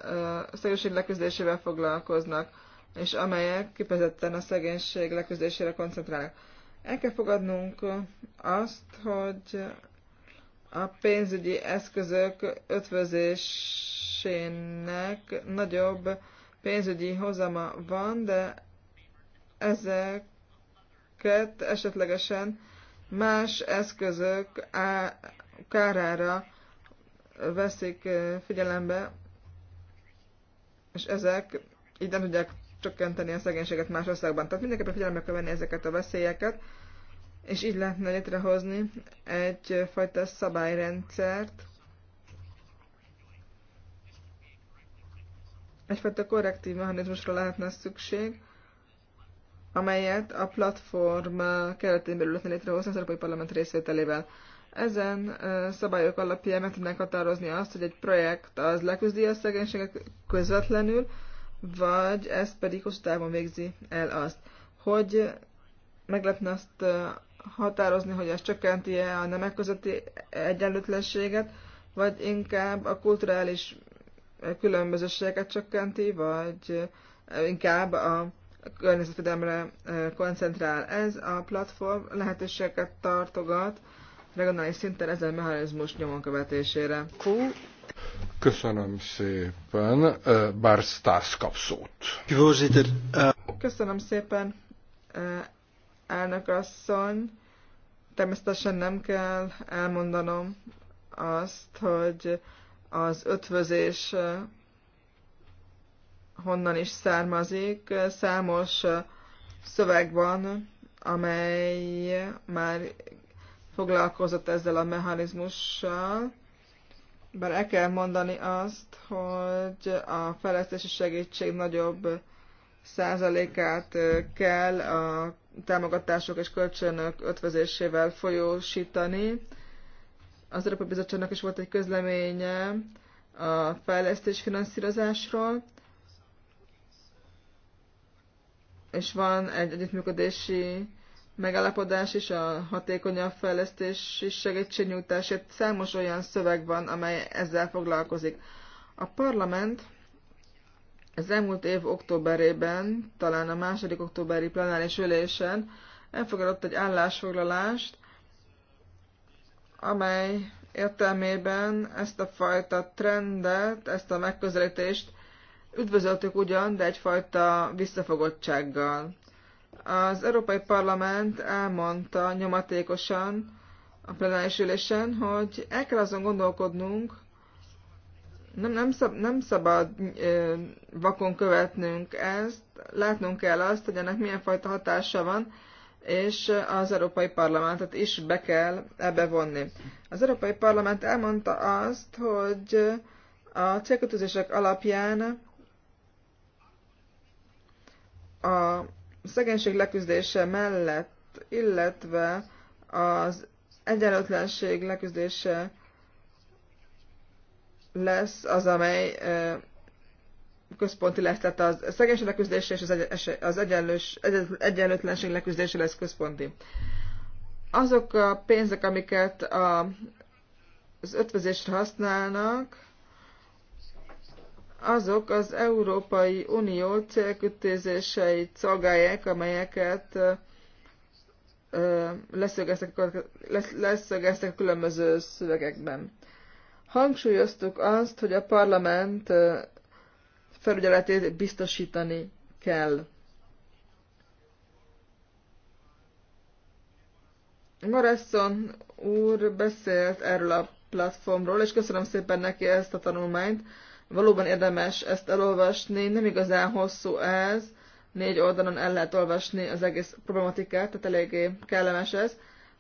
a szegénység leküzdésével foglalkoznak, és amelyek kifejezetten a szegénység leküzdésére koncentrálnak. El kell fogadnunk azt, hogy a pénzügyi eszközök ötvözésének nagyobb pénzügyi hozama van, de ezeket esetlegesen más eszközök á, kárára veszik eh, figyelembe, és ezek így nem tudják csökkenteni a szegénységet más országban. Tehát mindenképpen figyelembe kell venni ezeket a veszélyeket, és így lehetne létrehozni egyfajta szabályrendszert, egyfajta korrektív mechanizmusra lehetne szükség, amelyet a platform keretén belül lehetne létrehozni az Európai Parlament részvételével. Ezen szabályok alapján meg tudnánk határozni azt, hogy egy projekt az leküzdi a szegénységet közvetlenül, vagy ezt pedig hosszú távon végzi el azt. Hogy meg lehetne azt határozni, hogy ez csökkenti-e a nemek közötti egyenlőtlenséget, vagy inkább a kulturális különbözőséget csökkenti, vagy inkább a környezetvédelemre koncentrál. Ez a platform lehetőséget tartogat regionális szinten ezen mechanizmus nyomon követésére. Köszönöm szépen, bár Stász kap szót. Eh, Köszönöm szépen, elnök asszony. Természetesen nem kell elmondanom azt, hogy az ötvözés honnan is származik. Számos szöveg van, amely már foglalkozott ezzel a mechanizmussal, bár el kell mondani azt, hogy a fejlesztési segítség nagyobb százalékát kell a támogatások és kölcsönök ötvözésével folyósítani. Az Európai Bizottságnak is volt egy közleménye a fejlesztés finanszírozásról, és van egy együttműködési megállapodás is a hatékonyabb fejlesztés fejlesztési segítségnyújtásért. Számos olyan szöveg van, amely ezzel foglalkozik. A parlament az elmúlt év októberében, talán a második októberi plenáris ülésen elfogadott egy állásfoglalást, amely értelmében ezt a fajta trendet, ezt a megközelítést Üdvözöltük ugyan, de egyfajta visszafogottsággal. Az Európai Parlament elmondta nyomatékosan a plenáris ülésen, hogy el kell azon gondolkodnunk, nem, nem, szab, nem szabad ö, vakon követnünk ezt, látnunk kell azt, hogy ennek milyen fajta hatása van, és az Európai Parlamentet is be kell ebbe vonni. Az Európai Parlament elmondta azt, hogy a célkötözések alapján a szegénység leküzdése mellett, illetve az egyenlőtlenség leküzdése lesz az, amely központi lesz, tehát a szegénység leküzdése és az, az egyenlős, egyenlőtlenség leküzdése lesz központi. Azok a pénzek, amiket a, az ötvözésre használnak, azok az Európai Unió célkütézéseit szolgálják, amelyeket leszögeztek, leszögeztek különböző szövegekben. Hangsúlyoztuk azt, hogy a parlament felügyeletét biztosítani kell. Morrison úr beszélt erről a platformról, és köszönöm szépen neki ezt a tanulmányt. Valóban érdemes ezt elolvasni, nem igazán hosszú ez, négy oldalon el lehet olvasni az egész problematikát, tehát eléggé kellemes ez.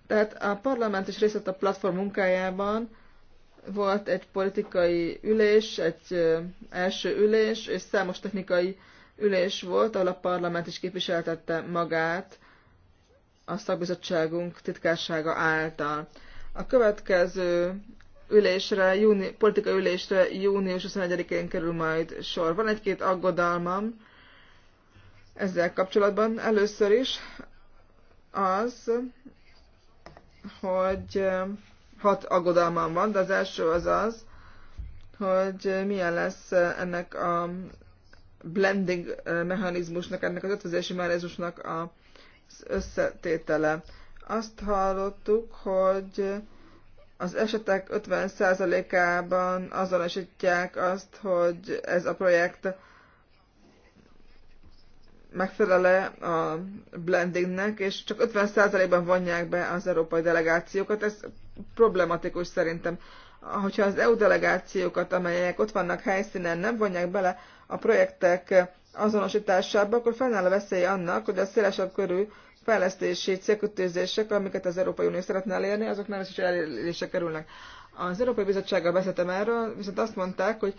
Tehát a parlament is részt a platform munkájában, volt egy politikai ülés, egy első ülés, és számos technikai ülés volt, ahol a parlament is képviseltette magát a szakbizottságunk titkársága által. A következő ülésre, júni, politika ülésre június 21-én kerül majd sor. Van egy-két aggodalmam ezzel kapcsolatban. Először is az, hogy eh, hat aggodalmam van, de az első az az, hogy milyen lesz eh, ennek a blending eh, mechanizmusnak, ennek az ötvözési mechanizmusnak az összetétele. Azt hallottuk, hogy az esetek 50%-ában azonosítják azt, hogy ez a projekt megfelele a blendingnek, és csak 50%-ban vonják be az európai delegációkat. Ez problematikus szerintem. Hogyha az EU delegációkat, amelyek ott vannak helyszínen, nem vonják bele a projektek azonosításába, akkor fennáll a veszély annak, hogy a szélesebb körű fejlesztési célkötőzések, amiket az Európai Unió szeretne elérni, azok nem is elérésre kerülnek. Az Európai Bizottsággal beszéltem erről, viszont azt mondták, hogy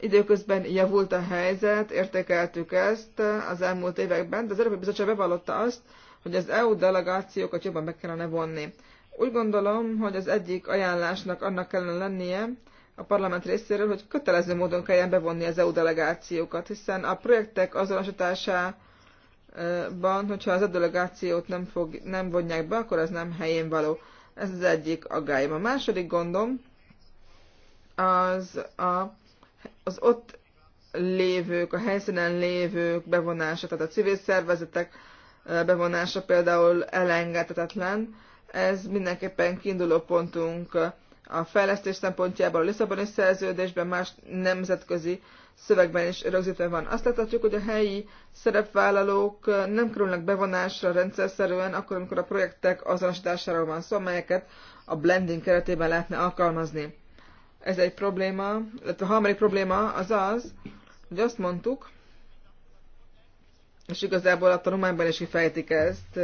időközben javult a helyzet, értékeltük ezt az elmúlt években, de az Európai Bizottság bevallotta azt, hogy az EU delegációkat jobban be kellene vonni. Úgy gondolom, hogy az egyik ajánlásnak annak kellene lennie a parlament részéről, hogy kötelező módon kelljen bevonni az EU delegációkat, hiszen a projektek azonosítására ban, hogyha az a delegációt nem, fog, nem vonják be, akkor ez nem helyén való. Ez az egyik aggályom. A második gondom az a, az ott lévők, a helyszínen lévők bevonása, tehát a civil szervezetek bevonása például elengedhetetlen. Ez mindenképpen kiinduló pontunk a fejlesztés szempontjából a Lisszaboni szerződésben, más nemzetközi szövegben is rögzítve van. Azt láthatjuk, hogy a helyi szerepvállalók nem kerülnek bevonásra rendszerszerűen, akkor, amikor a projektek azonosításáról van szó, amelyeket a blending keretében lehetne alkalmazni. Ez egy probléma, illetve a harmadik probléma az az, hogy azt mondtuk, és igazából a tanulmányban is kifejtik ezt,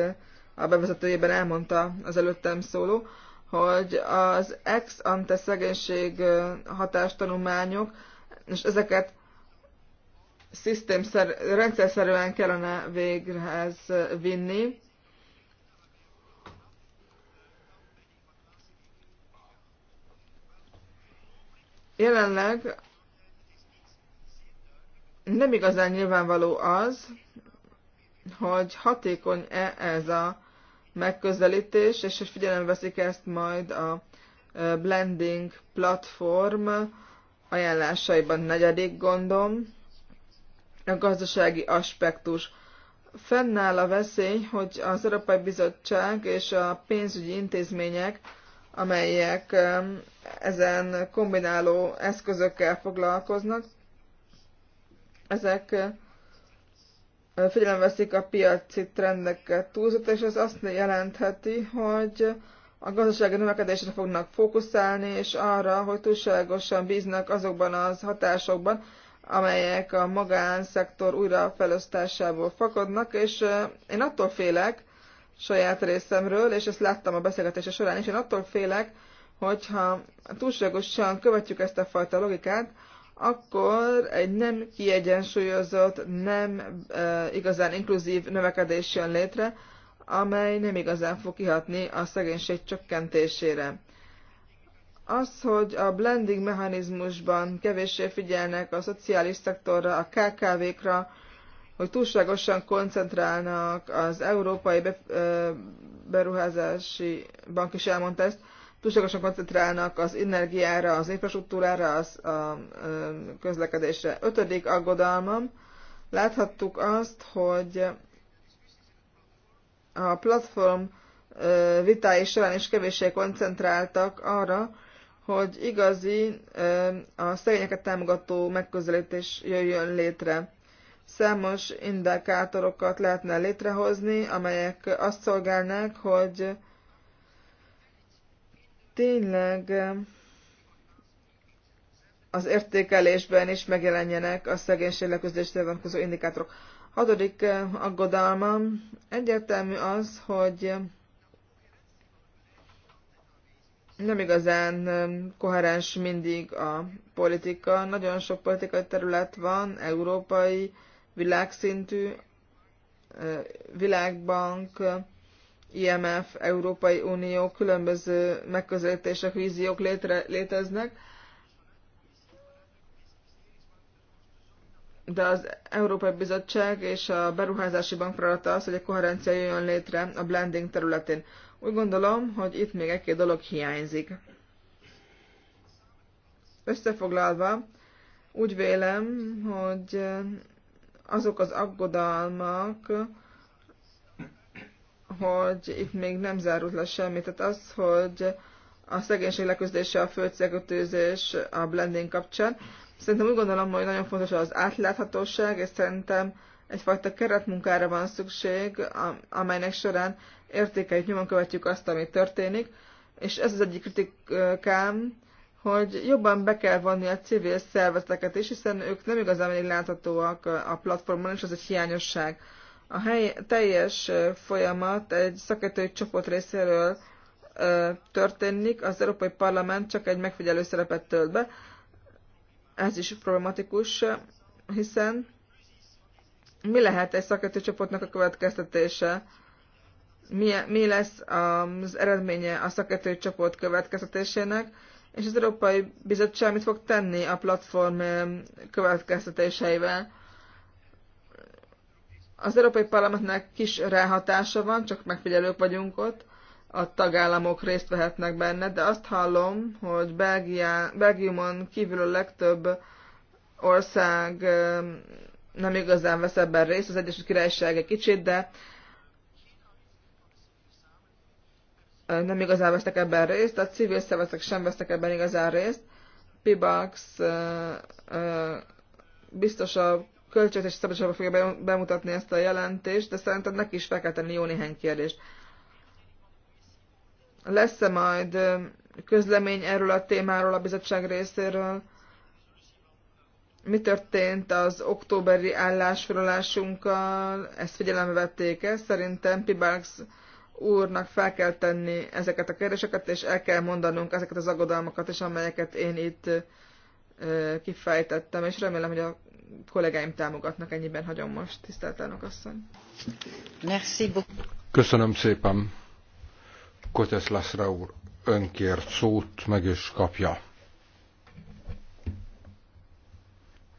a bevezetőjében elmondta az előttem szóló, hogy az ex-ante szegénység hatástanulmányok, és ezeket szer, rendszerszerűen kellene végrehez vinni. Jelenleg nem igazán nyilvánvaló az, hogy hatékony-e ez a megközelítés, és hogy figyelembe veszik ezt majd a blending platform ajánlásaiban negyedik gondom a gazdasági aspektus. Fennáll a veszély, hogy az Európai Bizottság és a pénzügyi intézmények, amelyek um, ezen kombináló eszközökkel foglalkoznak, ezek uh, veszik a piaci trendeket túlzott, és ez azt jelentheti, hogy a gazdasági növekedésre fognak fókuszálni, és arra, hogy túlságosan bíznak azokban az hatásokban, amelyek a magánszektor újrafelosztásából fakadnak, és én attól félek saját részemről, és ezt láttam a beszélgetése során és én attól félek, hogyha túlságosan követjük ezt a fajta logikát, akkor egy nem kiegyensúlyozott, nem e, igazán inkluzív növekedés jön létre, amely nem igazán fog kihatni a szegénység csökkentésére. Az, hogy a blending mechanizmusban kevéssé figyelnek a szociális szektorra, a KKV-kra, hogy túlságosan koncentrálnak, az Európai Beruházási Bank is elmondta ezt, túlságosan koncentrálnak az energiára, az infrastruktúrára, az, a közlekedésre. Ötödik aggodalmam, láthattuk azt, hogy a platform vitái során is kevéssé koncentráltak arra, hogy igazi a szegényeket támogató megközelítés jöjjön létre. Számos indikátorokat lehetne létrehozni, amelyek azt szolgálnák, hogy tényleg az értékelésben is megjelenjenek a szegénység leküzdésre vonatkozó indikátorok. Hatodik aggodalmam egyértelmű az, hogy nem igazán um, koherens mindig a politika. Nagyon sok politikai terület van, európai, világszintű, uh, világbank, IMF, Európai Unió, különböző megközelítések, víziók létre, léteznek, de az Európai Bizottság és a Beruházási Bank feladata az, hogy a koherencia jöjjön létre a blending területén. Úgy gondolom, hogy itt még egy-két dolog hiányzik. Összefoglalva, úgy vélem, hogy azok az aggodalmak, hogy itt még nem zárult le semmi. Tehát az, hogy a szegénység leküzdése, a földcélkötőzés, a blending kapcsán. Szerintem úgy gondolom, hogy nagyon fontos az átláthatóság, és szerintem egyfajta keretmunkára van szükség, amelynek során értékeljük, nyomon követjük azt, ami történik, és ez az egyik kritikám, hogy jobban be kell vonni a civil szervezeteket is, hiszen ők nem igazán elég láthatóak a platformon, és az egy hiányosság. A hely, teljes folyamat egy szakértői csoport részéről ö, történik, az Európai Parlament csak egy megfigyelő szerepet tölt be. Ez is problematikus, hiszen mi lehet egy szakértő csoportnak a következtetése? Mi, mi lesz az eredménye a szakértő csoport következtetésének? És az Európai Bizottság mit fog tenni a platform eh, következtetéseivel? Az Európai Parlamentnek kis ráhatása van, csak megfigyelők vagyunk ott, a tagállamok részt vehetnek benne, de azt hallom, hogy Belgiá, Belgiumon kívül a legtöbb ország eh, nem igazán vesz ebben részt, az Egyesült Királyság egy kicsit, de nem igazán vesznek ebben részt, a civil szervezetek sem vesznek ebben igazán részt. Pibax biztos a költségvetési szabadságban fogja bemutatni ezt a jelentést, de szerintem neki is fel kell tenni jó néhány kérdést. Lesz-e majd közlemény erről a témáról a bizottság részéről? mi történt az októberi állásfoglalásunkkal, ezt figyelembe vették -e. Szerintem Pibarks úrnak fel kell tenni ezeket a kérdéseket, és el kell mondanunk ezeket az aggodalmakat is, amelyeket én itt kifejtettem, és remélem, hogy a kollégáim támogatnak ennyiben hagyom most, tisztelt elnök asszony. Merci Köszönöm szépen. Kotesz Lászra úr önkért szót meg is kapja.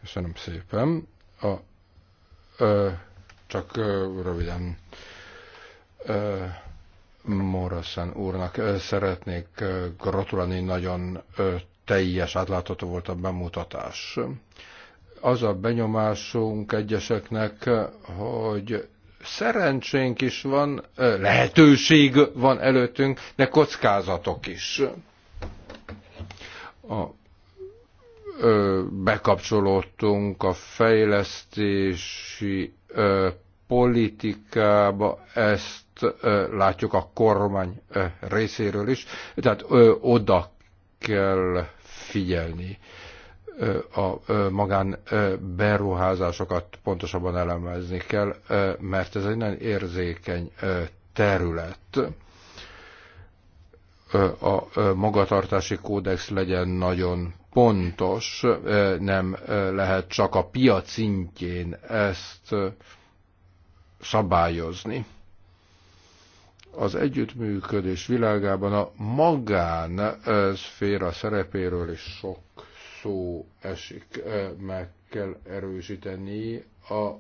Köszönöm szépen. A, ö, csak ö, röviden ö, Morrison úrnak ö, szeretnék ö, gratulálni, nagyon ö, teljes, átlátható volt a bemutatás. Az a benyomásunk egyeseknek, hogy szerencsénk is van, lehetőség van előttünk, de kockázatok is. A bekapcsolódtunk a fejlesztési politikába, ezt látjuk a kormány részéről is, tehát oda kell figyelni a magán beruházásokat pontosabban elemezni kell, mert ez egy nagyon érzékeny terület. A magatartási kódex legyen nagyon pontos, nem lehet csak a piac szintjén ezt szabályozni. Az együttműködés világában a magán szféra szerepéről is sok szó esik, meg kell erősíteni a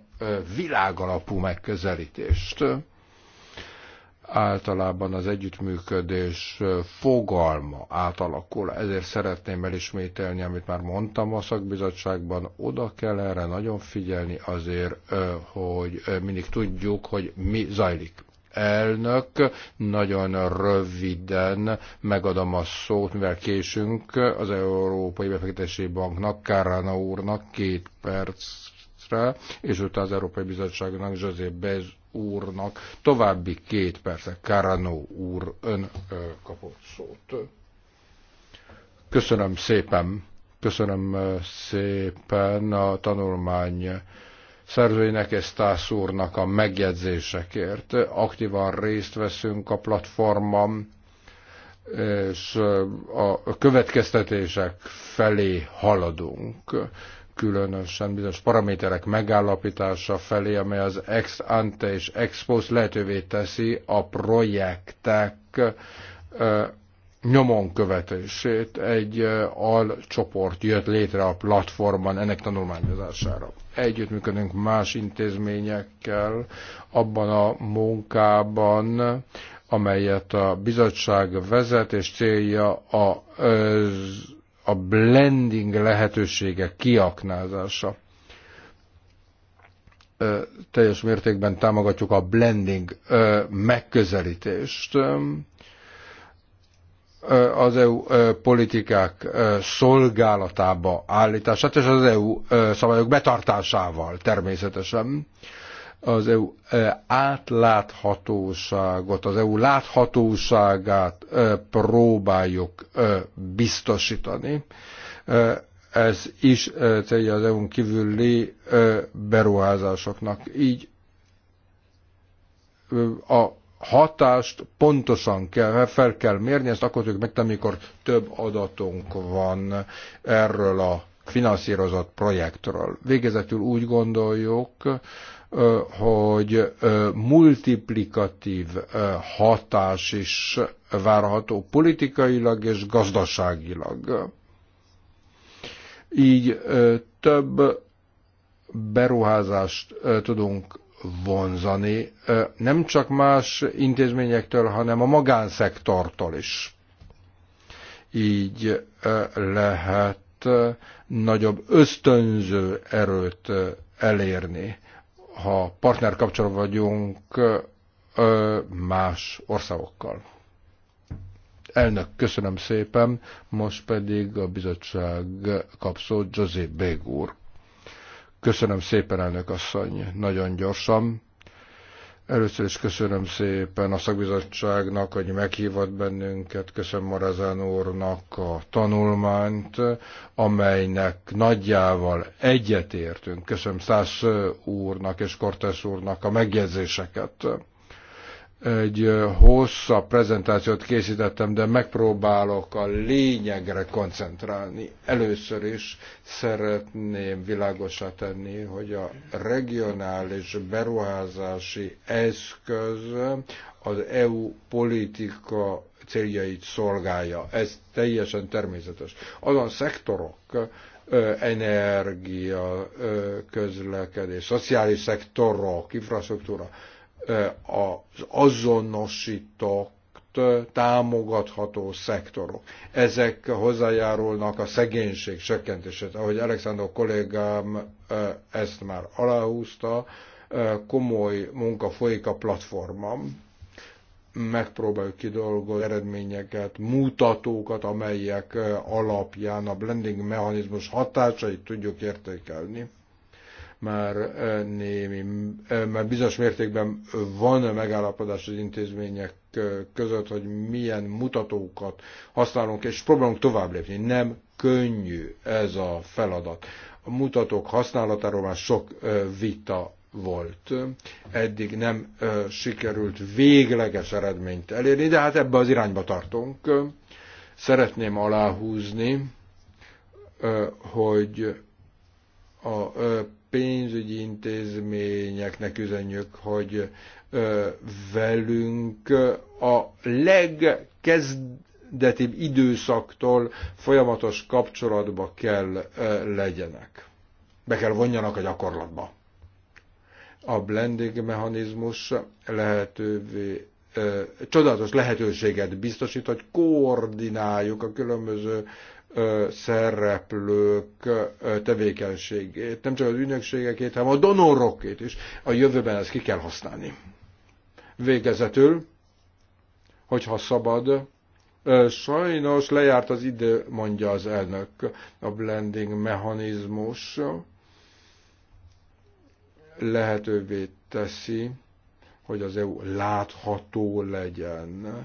világalapú megközelítést általában az együttműködés fogalma átalakul, ezért szeretném elismételni, amit már mondtam a szakbizottságban, oda kell erre nagyon figyelni azért, hogy mindig tudjuk, hogy mi zajlik. Elnök, nagyon röviden megadom a szót, mivel késünk az Európai Befektetési Banknak, Kárána úrnak két percre, és utána az Európai Bizottságnak José Bez úrnak további két perce, Karanó úr, ön kapott szót. Köszönöm szépen, köszönöm szépen a tanulmány szerzőinek és Stász úrnak a megjegyzésekért. Aktívan részt veszünk a platformon, és a következtetések felé haladunk különösen bizonyos paraméterek megállapítása felé, amely az ex ante és ex post lehetővé teszi a projektek nyomon követését. Egy alcsoport jött létre a platformon ennek tanulmányozására. Együttműködünk más intézményekkel abban a munkában, amelyet a bizottság vezet, és célja az a blending lehetősége kiaknázása. Teljes mértékben támogatjuk a blending megközelítést az EU politikák szolgálatába állítását és az EU szabályok betartásával természetesen az EU e, átláthatóságot, az EU láthatóságát e, próbáljuk e, biztosítani. Ez is célja az EU-n kívüli beruházásoknak. Így a hatást pontosan kell, fel kell mérni, ezt akkor tudjuk megtenni, amikor több adatunk van erről a finanszírozott projektről. Végezetül úgy gondoljuk, hogy multiplikatív hatás is várható politikailag és gazdaságilag. Így több beruházást tudunk vonzani, nem csak más intézményektől, hanem a magánszektortól is. Így lehet nagyobb ösztönző erőt elérni ha partner kapcsolatban vagyunk más országokkal. Elnök, köszönöm szépen, most pedig a bizottság kapszó José Bégúr. Köszönöm szépen, elnök asszony, nagyon gyorsan. Először is köszönöm szépen a szakbizottságnak, hogy meghívott bennünket, köszönöm Marazán úrnak a tanulmányt, amelynek nagyjával egyetértünk. Köszönöm Szász úrnak és Kortesz úrnak a megjegyzéseket egy hosszabb prezentációt készítettem, de megpróbálok a lényegre koncentrálni. Először is szeretném világosra tenni, hogy a regionális beruházási eszköz az EU politika céljait szolgálja. Ez teljesen természetes. Azon szektorok, energia, közlekedés, szociális szektorok, infrastruktúra, az azonosított támogatható szektorok. Ezek hozzájárulnak a szegénység csökkentését. Ahogy Alexander kollégám ezt már aláhúzta, komoly munka folyik a platformon. Megpróbáljuk kidolgozni eredményeket, mutatókat, amelyek alapján a blending mechanizmus hatásait tudjuk értékelni már eh, némi, eh, már bizonyos mértékben van megállapodás az intézmények eh, között, hogy milyen mutatókat használunk, és próbálunk tovább lépni. Nem könnyű ez a feladat. A mutatók használatáról már sok vita volt. Eddig nem sikerült végleges eredményt elérni, de hát ebbe az irányba tartunk. Szeretném aláhúzni, hogy a pénzügyi intézményeknek üzenjük, hogy velünk a legkezdetibb időszaktól folyamatos kapcsolatba kell legyenek. Be kell vonjanak a gyakorlatba. A blending mechanizmus lehetővé csodálatos lehetőséget biztosít, hogy koordináljuk a különböző szereplők tevékenységét, nem csak az ügynökségekét, hanem a donorokét is. A jövőben ezt ki kell használni. Végezetül, hogyha szabad, sajnos lejárt az idő, mondja az elnök, a blending mechanizmus lehetővé teszi, hogy az EU látható legyen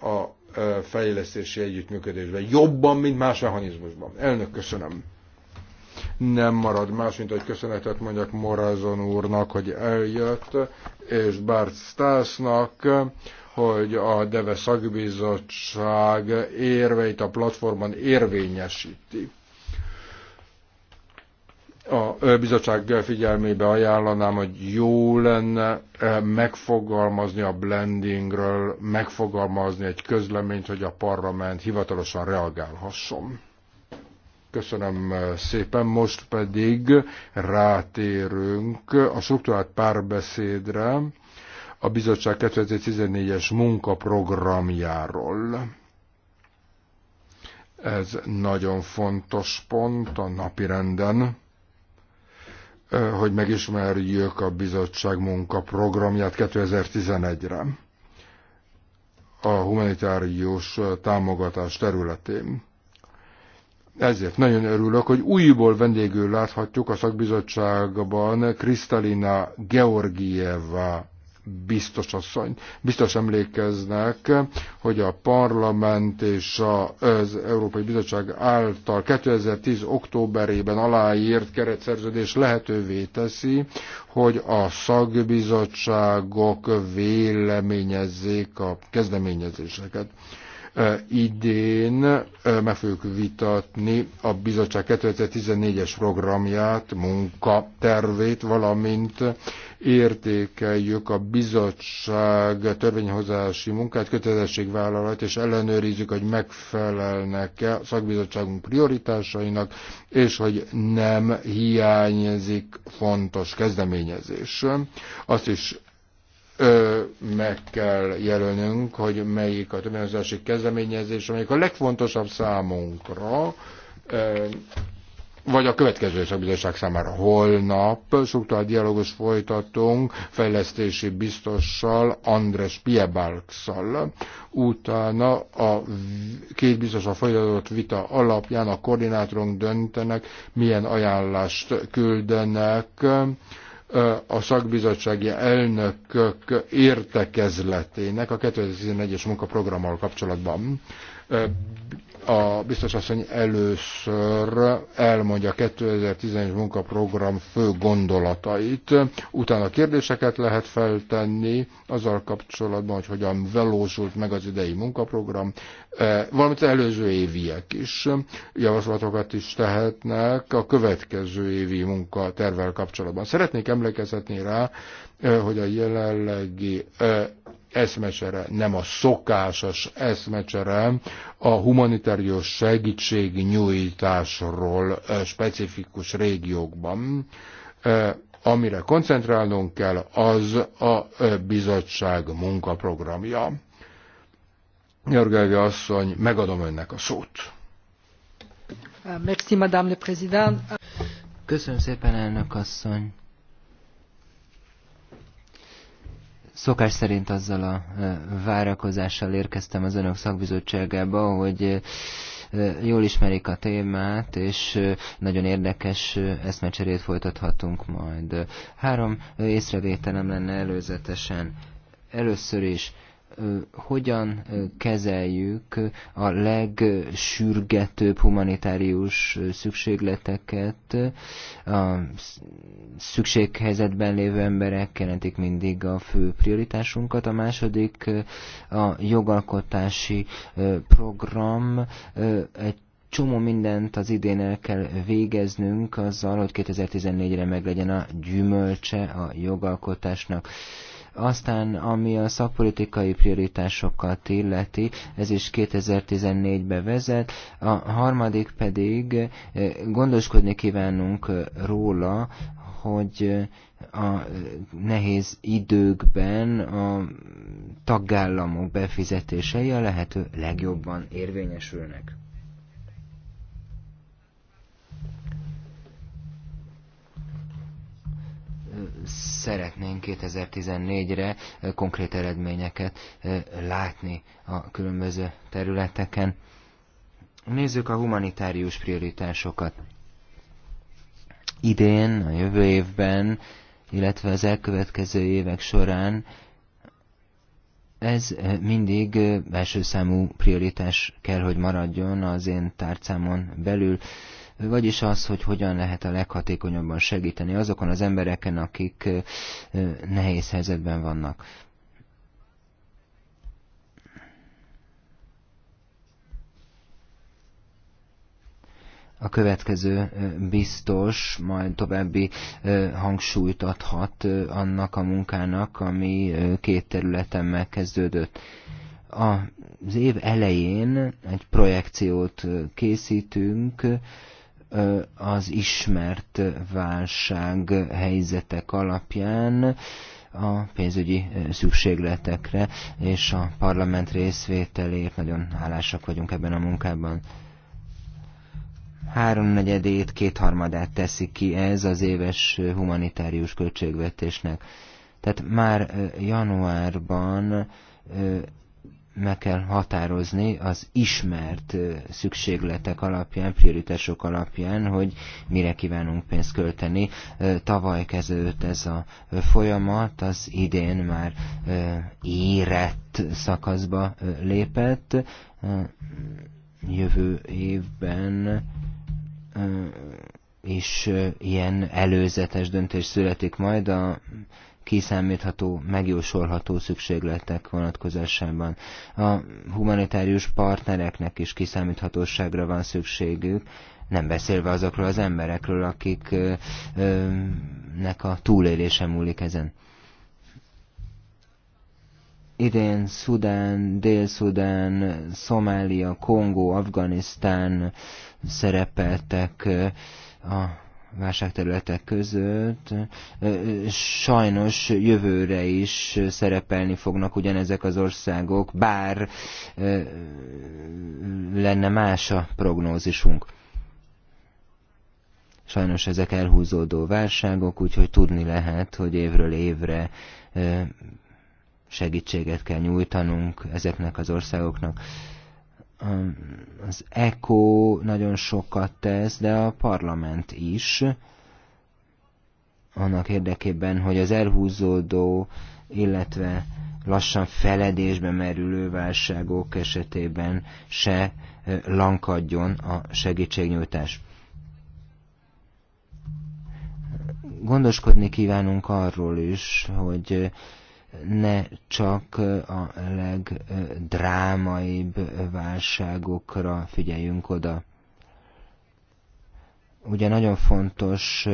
a fejlesztési együttműködésben. Jobban, mint más mechanizmusban. Elnök, köszönöm. Nem marad más, mint hogy köszönetet mondjak Morazon úrnak, hogy eljött, és Bart Stásznak, hogy a Deve Szakbizottság érveit a platformon érvényesíti a bizottság figyelmébe ajánlanám, hogy jó lenne megfogalmazni a blendingről, megfogalmazni egy közleményt, hogy a parlament hivatalosan reagálhasson. Köszönöm szépen, most pedig rátérünk a struktúrált párbeszédre a bizottság 2014-es munkaprogramjáról. Ez nagyon fontos pont a renden hogy megismerjük a bizottság munkaprogramját 2011-re a humanitárius támogatás területén. Ezért nagyon örülök, hogy újból vendégül láthatjuk a szakbizottságban Kristalina Georgieva biztos asszony. Biztos emlékeznek, hogy a parlament és az Európai Bizottság által 2010. októberében aláírt keretszerződés lehetővé teszi, hogy a szakbizottságok véleményezzék a kezdeményezéseket e, idén e, meg fogjuk vitatni a bizottság 2014-es programját, munkatervét, valamint értékeljük a bizottság törvényhozási munkát, kötelezettségvállalat, és ellenőrizzük, hogy megfelelnek-e a szakbizottságunk prioritásainak, és hogy nem hiányzik fontos kezdeményezés. Azt is ö, meg kell jelölnünk, hogy melyik a törvényhozási kezdeményezés, amelyik a legfontosabb számunkra, ö, vagy a következő szakbizottság számára. Holnap struktúrált dialógus folytatunk fejlesztési biztossal, András Piebalkszal. Utána a két biztosan folytatott vita alapján a koordinátorunk döntenek, milyen ajánlást küldenek a szakbizottsági elnökök értekezletének a 2011-es munkaprogrammal kapcsolatban a biztos asszony először elmondja a 2011 munkaprogram fő gondolatait, utána kérdéseket lehet feltenni azzal kapcsolatban, hogy hogyan velósult meg az idei munkaprogram, e, valamint az előző éviek is javaslatokat is tehetnek a következő évi munkatervel kapcsolatban. Szeretnék emlékezetni rá, e, hogy a jelenlegi e, eszmecsere, nem a szokásos eszmecsere a humanitárius nyújtásról specifikus régiókban. Amire koncentrálnunk kell, az a bizottság munkaprogramja. Jörgelvi asszony, megadom önnek a szót. Merci, Madame le Président. Köszönöm szépen, elnök asszony. Szokás szerint azzal a e, várakozással érkeztem az önök szakbizottságába, hogy e, e, jól ismerik a témát, és nagyon érdekes eszmecserét folytathatunk majd. Három észrevételem lenne előzetesen. Először is hogyan kezeljük a legsürgetőbb humanitárius szükségleteket. A szükséghelyzetben lévő emberek jelentik mindig a fő prioritásunkat. A második a jogalkotási program egy csomó mindent az idén el kell végeznünk azzal, hogy 2014-re meglegyen a gyümölcse a jogalkotásnak. Aztán, ami a szakpolitikai prioritásokat illeti, ez is 2014-be vezet, a harmadik pedig eh, gondoskodni kívánunk eh, róla, hogy eh, a nehéz időkben a tagállamok befizetései a lehető legjobban érvényesülnek. szeretnénk 2014-re konkrét eredményeket látni a különböző területeken. Nézzük a humanitárius prioritásokat. Idén, a jövő évben, illetve az elkövetkező évek során ez mindig első számú prioritás kell, hogy maradjon az én tárcámon belül vagyis az, hogy hogyan lehet a leghatékonyabban segíteni azokon az embereken, akik nehéz helyzetben vannak. a következő biztos, majd további hangsúlyt adhat annak a munkának, ami két területen megkezdődött. Az év elején egy projekciót készítünk, az ismert válság helyzetek alapján a pénzügyi szükségletekre és a parlament részvételért nagyon hálásak vagyunk ebben a munkában háromnegyedét, kétharmadát teszi ki ez az éves humanitárius költségvetésnek. Tehát már januárban meg kell határozni az ismert szükségletek alapján, prioritások alapján, hogy mire kívánunk pénzt költeni. Tavaly kezdődött ez a folyamat, az idén már érett szakaszba lépett. Jövő évben is ilyen előzetes döntés születik majd a kiszámítható, megjósolható szükségletek vonatkozásában. A humanitárius partnereknek is kiszámíthatóságra van szükségük, nem beszélve azokról az emberekről, akiknek a túlélése múlik ezen. Idén Szudán, Dél-Szudán, Szomália, Kongó, Afganisztán szerepeltek a válságterületek között sajnos jövőre is szerepelni fognak ugyanezek az országok, bár lenne más a prognózisunk. Sajnos ezek elhúzódó válságok, úgyhogy tudni lehet, hogy évről évre segítséget kell nyújtanunk ezeknek az országoknak az ECO nagyon sokat tesz, de a parlament is annak érdekében, hogy az elhúzódó, illetve lassan feledésbe merülő válságok esetében se lankadjon a segítségnyújtás. Gondoskodni kívánunk arról is, hogy ne csak a legdrámaibb válságokra figyeljünk oda. Ugye nagyon fontos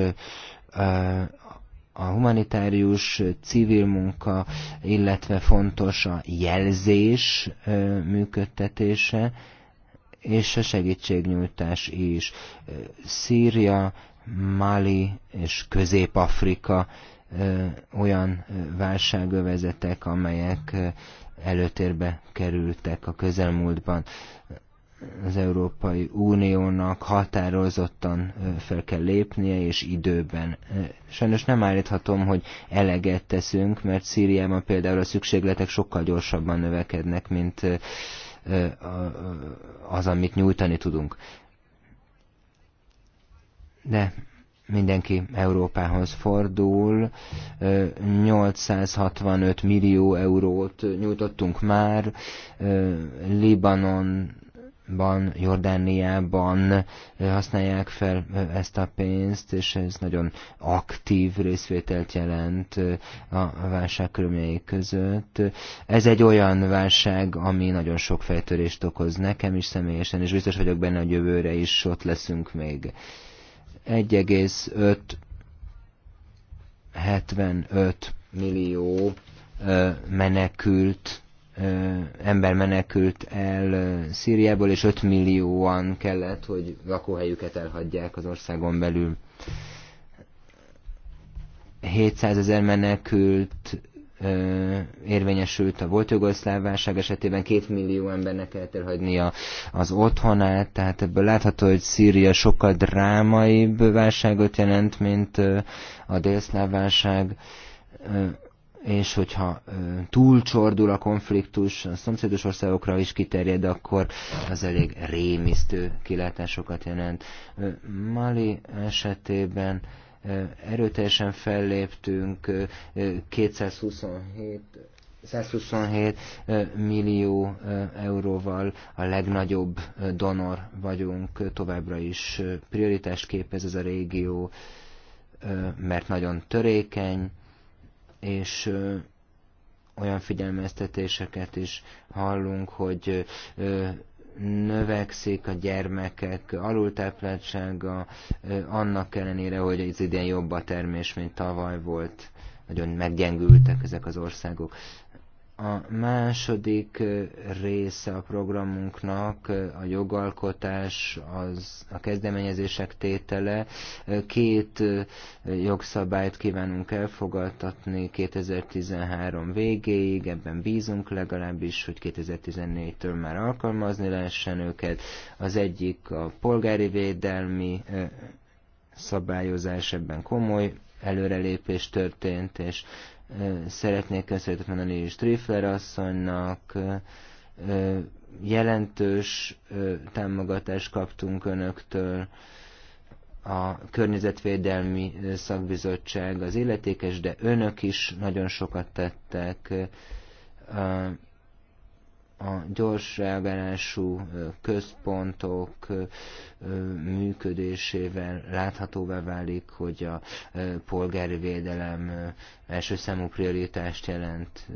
a humanitárius civil munka, illetve fontos a jelzés működtetése, és a segítségnyújtás is. Szíria, Mali és Közép-Afrika olyan válságövezetek, amelyek előtérbe kerültek a közelmúltban. Az Európai Uniónak határozottan fel kell lépnie, és időben. Sajnos nem állíthatom, hogy eleget teszünk, mert Szíriában például a szükségletek sokkal gyorsabban növekednek, mint az, amit nyújtani tudunk. De mindenki Európához fordul. 865 millió eurót nyújtottunk már Libanonban, Jordániában használják fel ezt a pénzt, és ez nagyon aktív részvételt jelent a válság körülményei között. Ez egy olyan válság, ami nagyon sok fejtörést okoz nekem is személyesen, és biztos vagyok benne, hogy jövőre is ott leszünk még. 1,575 millió menekült ember menekült el Szíriából, és 5 millióan kellett, hogy lakóhelyüket elhagyják az országon belül. 700 ezer menekült érvényesült a volt jugoszláv válság esetében, két millió embernek kellett elhagyni az otthonát, tehát ebből látható, hogy Szíria sokkal drámaibb válságot jelent, mint a délszláv válság, és hogyha túlcsordul a konfliktus, a szomszédos országokra is kiterjed, akkor az elég rémisztő kilátásokat jelent. Mali esetében erőteljesen felléptünk, 227 127 millió euróval a legnagyobb donor vagyunk, továbbra is prioritást képez ez a régió, mert nagyon törékeny, és olyan figyelmeztetéseket is hallunk, hogy növekszik a gyermekek alultápláltsága, annak ellenére, hogy az idén jobb a termés, mint tavaly volt, nagyon meggyengültek ezek az országok. A második része a programunknak a jogalkotás, az a kezdeményezések tétele. Két jogszabályt kívánunk elfogadtatni 2013 végéig, ebben bízunk legalábbis, hogy 2014-től már alkalmazni lehessen őket. Az egyik a polgári védelmi szabályozás, ebben komoly előrelépés történt, és Szeretnék köszönetet mondani Strifler asszonynak, jelentős támogatást kaptunk önöktől, a Környezetvédelmi Szakbizottság az életékes, de önök is nagyon sokat tettek a gyors reagálású központok működésével láthatóvá válik, hogy a polgári védelem első számú prioritást jelent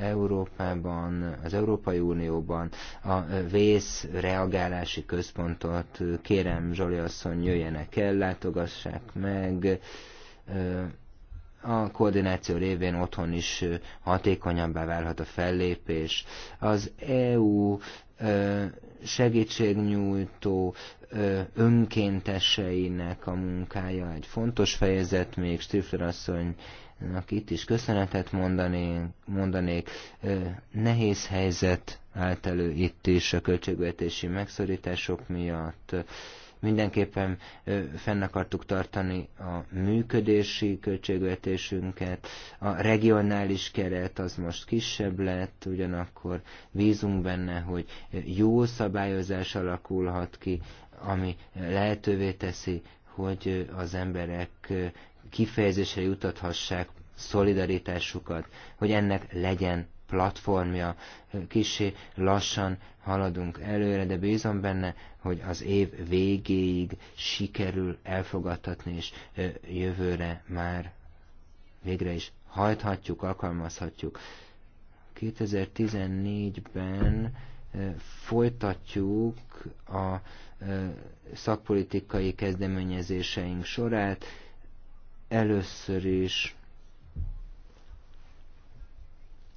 Európában, az Európai Unióban. A vész reagálási központot kérem Zsoli asszony jöjjenek el, látogassák meg, a koordináció révén otthon is hatékonyabbá válhat a fellépés. Az EU segítségnyújtó önkénteseinek a munkája egy fontos fejezet, még Stifler asszony itt is köszönetet mondani, mondanék. Nehéz helyzet állt elő itt is a költségvetési megszorítások miatt. Mindenképpen fenn akartuk tartani a működési költségvetésünket, a regionális keret az most kisebb lett, ugyanakkor bízunk benne, hogy jó szabályozás alakulhat ki, ami lehetővé teszi, hogy az emberek kifejezésre jutathassák szolidaritásukat, hogy ennek legyen platformja. kisé lassan haladunk előre, de bízom benne, hogy az év végéig sikerül elfogadtatni, és jövőre már végre is hajthatjuk, alkalmazhatjuk. 2014-ben folytatjuk a szakpolitikai kezdeményezéseink sorát. Először is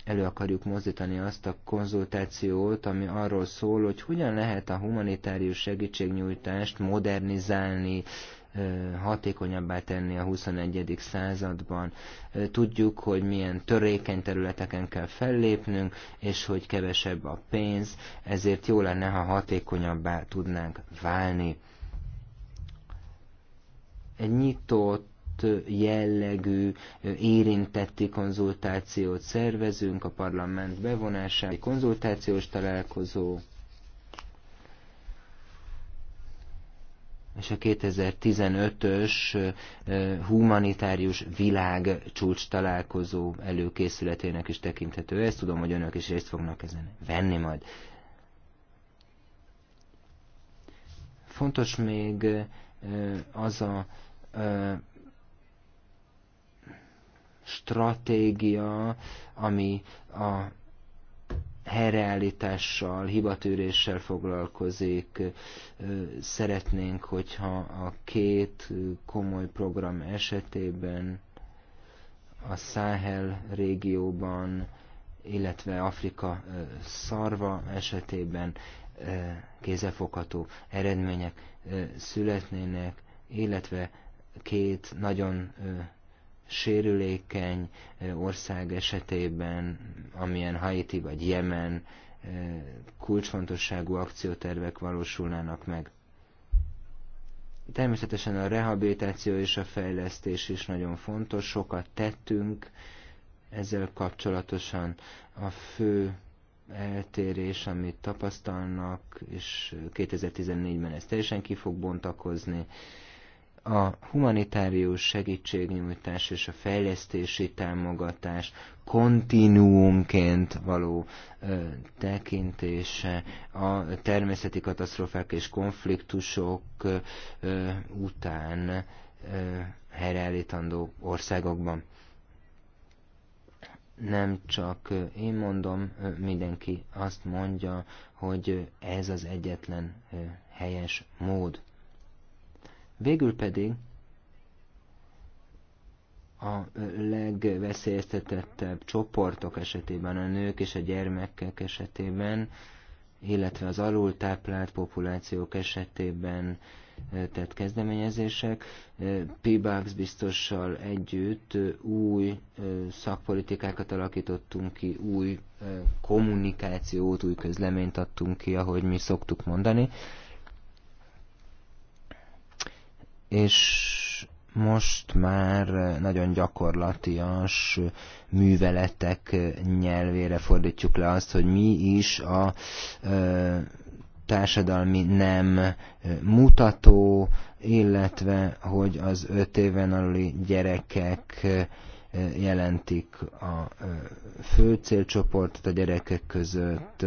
elő akarjuk mozdítani azt a konzultációt, ami arról szól, hogy hogyan lehet a humanitárius segítségnyújtást modernizálni, hatékonyabbá tenni a 21. században. Tudjuk, hogy milyen törékeny területeken kell fellépnünk, és hogy kevesebb a pénz, ezért jó lenne, ha hatékonyabbá tudnánk válni. Egy nyitott jellegű érintetti konzultációt szervezünk a parlament bevonásával, egy konzultációs találkozó, és a 2015-ös humanitárius világcsúcs találkozó előkészületének is tekinthető. Ezt tudom, hogy önök is részt fognak ezen venni majd. Fontos még az a stratégia, ami a helyreállítással, hibatűréssel foglalkozik. Szeretnénk, hogyha a két komoly program esetében a Száhel régióban, illetve Afrika szarva esetében kézefogható eredmények születnének, illetve két nagyon sérülékeny ország esetében, amilyen Haiti vagy Jemen kulcsfontosságú akciótervek valósulnának meg. Természetesen a rehabilitáció és a fejlesztés is nagyon fontos, sokat tettünk ezzel kapcsolatosan. A fő eltérés, amit tapasztalnak, és 2014-ben ez teljesen ki fog bontakozni, a humanitárius segítségnyújtás és a fejlesztési támogatás kontinuumként való ö, tekintése, a természeti katasztrófák és konfliktusok ö, ö, után ö, helyreállítandó országokban. Nem csak én mondom, mindenki azt mondja, hogy ez az egyetlen helyes mód. Végül pedig a legveszélyeztetettebb csoportok esetében, a nők és a gyermekek esetében, illetve az alultáplált populációk esetében eh, tett kezdeményezések. Eh, p biztossal együtt eh, új szakpolitikákat alakítottunk ki, új kommunikációt, új közleményt adtunk ki, ahogy mi szoktuk mondani és most már nagyon gyakorlatias műveletek nyelvére fordítjuk le azt, hogy mi is a társadalmi nem mutató, illetve hogy az öt éven aluli gyerekek jelentik a fő célcsoportot a gyerekek között,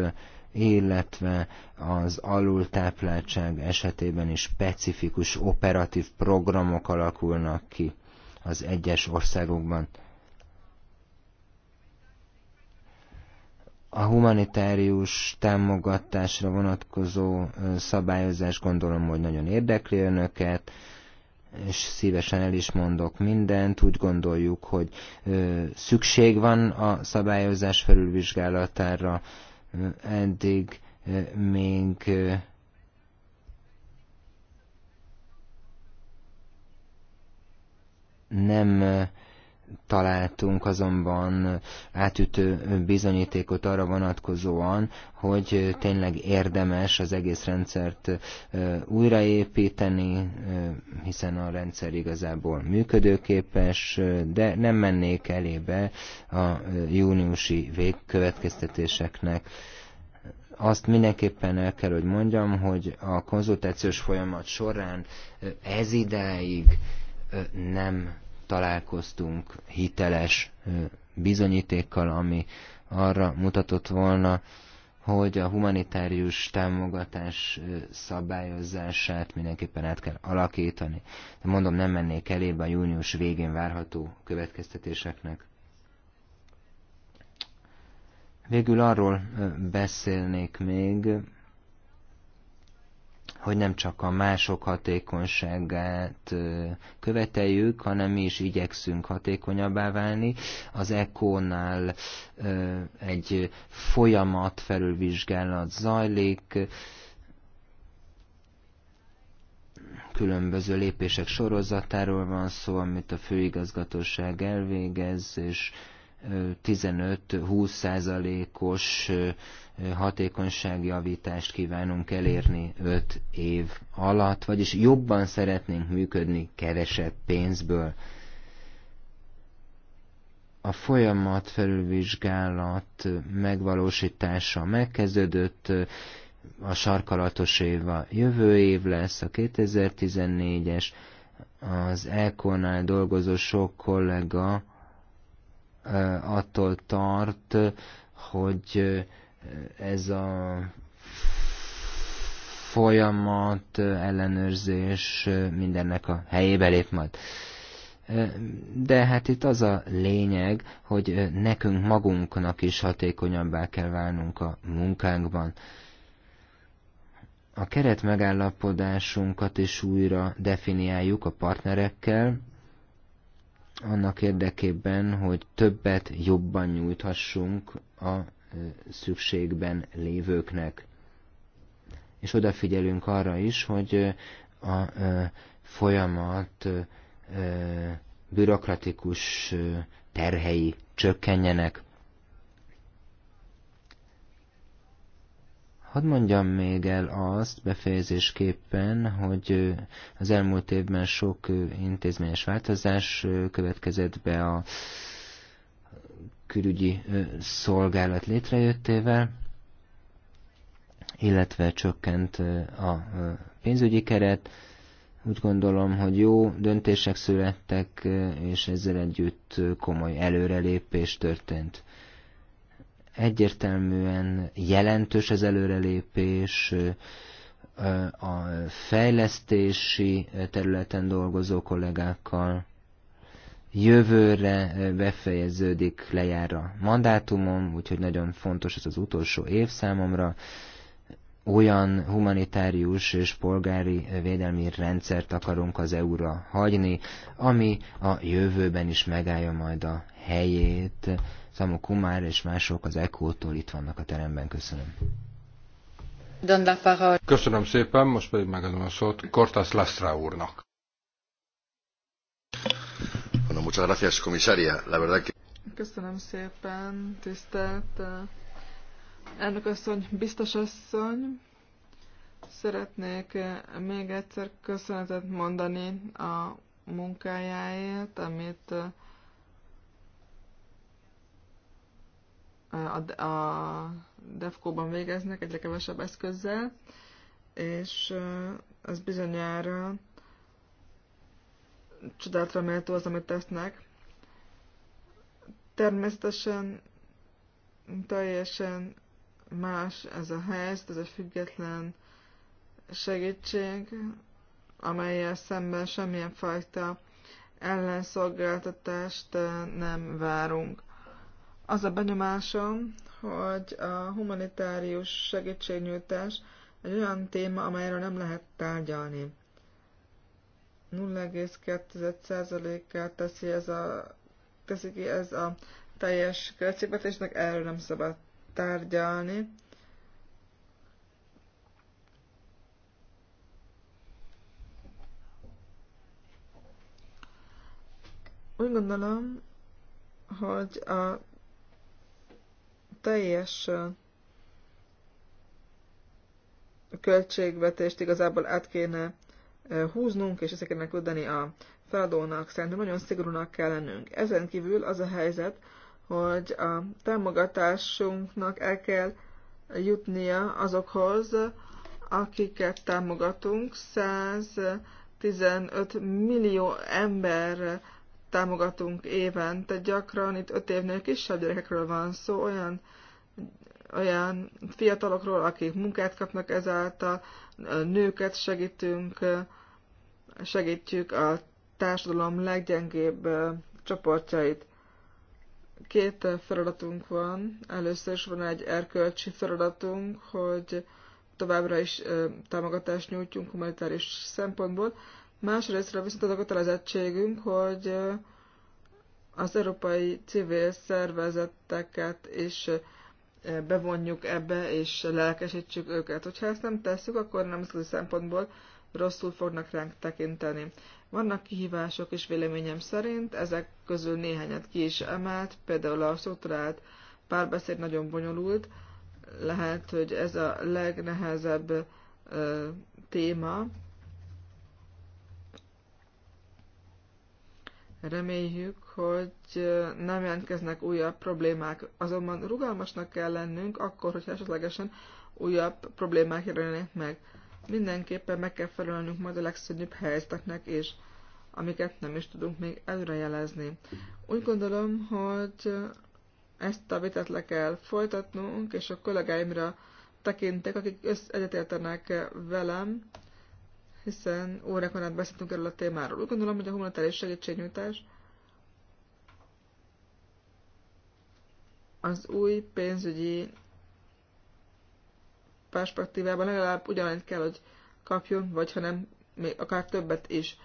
illetve az alultápláltság esetében is specifikus operatív programok alakulnak ki az egyes országokban. a humanitárius támogatásra vonatkozó szabályozás gondolom, hogy nagyon érdekli önöket, és szívesen el is mondok mindent. Úgy gondoljuk, hogy szükség van a szabályozás felülvizsgálatára, eddig még nem uh, találtunk azonban átütő bizonyítékot arra vonatkozóan, hogy tényleg érdemes az egész rendszert újraépíteni, hiszen a rendszer igazából működőképes, de nem mennék elébe a júniusi végkövetkeztetéseknek azt mindenképpen el kell, hogy mondjam, hogy a konzultációs folyamat során ez idáig nem találkoztunk hiteles bizonyítékkal, ami arra mutatott volna, hogy a humanitárius támogatás szabályozását mindenképpen át kell alakítani. De mondom, nem mennék elébe a június végén várható következtetéseknek. Végül arról beszélnék még, hogy nem csak a mások hatékonyságát követeljük, hanem mi is igyekszünk hatékonyabbá válni. Az ECO-nál egy folyamat felülvizsgálat zajlik, különböző lépések sorozatáról van szó, amit a főigazgatóság elvégez, és 15-20 százalékos hatékonyságjavítást kívánunk elérni 5 év alatt, vagyis jobban szeretnénk működni kevesebb pénzből. A folyamat felülvizsgálat megvalósítása megkezdődött, a sarkalatos év a jövő év lesz, a 2014-es, az Elkornál dolgozó sok kollega Eh, attól tart, hogy eh, ez a folyamat, eh, ellenőrzés mindennek a helyébe lép majd. De hát itt az a lényeg, hogy nekünk magunknak is hatékonyabbá kell válnunk a munkánkban. A keret megállapodásunkat is újra definiáljuk a partnerekkel, annak érdekében, hogy többet jobban nyújthassunk a szükségben lévőknek. És odafigyelünk arra is, hogy a folyamat bürokratikus terhei csökkenjenek. Hadd mondjam még el azt befejezésképpen, hogy az elmúlt évben sok intézményes változás következett be a külügyi szolgálat létrejöttével, illetve csökkent a pénzügyi keret. Úgy gondolom, hogy jó döntések születtek, és ezzel együtt komoly előrelépés történt. Egyértelműen jelentős az előrelépés, a fejlesztési területen dolgozó kollégákkal. Jövőre befejeződik lejár a mandátumom, úgyhogy nagyon fontos ez az utolsó év számomra. Olyan humanitárius és polgári védelmi rendszert akarunk az EU-ra hagyni, ami a jövőben is megállja majd a helyét Számú Kumár és mások az ECO-tól itt vannak a teremben. Köszönöm. Köszönöm szépen, most pedig megadom a szót Cortás Lastra úrnak. Köszönöm szépen, tisztelt eh, elnök asszony, biztos asszony. Szeretnék eh, még egyszer köszönetet mondani a munkájáért, amit eh, a, a DEFCO-ban végeznek egyre kevesebb eszközzel, és ez bizonyára csodálatra méltó az, amit tesznek. Természetesen teljesen más ez a helyzet, ez a független segítség, amelyel szemben semmilyen fajta ellenszolgáltatást nem várunk. Az a benyomásom, hogy a humanitárius segítségnyújtás egy olyan téma, amelyről nem lehet tárgyalni. 02 kel teszi ez a, teszi ki ez a teljes költségvetésnek, erről nem szabad tárgyalni. Úgy gondolom, hogy a teljes költségvetést igazából át kéne húznunk, és ezeket kéne küldeni a feladónak. Szerintem nagyon szigorúnak kell lennünk. Ezen kívül az a helyzet, hogy a támogatásunknak el kell jutnia azokhoz, akiket támogatunk. 115 millió ember támogatunk évente, gyakran itt öt évnél kisebb gyerekekről van szó, olyan, olyan fiatalokról, akik munkát kapnak ezáltal, nőket segítünk, segítjük a társadalom leggyengébb csoportjait. Két feladatunk van. Először is van egy erkölcsi feladatunk, hogy továbbra is támogatást nyújtjunk humanitáris szempontból, Másrésztről viszont az a kötelezettségünk, hogy az európai civil szervezeteket is bevonjuk ebbe, és lelkesítsük őket. Hogyha ezt nem tesszük, akkor nemzetközi szempontból rosszul fognak ránk tekinteni. Vannak kihívások is véleményem szerint, ezek közül néhányat ki is emelt, például a szoktorált párbeszéd nagyon bonyolult, lehet, hogy ez a legnehezebb ö, téma, Reméljük, hogy nem jelentkeznek újabb problémák, azonban rugalmasnak kell lennünk akkor, hogyha esetlegesen újabb problémák jelennek meg. Mindenképpen meg kell felelnünk majd a legszörnyűbb helyzeteknek és amiket nem is tudunk még előrejelezni. Úgy gondolom, hogy ezt a vitát le kell folytatnunk, és a kollégáimra tekintek, akik egyetértenek velem, hiszen órákon át beszéltünk erről a témáról. Úgy gondolom, hogy a humanitárius segítségnyújtás az új pénzügyi perspektívában legalább ugyanannyit kell, hogy kapjon, vagy ha nem, még akár többet is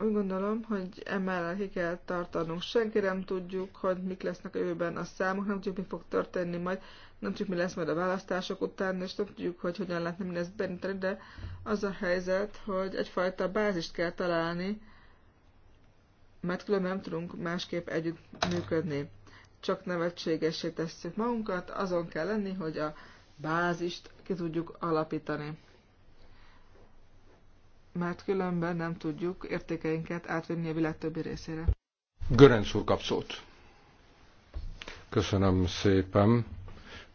úgy gondolom, hogy emellett ki kell tartanunk. Senki nem tudjuk, hogy mik lesznek a jövőben a számok, nem tudjuk, mi fog történni majd, nem tudjuk, mi lesz majd a választások után, és nem tudjuk, hogy hogyan lehetne mindezt beinteni, de az a helyzet, hogy egyfajta bázist kell találni, mert különben nem tudunk másképp együtt működni. Csak nevetségesé tesszük magunkat, azon kell lenni, hogy a bázist ki tudjuk alapítani mert különben nem tudjuk értékeinket átvinni a világ többi részére. Görenc úr kapszót. Köszönöm szépen.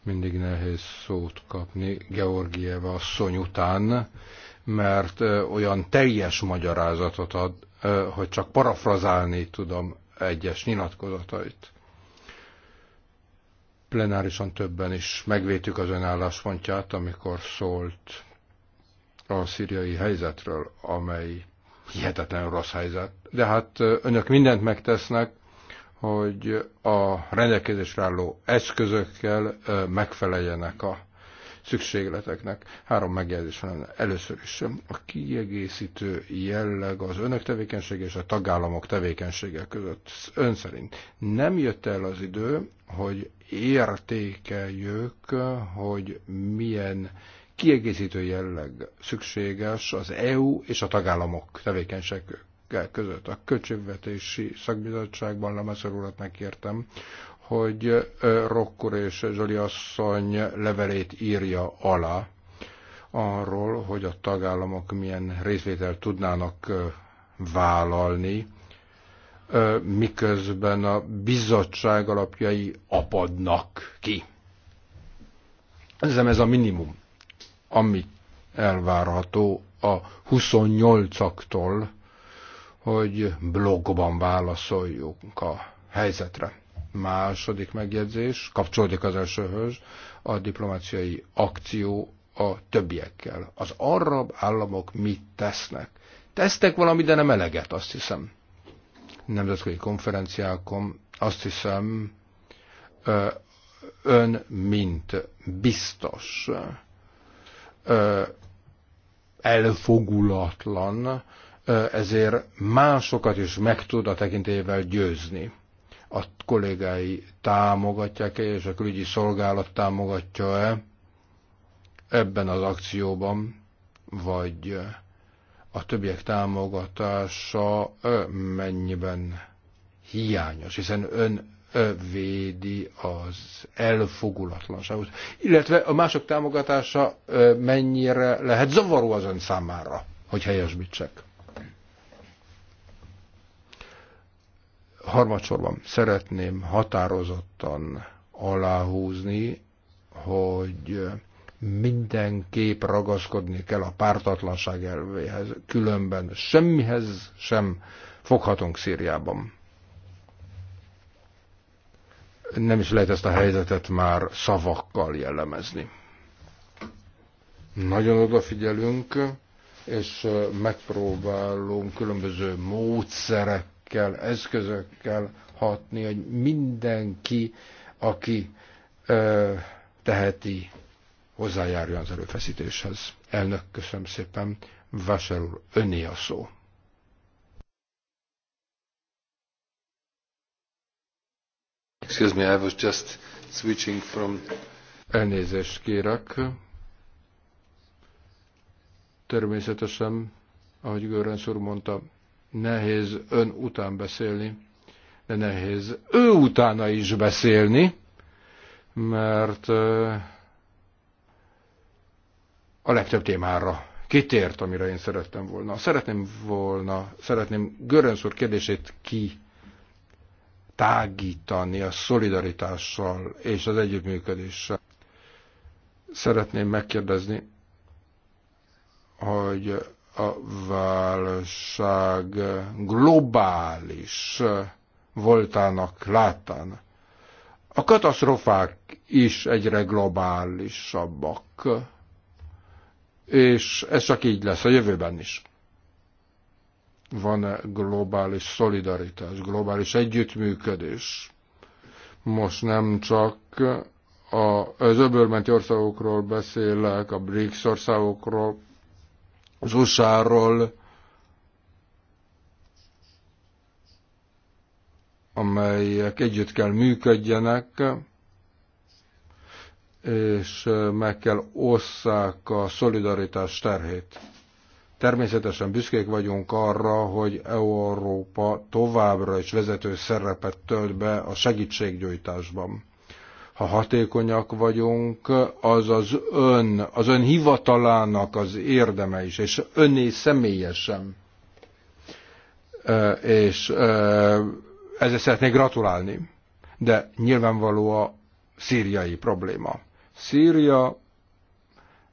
Mindig nehéz szót kapni Georgieva asszony után, mert olyan teljes magyarázatot ad, hogy csak parafrazálni tudom egyes nyilatkozatait. Plenárisan többen is megvétük az önálláspontját, amikor szólt a szíriai helyzetről, amely hihetetlen rossz helyzet. De hát önök mindent megtesznek, hogy a rendelkezésre álló eszközökkel megfeleljenek a szükségleteknek. Három megjegyzés van először is. A kiegészítő jelleg az önök tevékenysége és a tagállamok tevékenysége között ön szerint nem jött el az idő, hogy értékeljük, hogy milyen kiegészítő jelleg szükséges az EU és a tagállamok tevékenységük között. A költségvetési szakbizottságban Lemeszer urat megkértem, hogy Rokkor és Zsoli asszony levelét írja alá arról, hogy a tagállamok milyen részvételt tudnának vállalni, miközben a bizottság alapjai apadnak ki. Ezem ez a minimum ami elvárható a 28-aktól, hogy blogban válaszoljunk a helyzetre. Második megjegyzés kapcsolódik az elsőhöz, a diplomáciai akció a többiekkel. Az arab államok mit tesznek? Tesztek valamit, de nem eleget, azt hiszem. Nemzetközi konferenciákon azt hiszem, ön, mint biztos elfogulatlan, ezért másokat is meg tud a tekintével győzni. A kollégái támogatják-e, és a külügyi szolgálat támogatja-e ebben az akcióban, vagy a többiek támogatása mennyiben hiányos, hiszen ön védi az elfogulatlanságot, illetve a mások támogatása mennyire lehet zavaró az ön számára, hogy helyesbítsek. Harmadsorban szeretném határozottan aláhúzni, hogy mindenképp ragaszkodni kell a pártatlanság elvéhez, különben semmihez sem foghatunk Szíriában nem is lehet ezt a helyzetet már szavakkal jellemezni. Nagyon odafigyelünk, és megpróbálunk különböző módszerekkel, eszközökkel hatni, hogy mindenki, aki ö, teheti, hozzájárjon az előfeszítéshez. Elnök, köszönöm szépen. Vásárul, öné a szó. Excuse me, I was just switching from... Elnézést kérek. Természetesen, ahogy Görrensz úr mondta, nehéz ön után beszélni, de nehéz ő utána is beszélni, mert a legtöbb témára kitért, amire én szerettem volna. Szeretném volna, szeretném Görönsz úr kérdését ki tágítani a szolidaritással és az együttműködéssel. Szeretném megkérdezni, hogy a válság globális voltának látán. A katasztrofák is egyre globálisabbak, és ez csak így lesz a jövőben is van-e globális szolidaritás, globális együttműködés. Most nem csak a, az öbölmenti országokról beszélek, a BRICS országokról, az USA-ról, amelyek együtt kell működjenek, és meg kell osszák a szolidaritás terhét. Természetesen büszkék vagyunk arra, hogy Európa továbbra is vezető szerepet tölt be a segítséggyújtásban. Ha hatékonyak vagyunk, az az ön, az ön hivatalának az érdeme is, és önné személyesen. És ezzel szeretnék gratulálni. De nyilvánvaló a szíriai probléma. Szíria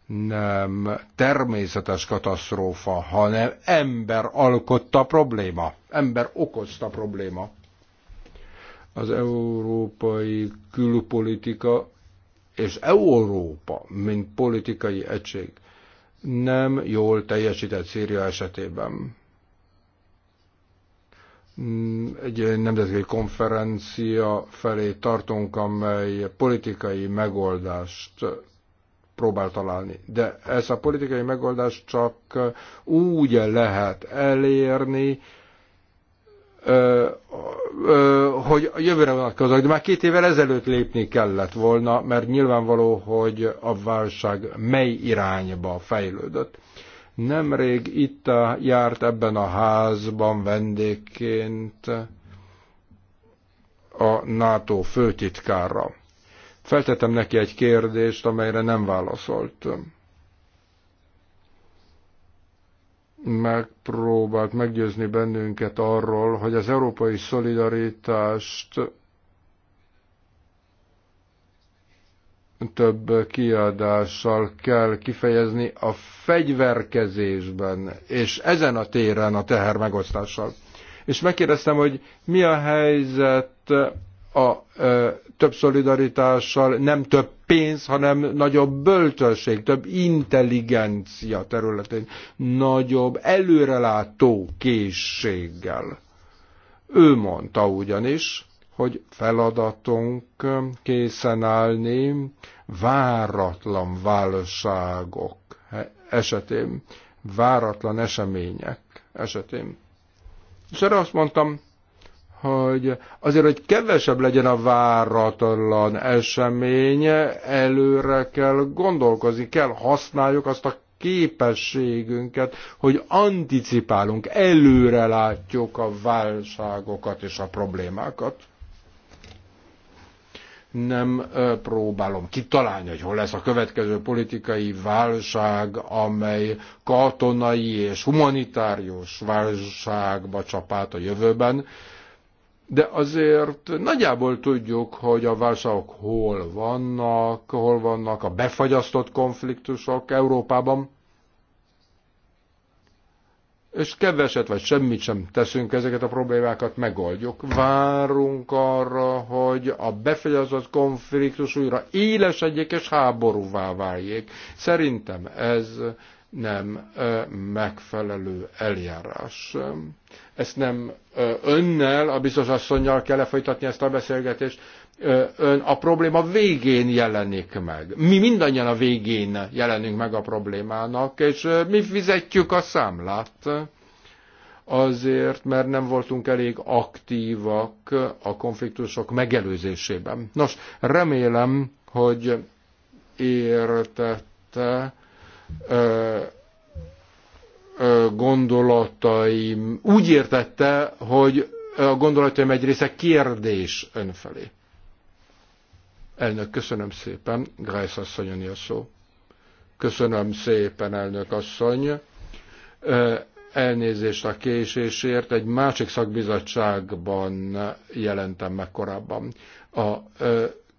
nem természetes katasztrófa, hanem ember alkotta probléma, ember okozta probléma. Az európai külpolitika és Európa, mint politikai egység nem jól teljesített Szíria esetében. Egy nemzetközi konferencia felé tartunk, amely politikai megoldást próbál találni. De ez a politikai megoldás csak úgy lehet elérni, Ö, ö, hogy a jövőre vonatkozóak, de már két évvel ezelőtt lépni kellett volna, mert nyilvánvaló, hogy a válság mely irányba fejlődött. Nemrég itt járt ebben a házban vendégként a NATO főtitkára. Feltettem neki egy kérdést, amelyre nem válaszolt. Megpróbált meggyőzni bennünket arról, hogy az európai szolidaritást több kiadással kell kifejezni a fegyverkezésben, és ezen a téren a teher megosztással. És megkérdeztem, hogy mi a helyzet a ö, több szolidaritással nem több pénz, hanem nagyobb bölcsesség, több intelligencia területén, nagyobb előrelátó készséggel. Ő mondta ugyanis, hogy feladatunk készen állni váratlan válságok esetén, váratlan események esetén. És erre azt mondtam, hogy azért, hogy kevesebb legyen a váratlan esemény, előre kell gondolkozni, kell használjuk azt a képességünket, hogy anticipálunk, előre látjuk a válságokat és a problémákat. Nem próbálom kitalálni, hogy hol lesz a következő politikai válság, amely katonai és humanitárius válságba csapát a jövőben, de azért nagyjából tudjuk, hogy a válságok hol vannak, hol vannak a befagyasztott konfliktusok Európában, és keveset vagy semmit sem teszünk, ezeket a problémákat megoldjuk. Várunk arra, hogy a befejezett konfliktus újra élesedjék és háborúvá váljék. Szerintem ez nem megfelelő eljárás ezt nem önnel, a biztos asszonynal kell lefolytatni ezt a beszélgetést, ön a probléma végén jelenik meg. Mi mindannyian a végén jelenünk meg a problémának, és mi fizetjük a számlát azért, mert nem voltunk elég aktívak a konfliktusok megelőzésében. Nos, remélem, hogy értette gondolataim, úgy értette, hogy a gondolataim egy része kérdés önfelé. Elnök, köszönöm szépen. Grájsz asszony a szó. Köszönöm szépen, elnök asszony. Elnézést a késésért. Egy másik szakbizottságban jelentem meg korábban. A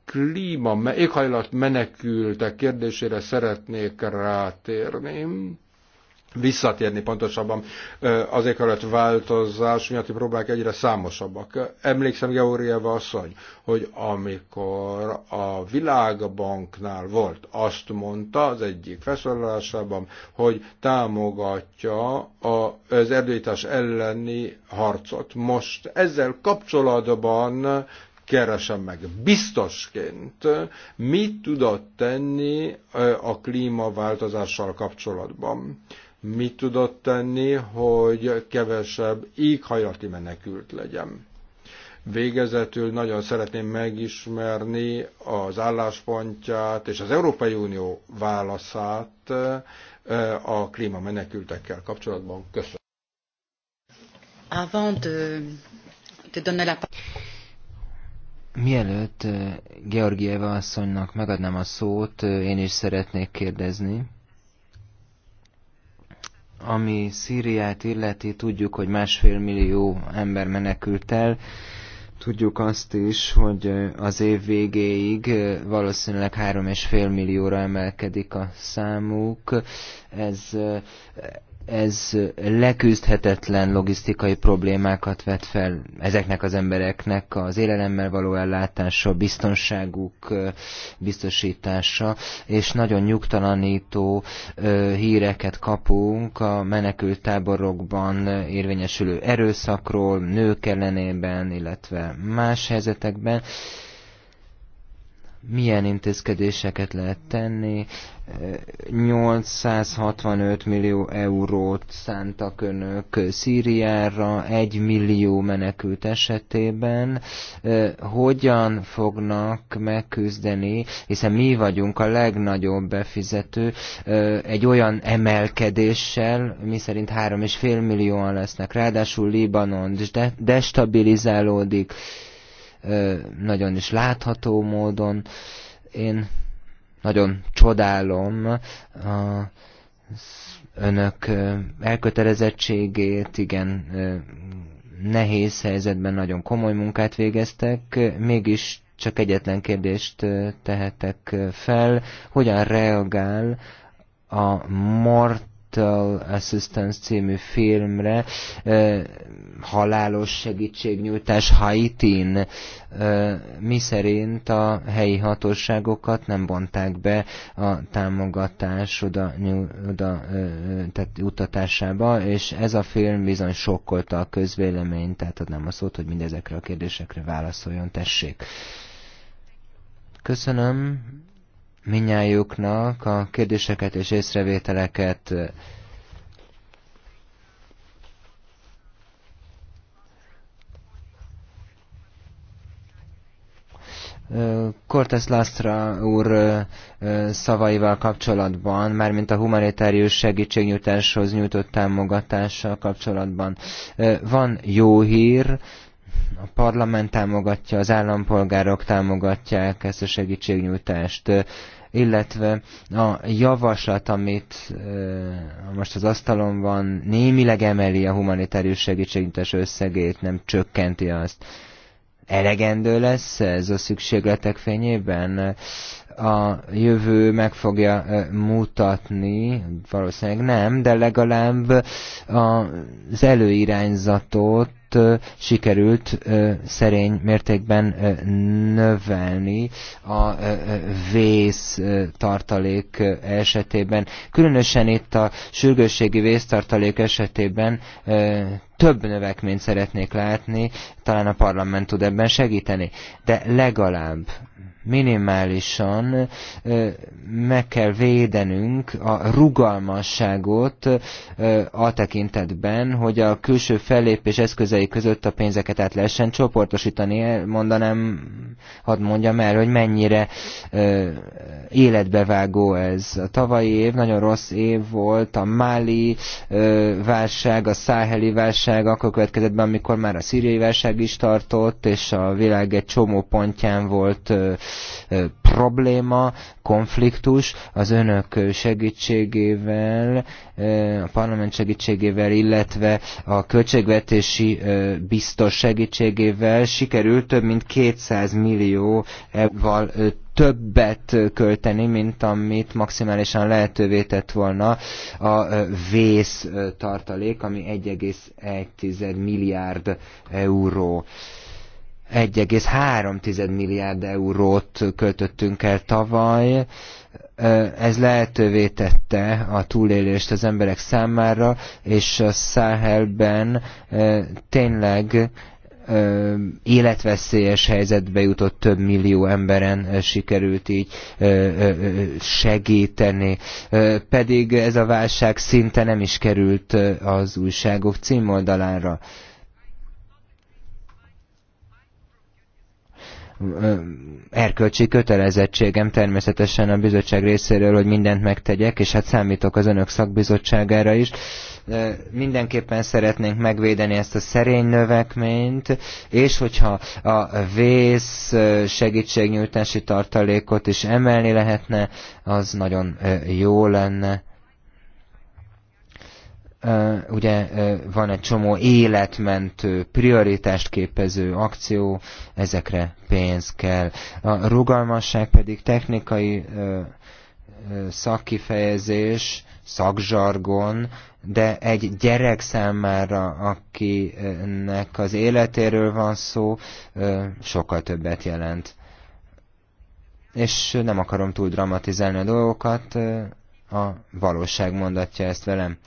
klíma, éghajlat menekültek kérdésére szeretnék rátérni visszatérni pontosabban az éghajlat változás miatti próbák egyre számosabbak. Emlékszem Georgieva asszony, hogy amikor a Világbanknál volt, azt mondta az egyik felszólalásában, hogy támogatja az erdőítás elleni harcot. Most ezzel kapcsolatban keresem meg biztosként, mit tudott tenni a klímaváltozással kapcsolatban mit tudott tenni, hogy kevesebb éghajlati menekült legyen. Végezetül nagyon szeretném megismerni az álláspontját és az Európai Unió válaszát eh, a klímamenekültekkel kapcsolatban. Köszönöm. Avant de, de donner la Mielőtt eh, Georgieva asszonynak megadnám a szót, eh, én is szeretnék kérdezni. Ami Szíriát illeti, tudjuk, hogy másfél millió ember menekült el. Tudjuk azt is, hogy az év végéig valószínűleg 3,5 millióra emelkedik a számuk. Ez ez leküzdhetetlen logisztikai problémákat vet fel ezeknek az embereknek, az élelemmel való ellátása, biztonságuk biztosítása, és nagyon nyugtalanító híreket kapunk a menekült táborokban érvényesülő erőszakról, nők ellenében, illetve más helyzetekben milyen intézkedéseket lehet tenni. 865 millió eurót szántak önök Szíriára, 1 millió menekült esetében. Hogyan fognak megküzdeni, hiszen mi vagyunk a legnagyobb befizető, egy olyan emelkedéssel, mi szerint 3,5 millióan lesznek, ráadásul Libanon destabilizálódik, nagyon is látható módon. Én nagyon csodálom a önök elkötelezettségét, igen, nehéz helyzetben nagyon komoly munkát végeztek, mégis csak egyetlen kérdést tehetek fel, hogyan reagál a mort Mental Assistance című filmre, halálos segítségnyújtás Haitin, mi szerint a helyi hatóságokat nem bonták be a támogatás oda, oda tehát utatásába, és ez a film bizony sokkolta a közvéleményt, tehát adnám a szót, hogy mindezekre a kérdésekre válaszoljon, tessék. Köszönöm minnyájuknak a kérdéseket és észrevételeket. Cortes Lastra úr szavaival kapcsolatban, mármint a humanitárius segítségnyújtáshoz nyújtott támogatással kapcsolatban. Van jó hír, a parlament támogatja, az állampolgárok támogatják ezt a segítségnyújtást, illetve a javaslat, amit most az asztalon van, némileg emeli a humanitárius segítségnyújtás összegét, nem csökkenti azt elegendő lesz ez a szükségletek fényében? a jövő meg fogja mutatni, valószínűleg nem, de legalább az előirányzatot sikerült szerény mértékben növelni a vész tartalék esetében. Különösen itt a sürgősségi vésztartalék esetében több növekményt szeretnék látni, talán a parlament tud ebben segíteni, de legalább minimálisan meg kell védenünk a rugalmasságot a tekintetben, hogy a külső fellépés eszközei között a pénzeket át lehessen csoportosítani. Mondanám, hadd mondjam el, hogy mennyire életbevágó ez. A tavalyi év nagyon rossz év volt, a Máli válság, a száheli válság, akkor következett be, amikor már a szíriai válság is tartott, és a világ egy csomó pontján volt probléma, konfliktus. Az önök segítségével, a parlament segítségével, illetve a költségvetési biztos segítségével sikerült több mint 200 millió euróval többet költeni, mint amit maximálisan lehetővé tett volna a vész tartalék, ami 1,1 milliárd euró. 1,3 milliárd eurót költöttünk el tavaly. Ez lehetővé tette a túlélést az emberek számára, és a Száhelben tényleg életveszélyes helyzetbe jutott több millió emberen sikerült így segíteni. Pedig ez a válság szinte nem is került az újságok címoldalára. erkölcsi kötelezettségem természetesen a bizottság részéről, hogy mindent megtegyek, és hát számítok az önök szakbizottságára is. Mindenképpen szeretnénk megvédeni ezt a szerény növekményt, és hogyha a vész segítségnyújtási tartalékot is emelni lehetne, az nagyon jó lenne ugye van egy csomó életmentő, prioritást képező akció, ezekre pénz kell. A rugalmasság pedig technikai szakkifejezés, szakzsargon, de egy gyerek számára, akinek az életéről van szó, sokkal többet jelent. És nem akarom túl dramatizálni a dolgokat, a valóság mondatja ezt velem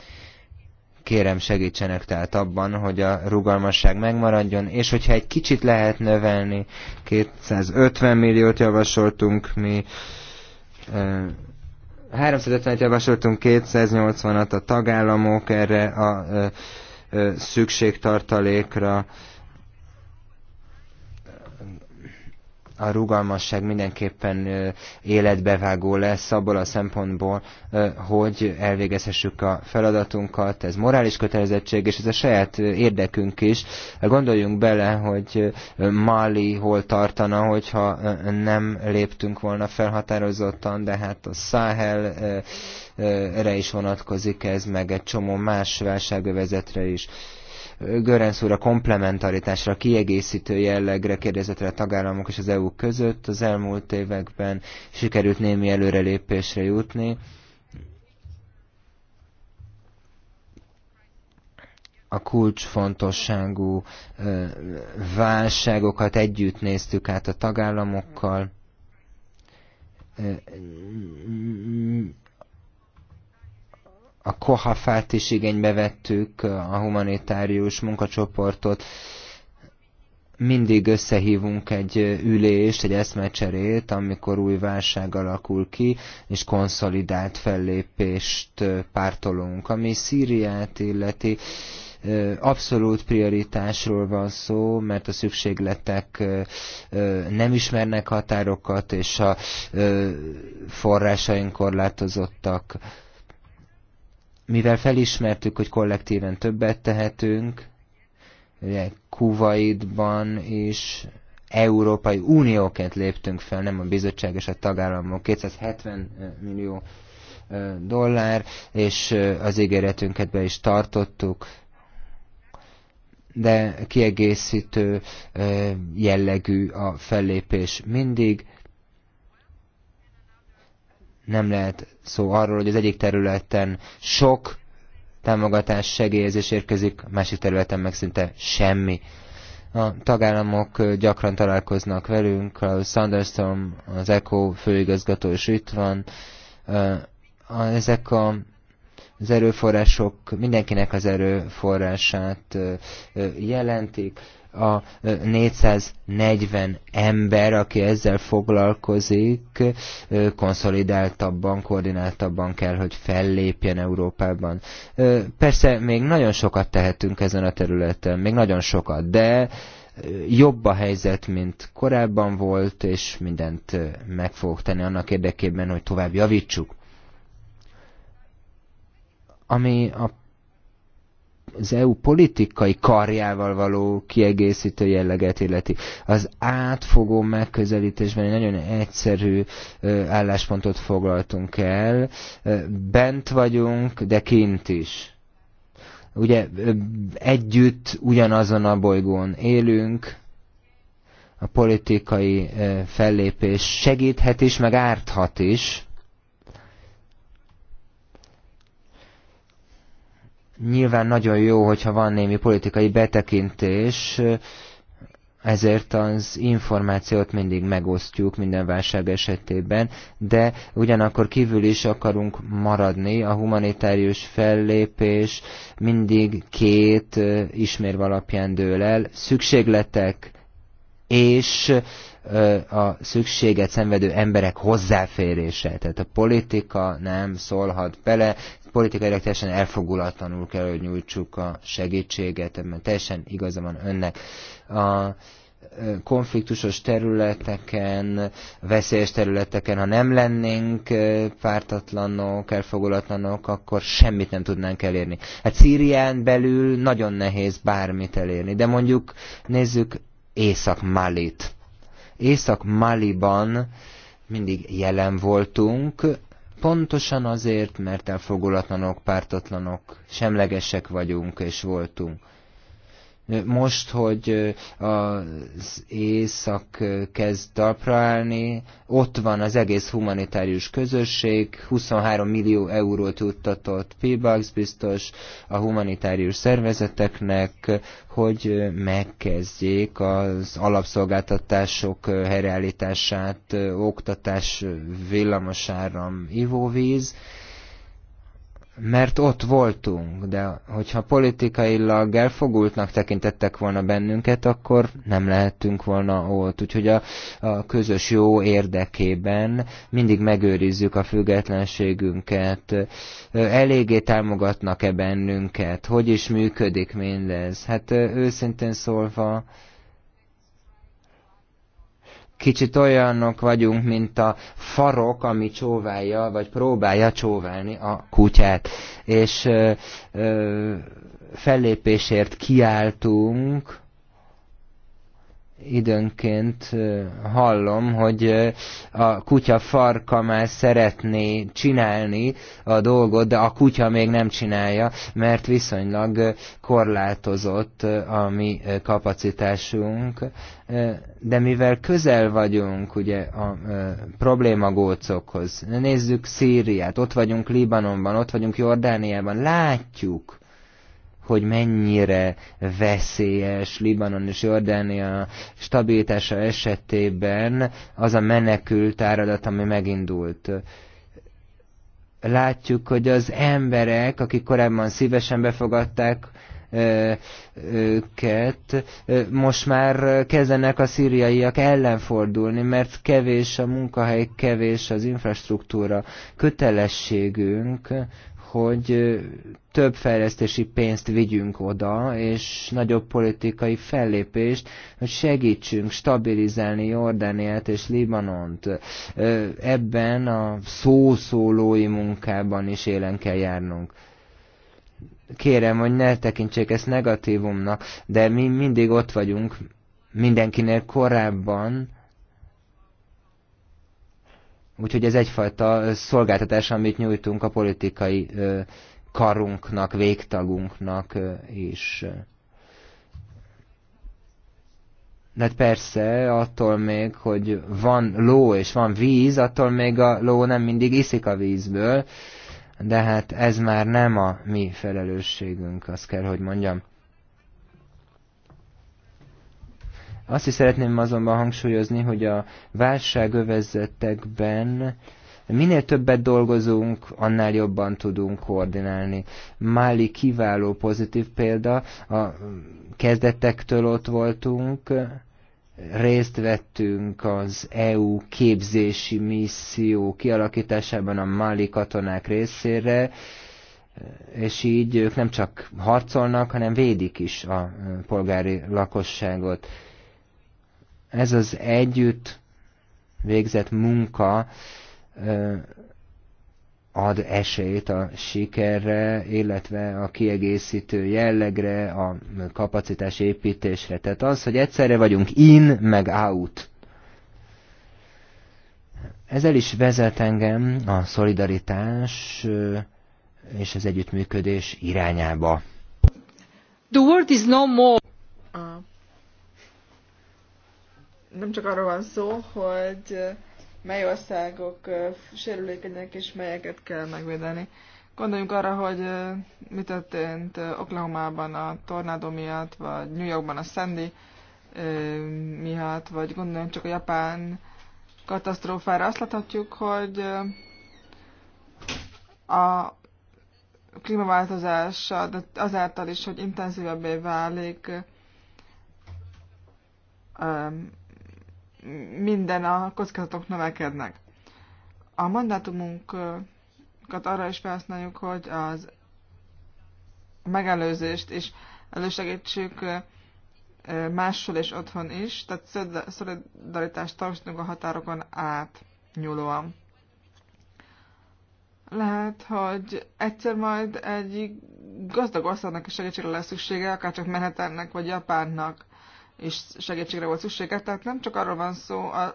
kérem segítsenek tehát abban, hogy a rugalmasság megmaradjon, és hogyha egy kicsit lehet növelni, 250 milliót javasoltunk mi, 350-et javasoltunk, 280-at a tagállamok erre a szükségtartalékra, a rugalmasság mindenképpen életbevágó lesz abból a szempontból, hogy elvégezhessük a feladatunkat, ez morális kötelezettség, és ez a saját érdekünk is. Gondoljunk bele, hogy Mali hol tartana, hogyha nem léptünk volna felhatározottan, de hát a Száhel erre is vonatkozik ez, meg egy csomó más válságövezetre is. Görenc úr a komplementaritásra, a kiegészítő jellegre kérdezett a tagállamok és az EU között. Az elmúlt években sikerült némi előrelépésre jutni. a kulcsfontosságú válságokat együtt néztük át a tagállamokkal a kohafát is igénybe vettük, a humanitárius munkacsoportot, mindig összehívunk egy ülést, egy eszmecserét, amikor új válság alakul ki, és konszolidált fellépést pártolunk. Ami Szíriát illeti, abszolút prioritásról van szó, mert a szükségletek nem ismernek határokat, és a forrásaink korlátozottak mivel felismertük, hogy kollektíven többet tehetünk, ugye Kuwaitban is Európai Unióként léptünk fel, nem a bizottság és a tagállamok, 270 millió dollár, és az ígéretünket be is tartottuk, de kiegészítő jellegű a fellépés mindig, nem lehet szó arról, hogy az egyik területen sok támogatás, segélyezés érkezik, a másik területen meg szinte semmi. A tagállamok gyakran találkoznak velünk, a Sanderson, az ECO főigazgató is itt van. Ezek a az erőforrások mindenkinek az erőforrását jelentik a 440 ember, aki ezzel foglalkozik, konszolidáltabban, koordináltabban kell, hogy fellépjen Európában. Persze még nagyon sokat tehetünk ezen a területen, még nagyon sokat, de jobb a helyzet, mint korábban volt, és mindent meg fogok tenni annak érdekében, hogy tovább javítsuk. Ami a az EU politikai karjával való kiegészítő jelleget illeti. Az átfogó megközelítésben egy nagyon egyszerű álláspontot foglaltunk el. Bent vagyunk, de kint is. Ugye együtt ugyanazon a bolygón élünk, a politikai fellépés segíthet is, meg árthat is, Nyilván nagyon jó, hogyha van némi politikai betekintés, ezért az információt mindig megosztjuk minden válság esetében, de ugyanakkor kívül is akarunk maradni, a humanitárius fellépés mindig két ismérv alapján dől el, szükségletek és a szükséget szenvedő emberek hozzáférése. Tehát a politika nem szólhat bele, politikailag teljesen elfogulatlanul kell, hogy nyújtsuk a segítséget, ebben teljesen igaza van önnek. A konfliktusos területeken, veszélyes területeken, ha nem lennénk pártatlanok, elfogulatlanok, akkor semmit nem tudnánk elérni. Hát Szírián belül nagyon nehéz bármit elérni, de mondjuk nézzük Észak-Malit. Észak-Maliban mindig jelen voltunk, Pontosan azért, mert elfogulatlanok, pártatlanok, semlegesek vagyunk és voltunk. Most, hogy az éjszak kezd talpra állni, ott van az egész humanitárius közösség, 23 millió eurót juttatott p biztos a humanitárius szervezeteknek, hogy megkezdjék az alapszolgáltatások helyreállítását, oktatás, villamosáram, ivóvíz, mert ott voltunk, de hogyha politikailag elfogultnak tekintettek volna bennünket, akkor nem lehettünk volna ott. Úgyhogy a, a közös jó érdekében mindig megőrizzük a függetlenségünket, eléggé támogatnak-e bennünket, hogy is működik mindez. Hát őszintén szólva, Kicsit olyanok vagyunk, mint a farok, ami csóválja, vagy próbálja csóválni a kutyát. És ö, ö, fellépésért kiáltunk, időnként hallom, hogy a kutya farka már szeretné csinálni a dolgot, de a kutya még nem csinálja, mert viszonylag korlátozott a mi kapacitásunk. De mivel közel vagyunk ugye a problémagócokhoz, nézzük Szíriát, ott vagyunk Libanonban, ott vagyunk Jordániában, látjuk, hogy mennyire veszélyes Libanon és Jordánia stabilitása esetében az a menekült áradat, ami megindult látjuk, hogy az emberek, akik korábban szívesen befogadták őket, most már kezdenek a szíriaiak ellen fordulni, mert kevés a munkahely, kevés az infrastruktúra. Kötelességünk, hogy több fejlesztési pénzt vigyünk oda, és nagyobb politikai fellépést, hogy segítsünk stabilizálni Jordániát és Libanont. Ebben a szószólói munkában is élen kell járnunk kérem, hogy ne tekintsék ezt negatívumnak, de mi mindig ott vagyunk, mindenkinél korábban, Úgyhogy ez egyfajta szolgáltatás, amit nyújtunk a politikai karunknak, végtagunknak is. De hát persze, attól még, hogy van ló és van víz, attól még a ló nem mindig iszik a vízből, de hát ez már nem a mi felelősségünk, azt kell, hogy mondjam. Azt is szeretném azonban hangsúlyozni, hogy a válságövezetekben minél többet dolgozunk, annál jobban tudunk koordinálni. Máli kiváló pozitív példa, a kezdetektől ott voltunk, részt vettünk az EU képzési misszió kialakításában a Mali katonák részére, és így ők nem csak harcolnak, hanem védik is a polgári lakosságot. Ez az együtt végzett munka ad esélyt a sikerre, illetve a kiegészítő jellegre, a kapacitás építésre. Tehát az, hogy egyszerre vagyunk in, meg out. Ez el is vezet engem a szolidaritás és az együttműködés irányába. The world is no more. nem csak arról van szó, hogy mely országok sérülékenyek és melyeket kell megvédeni. Gondoljunk arra, hogy mi történt Oklahoma-ban a tornádó miatt, vagy New Yorkban a Sandy miatt, vagy gondoljunk csak a japán katasztrófára. Azt láthatjuk, hogy a klímaváltozás de azáltal is, hogy intenzívebbé válik minden a kockázatok növekednek. A mandátumunkat arra is felhasználjuk, hogy az megelőzést is elősegítsük máshol és otthon is, tehát szolidaritást tartsunk a határokon át nyúlóan. Lehet, hogy egyszer majd egy gazdag országnak is segítségre lesz szüksége, akár csak Manhattannek vagy Japánnak és segítségre volt szüksége. Tehát nem csak arról van szó a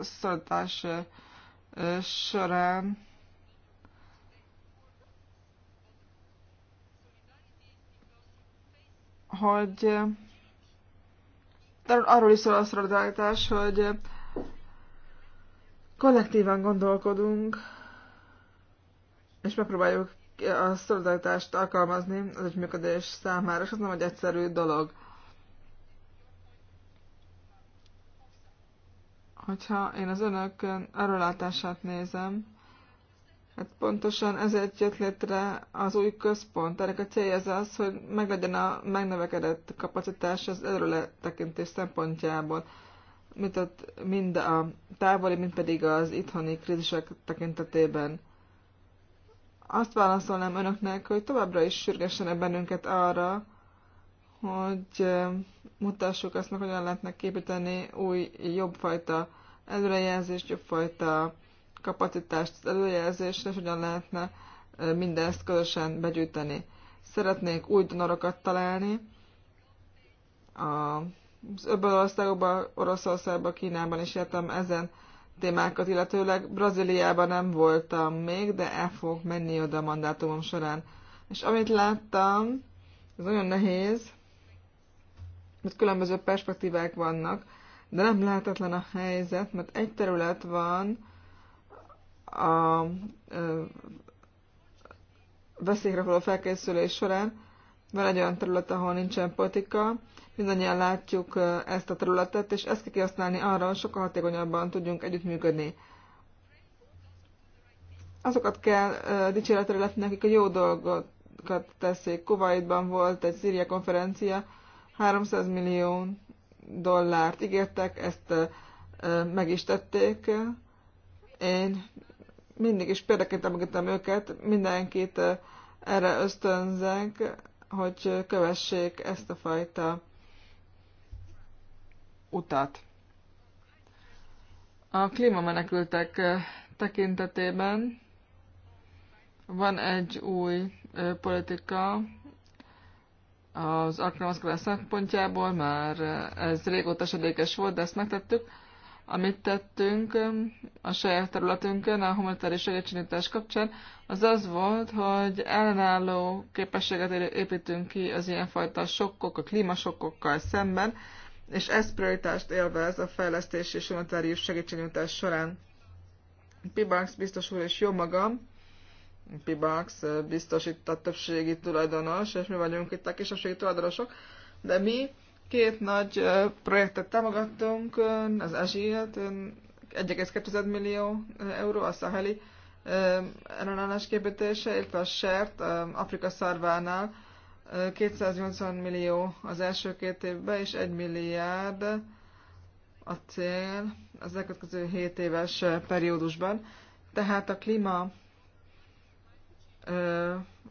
szorodás során, hogy de arról is szól a szolidaritás, hogy kollektívan gondolkodunk, és megpróbáljuk a szolidaritást alkalmazni az működés számára, és az nem egy egyszerű dolog. Hogyha én az önök arrólátását nézem, hát pontosan ezért jött létre az új központ. Ennek a célja az az, hogy meglegyen a megnövekedett kapacitás az előletekintés szempontjából mint ott mind a távoli, mint pedig az itthoni krízisek tekintetében. Azt válaszolnám önöknek, hogy továbbra is sürgessenek bennünket arra, hogy mutassuk azt meg, hogyan lehetnek képíteni új, jobbfajta előrejelzést, jobbfajta kapacitást az előrejelzésre, és hogyan lehetne mindezt közösen begyűjteni. Szeretnék új donorokat találni, az öbben országokban, Oroszországban, Kínában is jártam ezen témákat, illetőleg Brazíliában nem voltam még, de el fogok menni oda a mandátumom során. És amit láttam, ez nagyon nehéz, mert különböző perspektívák vannak, de nem lehetetlen a helyzet, mert egy terület van a veszélyre való felkészülés során, van egy olyan terület, ahol nincsen politika, mindannyian látjuk ezt a területet, és ezt kell kihasználni arra, hogy sokkal hatékonyabban tudjunk együttműködni. Azokat kell dicséretre letni, akik a jó dolgot dolgokat teszik. Kuwaitban volt egy Szíria konferencia, 300 millió dollárt ígértek, ezt meg is tették. Én mindig is példaként emlékeztem őket, mindenkit erre ösztönzek, hogy kövessék ezt a fajta utat. A klímamenekültek tekintetében van egy új politika, az alkalmazkodás szempontjából, már ez régóta esedékes volt, de ezt megtettük. Amit tettünk um, a saját területünkön, a humanitári segítségnyújtás kapcsán, az az volt, hogy ellenálló képességet építünk ki az ilyenfajta sokkok, a klímasokkokkal szemben, és ez prioritást élvez a fejlesztés és humanitárius segítségnyújtás során. Pibax biztos úr és jó magam, Pibax biztos itt a többségi tulajdonos, és mi vagyunk itt a kisebbségi tulajdonosok, de mi két nagy projektet támogattunk, az Azsilt, 1,2 millió euró, a Szaheli ellenállás képítése, illetve a Sert, Afrika szarvánál 280 millió az első két évben, és 1 milliárd a cél az elkövetkező 7 éves periódusban. Tehát a klíma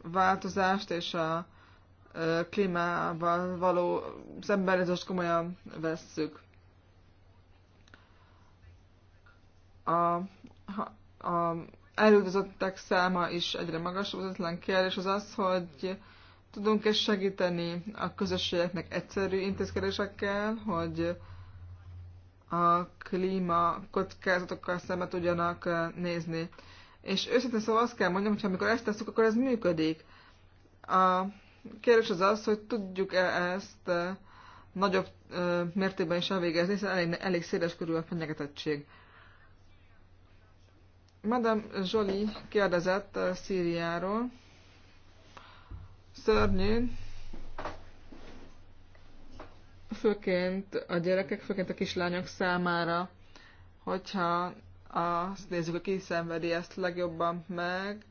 változást és a klímával való szembenézést komolyan vesszük. A, a, a elüldözöttek száma is egyre magasabb, az ötlen kérdés az az, hogy tudunk-e segíteni a közösségeknek egyszerű intézkedésekkel, hogy a klíma kockázatokkal szembe tudjanak nézni. És őszintén szóval azt kell mondjam, hogy amikor ezt tesszük, akkor ez működik. A kérdés az az, hogy tudjuk-e ezt nagyobb mértékben is elvégezni, hiszen elég, elég széles körül a fenyegetettség. Madame Jolie kérdezett Szíriáról. Szörnyű. Főként a gyerekek, főként a kislányok számára, hogyha azt nézzük, hogy ki szenvedi ezt legjobban meg.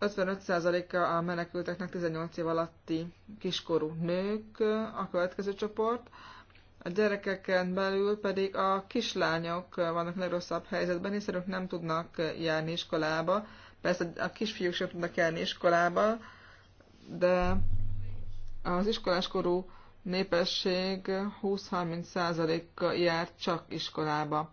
55%-a a menekülteknek 18 év alatti kiskorú nők a következő csoport, a gyerekeken belül pedig a kislányok vannak legrosszabb helyzetben, hiszen ők nem tudnak járni iskolába. Persze a kisfiúk sem tudnak járni iskolába, de az iskoláskorú népesség 20-30%-a jár csak iskolába.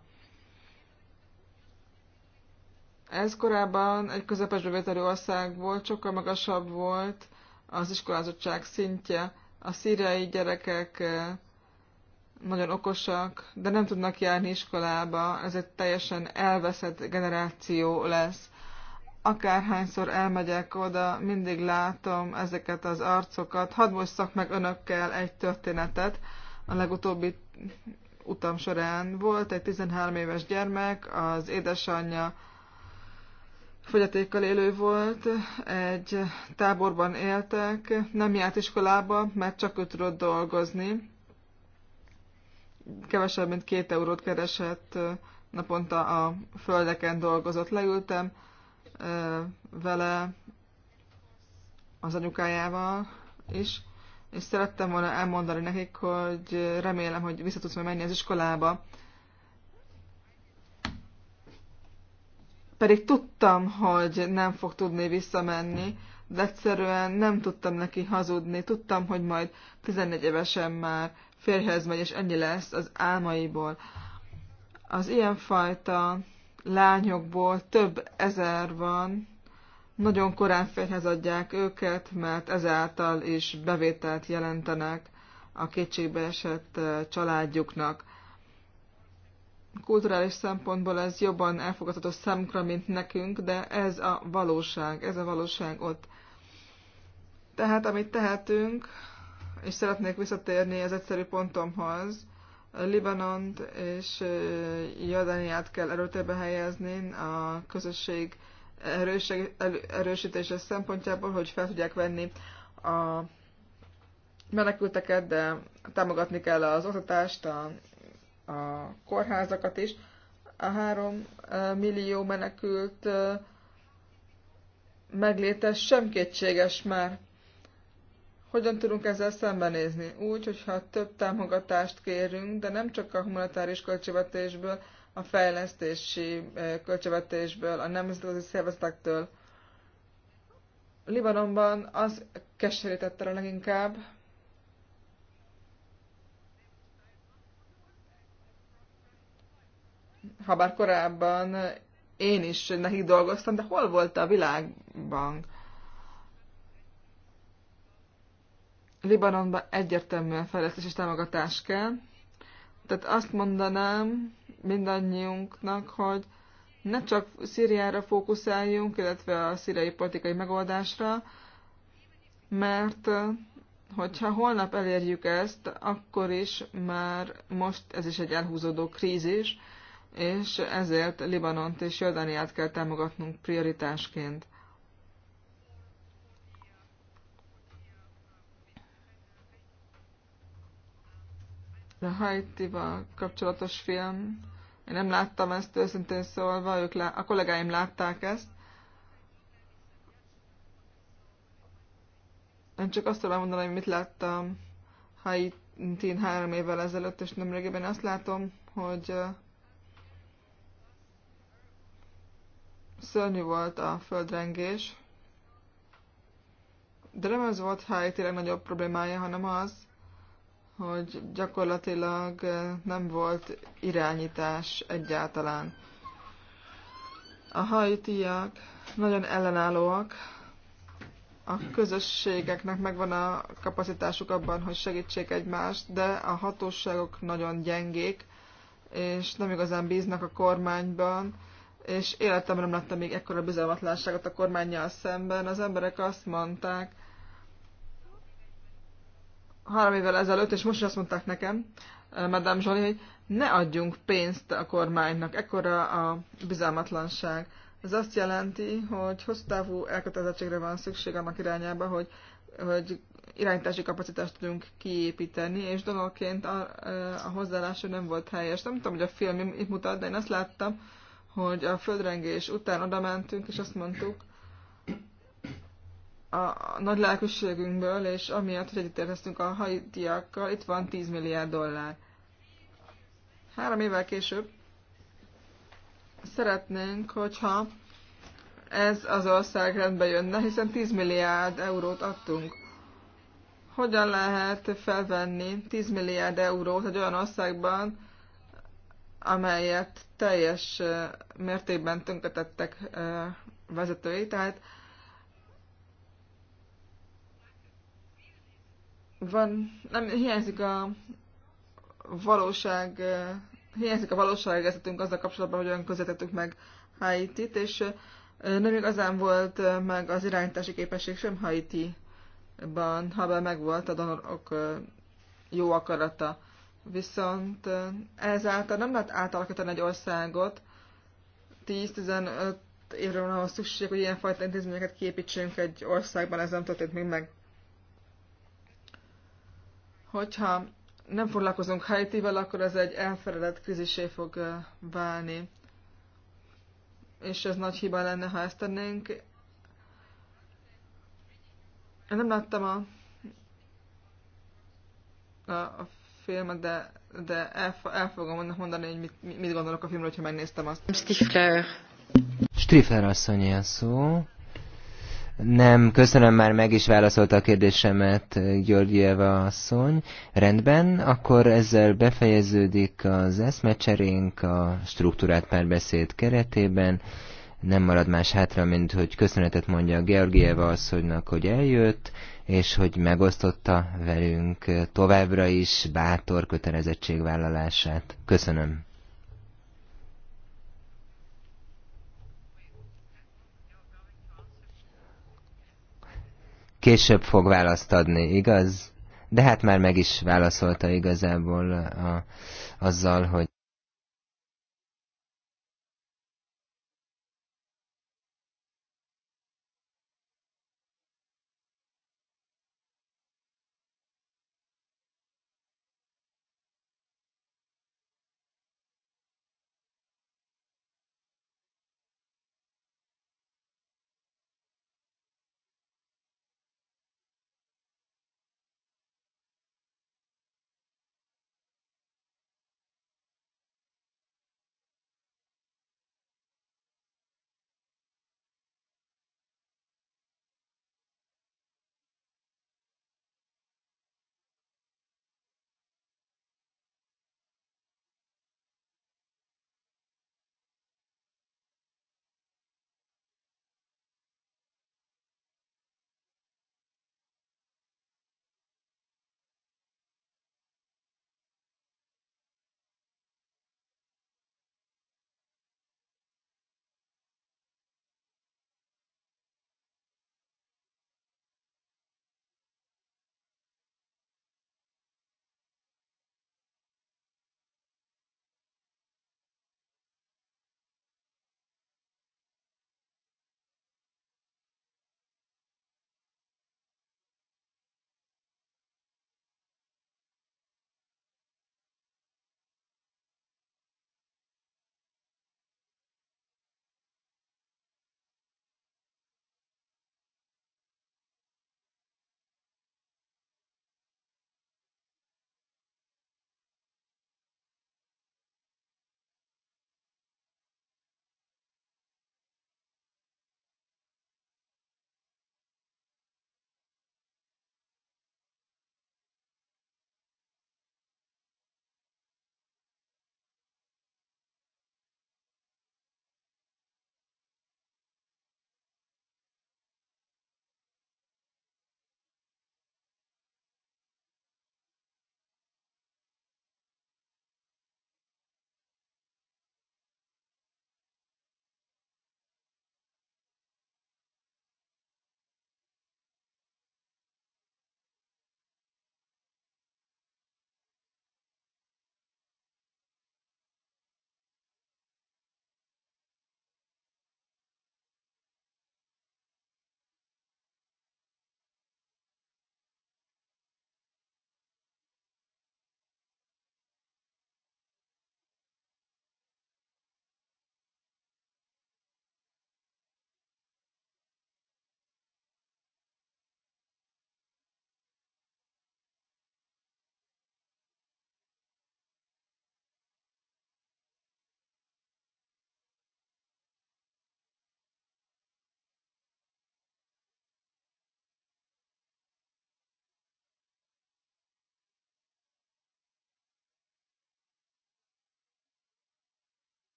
Ez korábban egy közepes bevételű ország volt, sokkal magasabb volt az iskolázottság szintje. A szíriai gyerekek eh, nagyon okosak, de nem tudnak járni iskolába, ez egy teljesen elveszett generáció lesz. Akárhányszor elmegyek oda, mindig látom ezeket az arcokat. Hadd mosszak meg önökkel egy történetet. A legutóbbi utam során volt egy 13 éves gyermek, az édesanyja fogyatékkal élő volt, egy táborban éltek, nem járt iskolába, mert csak ő tudott dolgozni. Kevesebb, mint két eurót keresett naponta a földeken dolgozott. Leültem vele az anyukájával is, és szerettem volna elmondani nekik, hogy remélem, hogy vissza tudsz majd menni az iskolába, pedig tudtam, hogy nem fog tudni visszamenni, de egyszerűen nem tudtam neki hazudni. Tudtam, hogy majd 14 évesen már férhez megy, és ennyi lesz az álmaiból. Az ilyenfajta lányokból több ezer van, nagyon korán férhez adják őket, mert ezáltal is bevételt jelentenek a kétségbeesett családjuknak kulturális szempontból ez jobban elfogadható számunkra, mint nekünk, de ez a valóság, ez a valóság ott. Tehát, amit tehetünk, és szeretnék visszatérni az egyszerű pontomhoz, Libanont és Jordániát kell erőtérbe helyezni a közösség erősítése szempontjából, hogy fel tudják venni a menekülteket, de támogatni kell az oktatást, a a kórházakat is. A három millió menekült megléte sem kétséges már. Hogyan tudunk ezzel szembenézni? Úgy, hogyha több támogatást kérünk, de nem csak a humanitáris költségvetésből, a fejlesztési költségvetésből, a nemzetközi szervezetektől. Libanonban az keserítette a leginkább, ha bár korábban én is nekik dolgoztam, de hol volt a világban? Libanonban egyértelműen fejlesztés és támogatás kell. Tehát azt mondanám mindannyiunknak, hogy ne csak Szíriára fókuszáljunk, illetve a szíriai politikai megoldásra, mert hogyha holnap elérjük ezt, akkor is már most ez is egy elhúzódó krízis, és ezért Libanont és Jordániát kell támogatnunk prioritásként. a Haiti-val kapcsolatos film, én nem láttam ezt őszintén szólva, ők lá- a kollégáim látták ezt. Én csak azt tudom mondani, hogy mit láttam Haitin három évvel ezelőtt, és nemrégében azt látom, hogy Szörnyű volt a földrengés, de nem az volt Haiti legnagyobb problémája, hanem az, hogy gyakorlatilag eh, nem volt irányítás egyáltalán. A haitiak nagyon ellenállóak, a közösségeknek megvan a kapacitásuk abban, hogy segítsék egymást, de a hatóságok nagyon gyengék, és nem igazán bíznak a kormányban, és életemben nem láttam még ekkora bizalmatlanságot a kormányjal szemben. Az emberek azt mondták három évvel ezelőtt, és most is azt mondták nekem, eh, Madame Jolie, hogy ne adjunk pénzt a kormánynak, ekkora a bizalmatlanság. Ez azt jelenti, hogy hosszú távú elkötelezettségre van szükség annak irányába, hogy, hogy irányítási kapacitást tudunk kiépíteni, és Donaldként a, eh, a hozzáállása nem volt helyes. Nem tudom, hogy a film mit mutat, de én azt láttam, hogy a földrengés után oda mentünk, és azt mondtuk, a nagy lelkűségünkből, és amiatt, hogy egyetérteztünk a haitiakkal, itt van 10 milliárd dollár. Három évvel később szeretnénk, hogyha ez az ország rendbe jönne, hiszen 10 milliárd eurót adtunk. Hogyan lehet felvenni 10 milliárd eurót egy olyan országban, amelyet teljes mértékben tönkretettek vezetői, tehát van, nem hiányzik a valóság, hiányzik a valóság ezetünk azzal kapcsolatban, hogy olyan közvetettük meg Haiti-t, és nem igazán volt meg az irányítási képesség sem Haiti-ban, ha meg volt a donorok jó akarata viszont ezáltal nem lehet átalakítani egy országot. 10-15 évre van ahhoz szükség, hogy ilyenfajta intézményeket képítsünk egy országban, ez nem történt még meg. Hogyha nem foglalkozunk Haitivel, akkor ez egy elfeledett krízisé fog válni. És ez nagy hiba lenne, ha ezt tennénk. Én nem láttam a, a, a film, de, de el, el fogom mondani, hogy mit, mit gondolok a filmről, ha megnéztem azt. Stifler. Stifler asszony ilyen szó. Nem, köszönöm, már meg is válaszolta a kérdésemet Györgyeva asszony. Rendben, akkor ezzel befejeződik az eszmecserénk a struktúrát párbeszéd keretében. Nem marad más hátra, mint hogy köszönetet mondja Georgieva asszonynak, hogy eljött, és hogy megosztotta velünk továbbra is bátor kötelezettségvállalását. Köszönöm. Később fog választ adni, igaz? De hát már meg is válaszolta igazából a, azzal, hogy